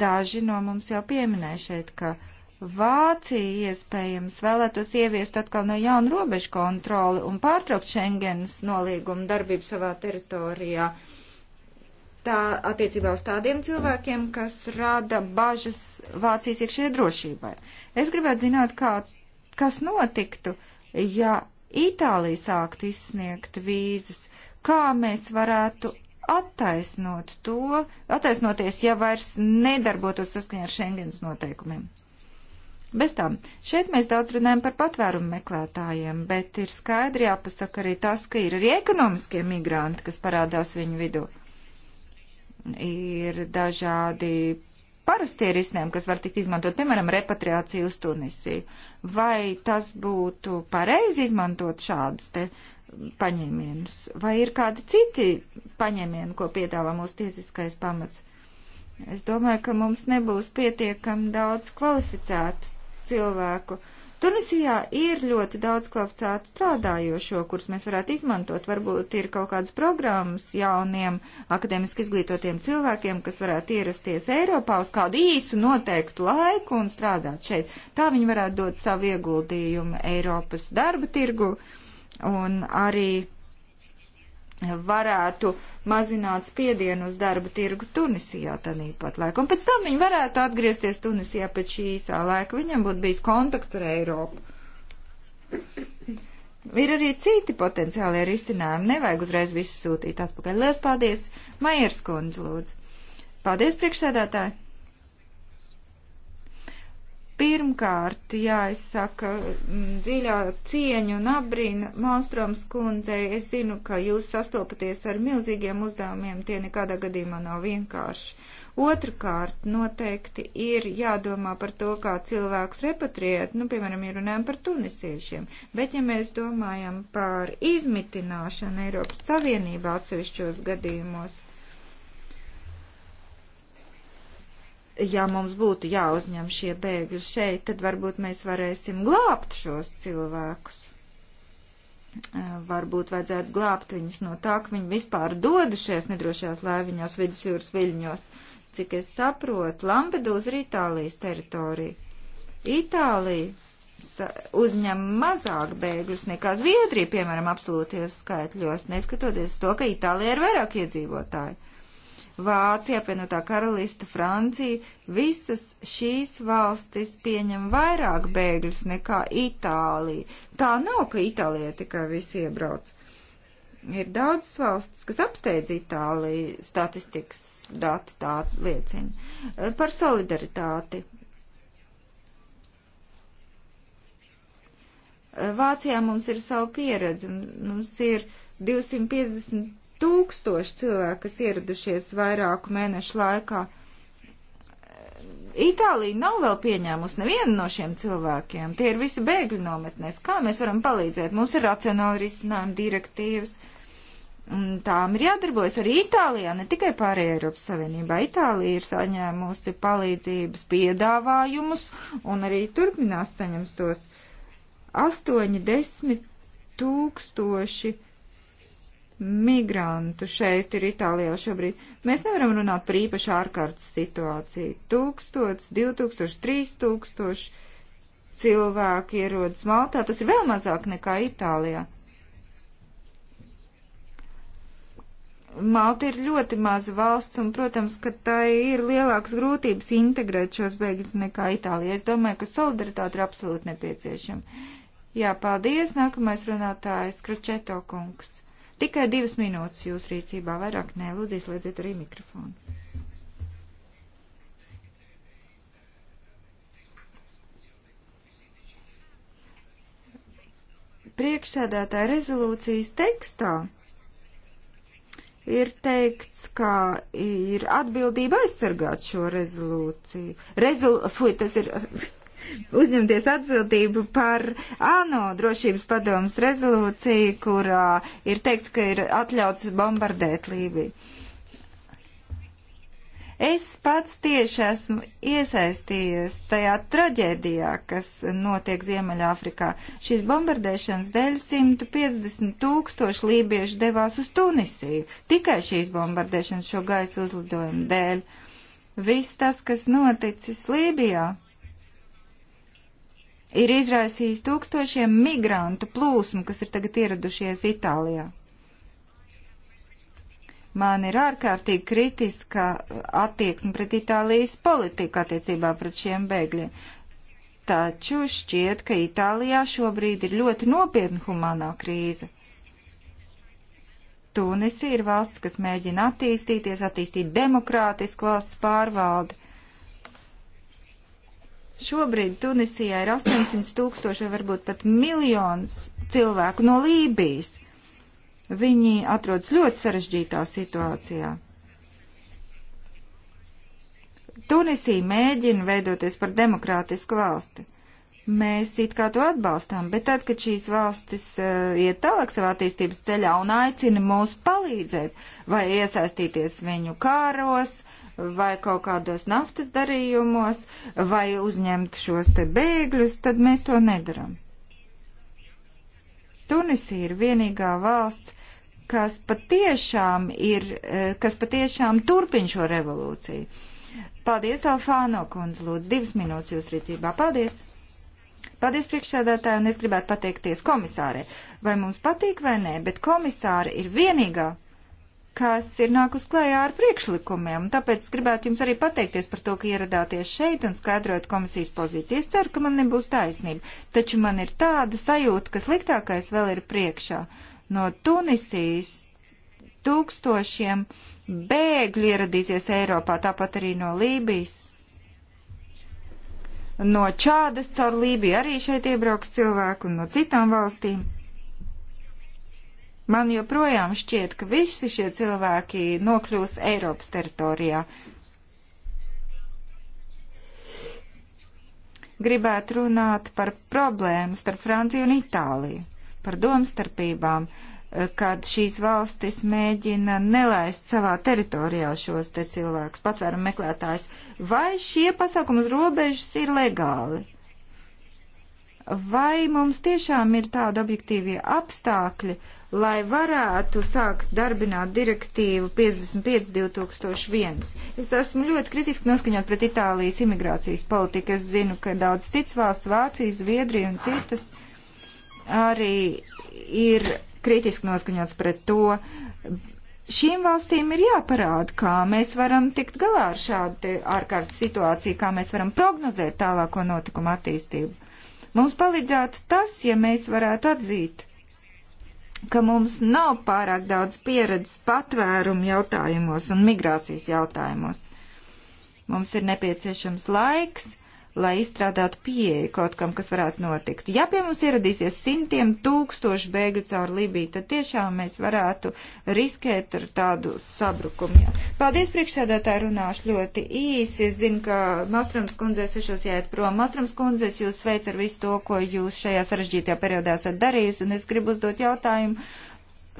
Daži no mums jau pieminēja šeit, ka Vācija iespējams vēlētos ieviest atkal no jauna robežu kontroli un pārtraukt Schengens nolīgumu darbību savā teritorijā. Tā attiecībā uz tādiem cilvēkiem, kas rada bažas Vācijas iekšējai drošībai. Uh, Es gribētu zināt, kā, kas notiktu, ja Itālija sāktu izsniegt vīzas, kā mēs varētu attaisnot to, attaisnoties, ja vairs nedarbotos saskaņā ar Schengens noteikumiem. Bez tām, šeit mēs daudz runājam par patvērumu meklētājiem, bet ir skaidri jāpasaka arī tas, ka ir arī ekonomiskie migranti, kas parādās viņu vidū. Ir dažādi parastie risinājumi, kas var tikt izmantot, piemēram, repatriācija uz Tunisiju. Vai tas būtu pareizi izmantot šādus te paņēmienus, vai ir kādi citi paņēmieni, ko piedāvā mūsu tiesiskais pamats? Es domāju, ka mums nebūs pietiekami daudz kvalificētu cilvēku. Uh, Tunisijā ir ļoti daudz kvalificētu strādājošo, kurus mēs varētu izmantot. Varbūt ir kaut kādas programmas jauniem akadēmiski izglītotiem cilvēkiem, kas varētu ierasties Eiropā uz kādu īsu noteiktu laiku un strādāt šeit. Tā viņi varētu dot savu ieguldījumu Eiropas darba tirgu un arī varētu mazināt spiedienu uz darba tirgu Tunisijā tanīpat laiku. Un pēc tam viņi varētu atgriezties Tunisijā pēc šī īsā laika. Viņam būtu bijis kontakts ar Eiropu. Ir arī citi potenciālie risinājumi. Nevajag uzreiz visu sūtīt atpakaļ. Lielas paldies! Maierskundze, lūdzu! Paldies, priekšsēdētāji! Pirmkārt, jāizsaka mm, dziļā cieņa un apbrīna Malstroms kundzei. Es zinu, ka jūs sastopaties ar milzīgiem uzdevumiem, tie nekādā gadījumā nav vienkārši. Otrakārt, noteikti ir jādomā par to, kā cilvēks repatriēt, nu, piemēram, ja runājam par tunisiešiem, bet ja mēs domājam par izmitināšanu Eiropas Savienībā atsevišķos gadījumos, ja mums būtu jāuzņem šie bēgļi šeit, tad varbūt mēs varēsim glābt šos cilvēkus. Varbūt vajadzētu glābt viņus no tā, ka viņi vispār dodušies nedrošajās lēviņos, vidusjūras viļņos. Cik es saprotu, Lampedūza ir Itālijas teritorija. Itālija uzņem mazāk bēgļus nekā Zviedrija, piemēram, absolūties skaitļos, neskatoties to, ka Itālija ir vairāk iedzīvotāji. Vācija, apvienotā karalista, Francija, visas šīs valstis pieņem vairāk bēgļus nekā Itālija. Tā nav, ka Itālijā tikai visi iebrauc. Ir daudzas valstis, kas apsteidz Itāliju, statistikas dati tā liecina. Par solidaritāti. Vācijā mums ir savu pieredzi, mums ir 250 tūkstoši cilvēku, kas ieradušies vairāku mēnešu laikā. Itālija nav vēl pieņēmusi nevienu no šiem cilvēkiem. Tie ir visi bēgļu nometnēs. Kā mēs varam palīdzēt? Mums ir racionāli risinājumi direktīvas. Tām ir jādarbojas arī Itālijā, ne tikai pārējā Eiropas Savienībā. Itālija ir saņēmusi palīdzības piedāvājumus un arī turpinās saņems tos 80 tūkstoši. 000 migrantu šeit ir Itālijā šobrīd. Mēs nevaram runāt par īpašu ārkārtas situāciju. Tūkstots, divtūkstoši, trīs tūkstoši cilvēki ierodas Maltā. Tas ir vēl mazāk nekā Itālijā. Malta ir ļoti maza valsts, un, protams, ka tai ir lielākas grūtības integrēt šos bēgļus nekā Itālijā. Es domāju, ka solidaritāte ir absolūti nepieciešama. Jā, paldies. Nākamais runātājs Kračeto kungs. Tikai divas minūtes jūs rīcībā, vairāk nē, lūdzu, izslēdziet arī mikrofonu. Priekšsēdētāja rezolūcijas tekstā ir teikts, ka ir atbildība aizsargāt šo rezolūciju. Rezol... Fui, tas ir uzņemties atbildību par ANO drošības padomas rezolūciju, kurā ir teikts, ka ir atļauts bombardēt Lībiju. Es pats tieši esmu iesaistījies tajā traģēdijā, kas notiek Ziemeļāfrikā. Šīs bombardēšanas dēļ 150 tūkstoši lībiešu devās uz Tunisiju. Tikai šīs bombardēšanas šo gaisa uzlidojumu dēļ. Viss tas, kas noticis Lībijā, ir izraisījis tūkstošiem migrantu plūsmu, kas ir tagad ieradušies Itālijā. Man ir ārkārtīgi kritiska attieksme pret Itālijas politiku attiecībā pret šiem bēgļiem. Taču šķiet, ka Itālijā šobrīd ir ļoti nopietna humanā krīze. Tunisija ir valsts, kas mēģina attīstīties, attīstīt demokrātisku valsts pārvaldi Šobrīd Tunisijā ir 800 tūkstoši, varbūt pat miljonus cilvēku no Lībijas. Viņi atrodas ļoti sarežģītā situācijā. Tunisija mēģina veidoties par demokrātisku valsti. Mēs it kā to atbalstām, bet tad, kad šīs valstis uh, iet tālāk savā attīstības ceļā un aicina mūs palīdzēt vai iesaistīties viņu kāros, uh, vai kaut kādos naftas darījumos, vai uzņemt šos te bēgļus, tad mēs to nedaram. Tunisija ir vienīgā valsts, kas patiešām ir, eh, kas patiešām turpin šo revolūciju. Paldies, Alfāno kundze, lūdzu, divas minūtes jūs rīcībā. Paldies! Paldies priekšsēdētāji, un es gribētu pateikties komisārē. Vai mums patīk vai nē, bet komisāre ir vienīgā kas ir nākus klajā ar priekšlikumiem. Tāpēc gribētu jums arī pateikties par to, ka ieradāties šeit un skaidrojat komisijas pozīciju. Es ceru, ka man nebūs taisnība, taču man ir tāda sajūta, ka sliktākais vēl ir priekšā. No Tunisijas tūkstošiem bēgļu ieradīsies Eiropā, tāpat arī no Lībijas. No Čādas caur Lībiju arī šeit iebrauks cilvēku un no citām valstīm. Man joprojām šķiet, ka visi šie cilvēki nokļūs Eiropas teritorijā. Gribētu runāt par problēmu starp Franciju un Itāliju, par domstarpībām, eh, kad šīs valstis mēģina nelaist savā teritorijā šos te cilvēkus, patvērumu meklētājus. Vai šie pasākumi uz robežas ir legāli? Vai mums tiešām ir tādi objektīvie apstākļi, uh, lai varētu sākt darbināt direktīvu 55-2001. Es esmu ļoti kritiski noskaņot pret Itālijas imigrācijas politiku. Es zinu, ka daudz cits valsts, Vācija, Zviedrija un citas arī ir kritiski noskaņots pret to. Šīm valstīm ir jāparāda, kā mēs varam tikt galā ar šādu ārkārtas situāciju, kā mēs varam prognozēt tālāko notikumu attīstību. Mums palīdzētu tas, ja mēs varētu atzīt, ka mums nav pārāk daudz pieredzes patvērumu jautājumos un migrācijas jautājumos. Mums ir nepieciešams laiks, lai izstrādātu pieeju kaut kam, kas varētu notikt. Ja pie mums ieradīsies simtiem tūkstoši bēgļu caur Libiju, tad tiešām mēs varētu riskēt ar tādu sabrukumu. Paldies priekšsēdētāji, runāšu ļoti īsi. Es zinu, ka Mastrams kundzēs es jūs jāiet prom. Mastrams kundzēs jūs sveic ar visu to, ko jūs šajā sarežģītajā periodā esat darījusi, un es gribu uzdot jautājumu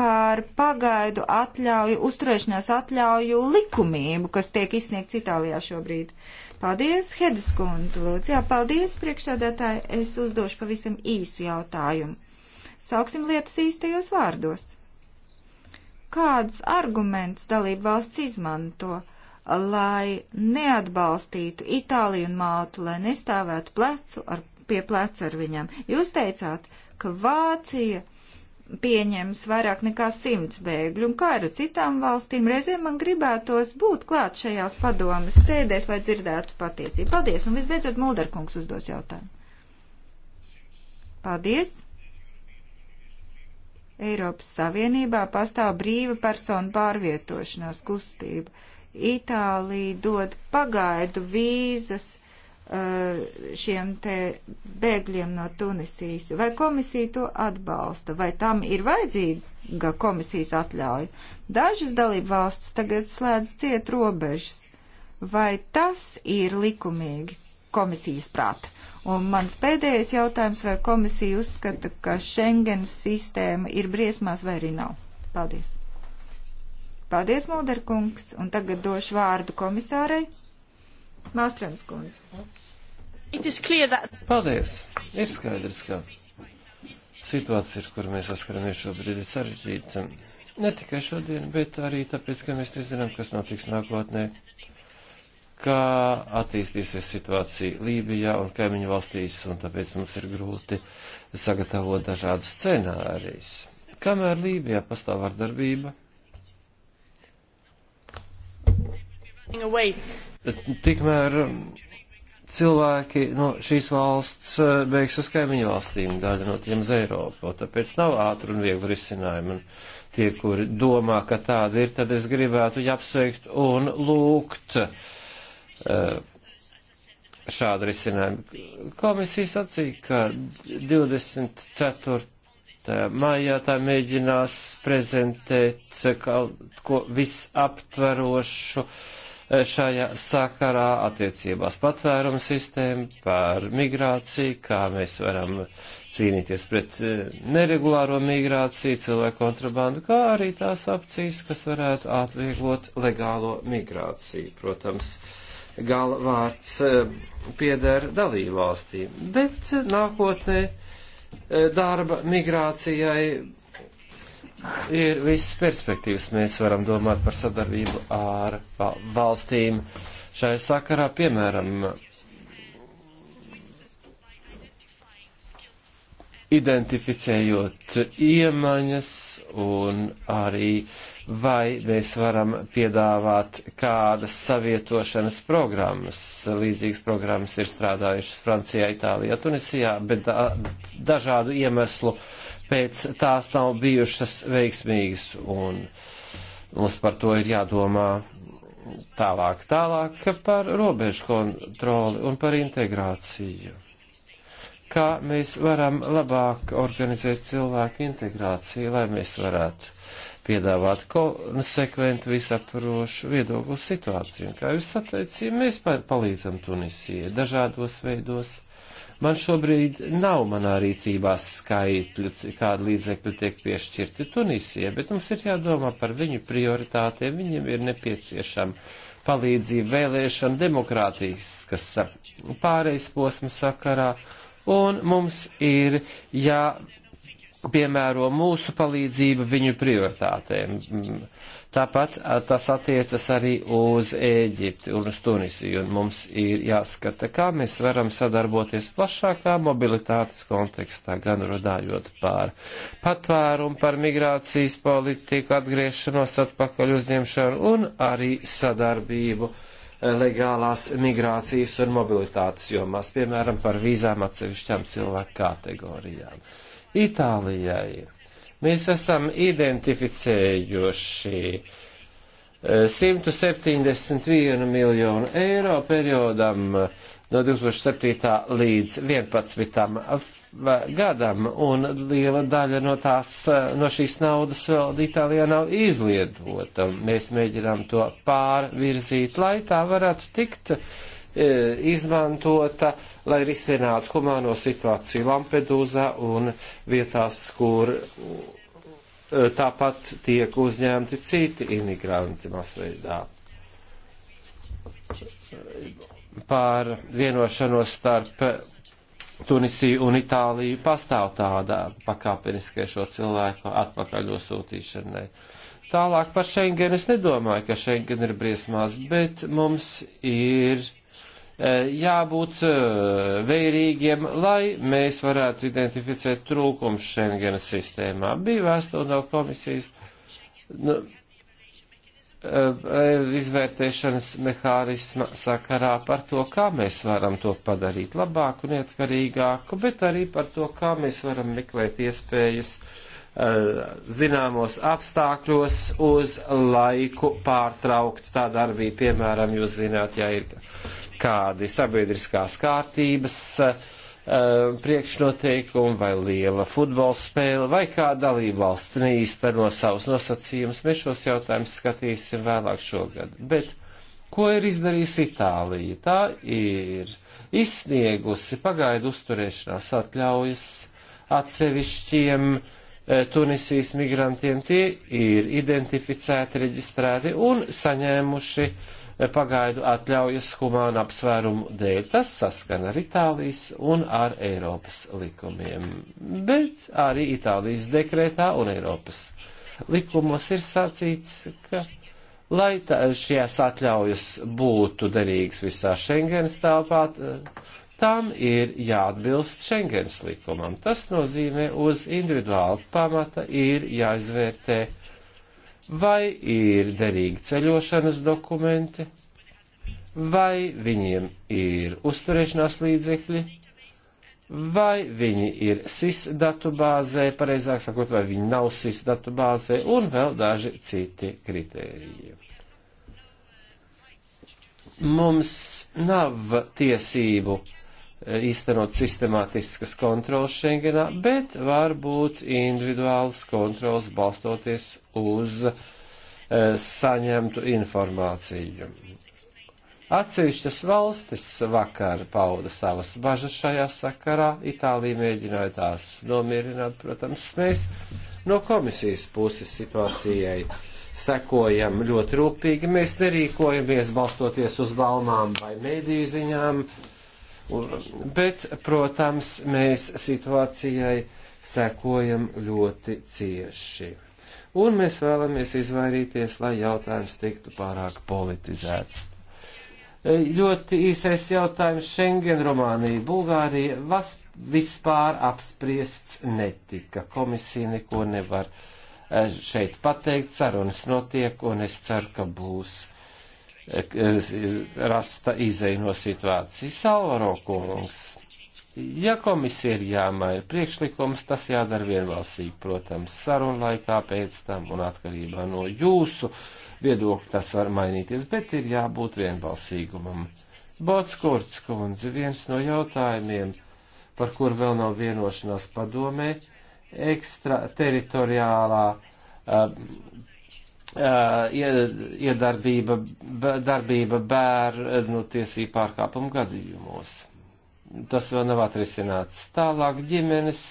par pagaidu atļauju, uzturēšanās atļauju likumību, kas tiek izsniegts Itālijā šobrīd. Paldies, Hedas kundze, lūdzu. Jā, paldies, priekšsādātāji. Es uzdošu pavisam īsu jautājumu. Sauksim lietas īstajos vārdos. Kādus argumentus dalību valsts izmanto? lai neatbalstītu Itāliju un Maltu, lai nestāvētu plecu ar, pie pleca ar viņam. Jūs teicāt, ka Vācija pieņems vairāk nekā simts bēgļu, un kā ar citām valstīm, reizēm man gribētos būt klāt šajās padomas sēdēs, lai dzirdētu patiesību. Paldies, un visbeidzot Mulderkungs uzdos jautājumu. Paldies! Eiropas Savienībā pastāv brīva persona pārvietošanās kustība. Itālija dod pagaidu vīzas Eh, šiem te bēgļiem no Tunisijas. Vai komisija to atbalsta, vai tam ir vajadzīga komisijas atļauja? Dažas dalību valstis tagad slēdz ciet robežas. Vai tas ir likumīgi komisijas prāta? Un mans pēdējais jautājums, vai komisija uzskata, ka Schengens sistēma ir briesmās vai arī nav? Paldies! Paldies, Mūderkungs, un tagad došu vārdu komisārai. Māstrēms kundze. Paldies! Ir skaidrs, ka situācija, ar kuru mēs saskaramies šobrīd, ir sarežģīta. Ne tikai šodien, bet arī tāpēc, ka mēs nezinām, kas notiks nākotnē, kā attīstīsies situācija Lībijā un kaimiņu valstīs, un tāpēc mums ir grūti sagatavot dažādus scenārijus. Kamēr Lībijā pastāv vardarbība, Tikmēr um, cilvēki no šīs valsts uh, beigs uz kaimiņu valstīm, daži no tiem uz Eiropu, tāpēc nav ātri un viegli risinājumi. Un tie, kuri domā, ka tāda ir, tad es gribētu viņu apsveikt un lūgt uh, šādu risinājumu. Komisija sacīja, ka 24. maijā tā mēģinās prezentēt kaut ko visaptverošu. Uh, šajā sakarā attiecībās patvērumu sistēmu, par migrāciju, kā mēs varam cīnīties pret e, neregulāro migrāciju, cilvēku kontrabandu, kā arī tās opcijas, kas varētu atvieglot legālo migrāciju. Protams, galvārds e, pieder dalībvalstīm, bet nākotnē e, darba migrācijai ir visas perspektīvas. Mēs varam domāt par sadarbību ar valstīm šai sakarā, piemēram, identificējot iemaņas un arī vai mēs varam piedāvāt kādas savietošanas programmas. Līdzīgas programmas ir strādājušas Francijā, Itālijā, Tunisijā, bet da dažādu iemeslu pēc tās nav bijušas veiksmīgas, un mums par to ir jādomā tālāk, tālāk par robežu kontroli un par integrāciju. Kā mēs varam labāk organizēt cilvēku integrāciju, lai mēs varētu piedāvāt konsekventu visaptvarošu viedoklu situāciju. Un, kā jūs sateicījāt, mēs palīdzam Tunisijai dažādos veidos Man šobrīd nav manā rīcībā skaitļu, kāda līdzekļu tiek piešķirti Tunisijai, bet mums ir jādomā par viņu prioritātiem. Viņiem ir nepieciešama palīdzība vēlēšana demokrātijas, kas pārejas posma sakarā, un mums ir jā. Ja piemēro mūsu palīdzību viņu prioritātēm. Mm, Tāpat tas attiecas arī uz Ēģipti un uz Tunisiju, un mums ir jāskata, kā mēs varam sadarboties plašākā mobilitātes kontekstā, gan runājot par patvērumu, par migrācijas politiku, atgriešanos atpakaļ uzņemšanu un arī sadarbību legālās migrācijas un mobilitātes jomās, piemēram, par vīzām atsevišķām cilvēku kategorijām. Uh, Itālijai. Mēs esam identificējuši 171 e, miljonu eiro periodam e, no 2007. līdz 2011. gadam, un liela daļa no, tās, e, no šīs naudas vēl Itālijā nav izlietota. Mēs mēģinām to pārvirzīt, lai tā varētu tikt uh, E, izmantota, lai risinātu humāno situāciju Lampedūzā un vietās, kur e, tāpat tiek uzņemti citi imigranti masveidā. Pār vienošanos starp Tunisiju un Itāliju pastāv tādā pakāpeniskai šo cilvēku atpakaļ nosūtīšanai. Tālāk par Schengen es nedomāju, ka Schengen ir briesmās, bet mums ir Eh, jābūt eh, vērīgiem, lai mēs varētu identificēt trūkums Schengena sistēmā. Bija vēstule no komisijas nu, eh, izvērtēšanas mehānisma sakarā par to, kā mēs varam to padarīt labāku, neatkarīgāku, bet arī par to, kā mēs varam meklēt iespējas uh, Eh, zināmos apstākļos uz laiku pārtraukt tā darbību. Piemēram, jūs zināt, ja ir kādi sabiedriskās kārtības eh, priekšnoteikumi vai liela futbola spēle vai kā dalībvalsts neīsteno savus nosacījumus, mēs šos jautājumus skatīsim vēlāk šogad. Bet ko ir izdarījusi Itālija? Tā ir izsniegusi pagaidu uzturēšanās atļaujas atsevišķiem uh, Eh, Tunisijas migrantiem tie ir identificēti, reģistrēti un saņēmuši eh, pagaidu atļaujas humāna apsvērumu dēļ. Tas saskan ar Itālijas un ar Eiropas likumiem, bet arī Itālijas dekrētā un Eiropas likumos ir sacīts, ka lai tā, šīs atļaujas būtu derīgas visā Schengenas telpā, tam ir jāatbilst Schengens likumam. Tas nozīmē uz individuāla pamata ir jāizvērtē, vai ir derīgi ceļošanas dokumenti, vai viņiem ir uzturēšanās līdzekļi, vai viņi ir SIS datubāzē, pareizāk sakot, vai viņi nav SIS datubāzē, un vēl daži citi kritēriji mums nav tiesību Eh, īstenot sistemātiskas kontrolas Schengenā, bet var būt individuāls kontrols balstoties uz e, saņemtu informāciju. Atsevišķas valstis vakar pauda savas bažas šajā sakarā, Itālija mēģināja tās nomierināt, protams, mēs no komisijas puses situācijai sekojam ļoti rūpīgi, mēs nerīkojamies balstoties uz balmām vai mēdīziņām. ziņām Bet, protams, mēs situācijai sekojam ļoti cieši. Un mēs vēlamies izvairīties, lai jautājums tiktu pārāk politizēts. Ļoti īsais jautājums Schengen, Romānija, Bulgārija. Vas vispār apspriests netika. Komisija neko nevar eh, šeit pateikt, sarunas notiek, un es ceru, ka būs rasta izēja no situācijas. Salvaro kungs, ja komisija ir jāmaina priekšlikums, tas jādara vienvalstīgi, protams, sarunu laikā pēc tam un atkarībā no jūsu viedokļa tas var mainīties, bet ir jābūt vienbalsīgumam. Botskurts kundze, viens no jautājumiem, par kur vēl nav vienošanās padomē, ekstra teritoriālā uh, Eh, iedarbība, darbība bērnu tiesību pārkāpumu gadījumos. Tas vēl nav atrisināts. Tālāk ģimenes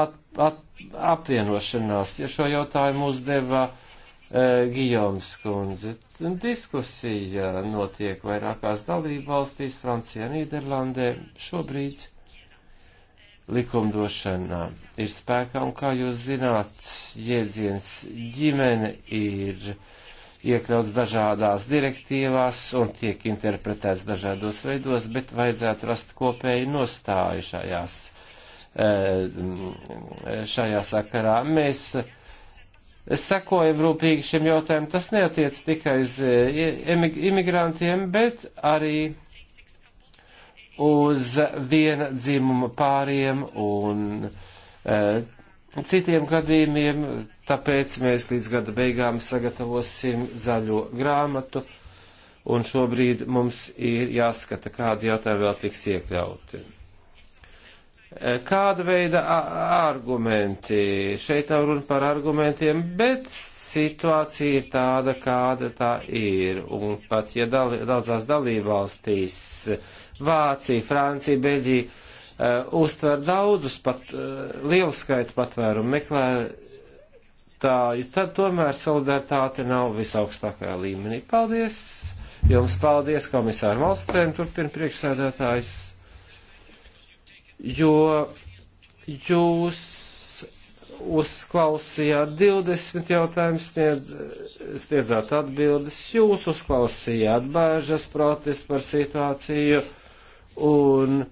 at, at, apvienošanās, ja šo jautājumu uzdeva uh, Gijoms kundze. Diskusija notiek vairākās dalībvalstīs, Francijā, Nīderlandē. Šobrīd likumdošanā ir spēkā, un kā jūs zināt, jēdziens ģimene ir iekļauts dažādās direktīvās un tiek interpretēts dažādos veidos, bet vajadzētu rast kopēju nostāju šajās, eh, šajā sakarā. Mēs sekojam rūpīgi šiem jautājumiem. Tas neatiec tikai uz eh, imigrantiem, bet arī uz viena dzimuma pāriem un e, citiem gadījumiem, tāpēc mēs līdz gada beigām sagatavosim zaļo grāmatu, un šobrīd mums ir jāskata, kādi jautājumi vēl tiks iekļauti. E, kāda veida argumenti? Šeit nav runa par argumentiem, bet situācija ir tāda, kāda tā ir. Un pat, ja dal daudzās dalībvalstīs uh, Vācija, Francija, Beļģija uh, uztver daudzus pat uh, lielu skaitu patvērumu meklētāju, tad tomēr solidaritāte nav visaugstākajā līmenī. Paldies! Jums paldies, komisāra Malstrēm, turpina priekšsēdētājs, jo jūs uzklausījāt 20 jautājumus, sniedz, sniedzāt atbildes, jūs uzklausījāt bāžas, protestu par situāciju. Un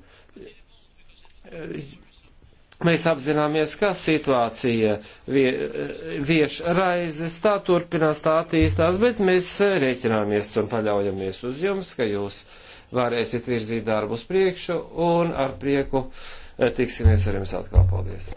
eh, mēs apzināmies, ka situācija eh, vieš raizes, tā turpinās, tā attīstās, bet mēs eh, rēķināmies un paļaujamies uz jums, ka jūs varēsiet virzīt darbus priekšu un ar prieku tiksimies ar jums atkal. Paldies!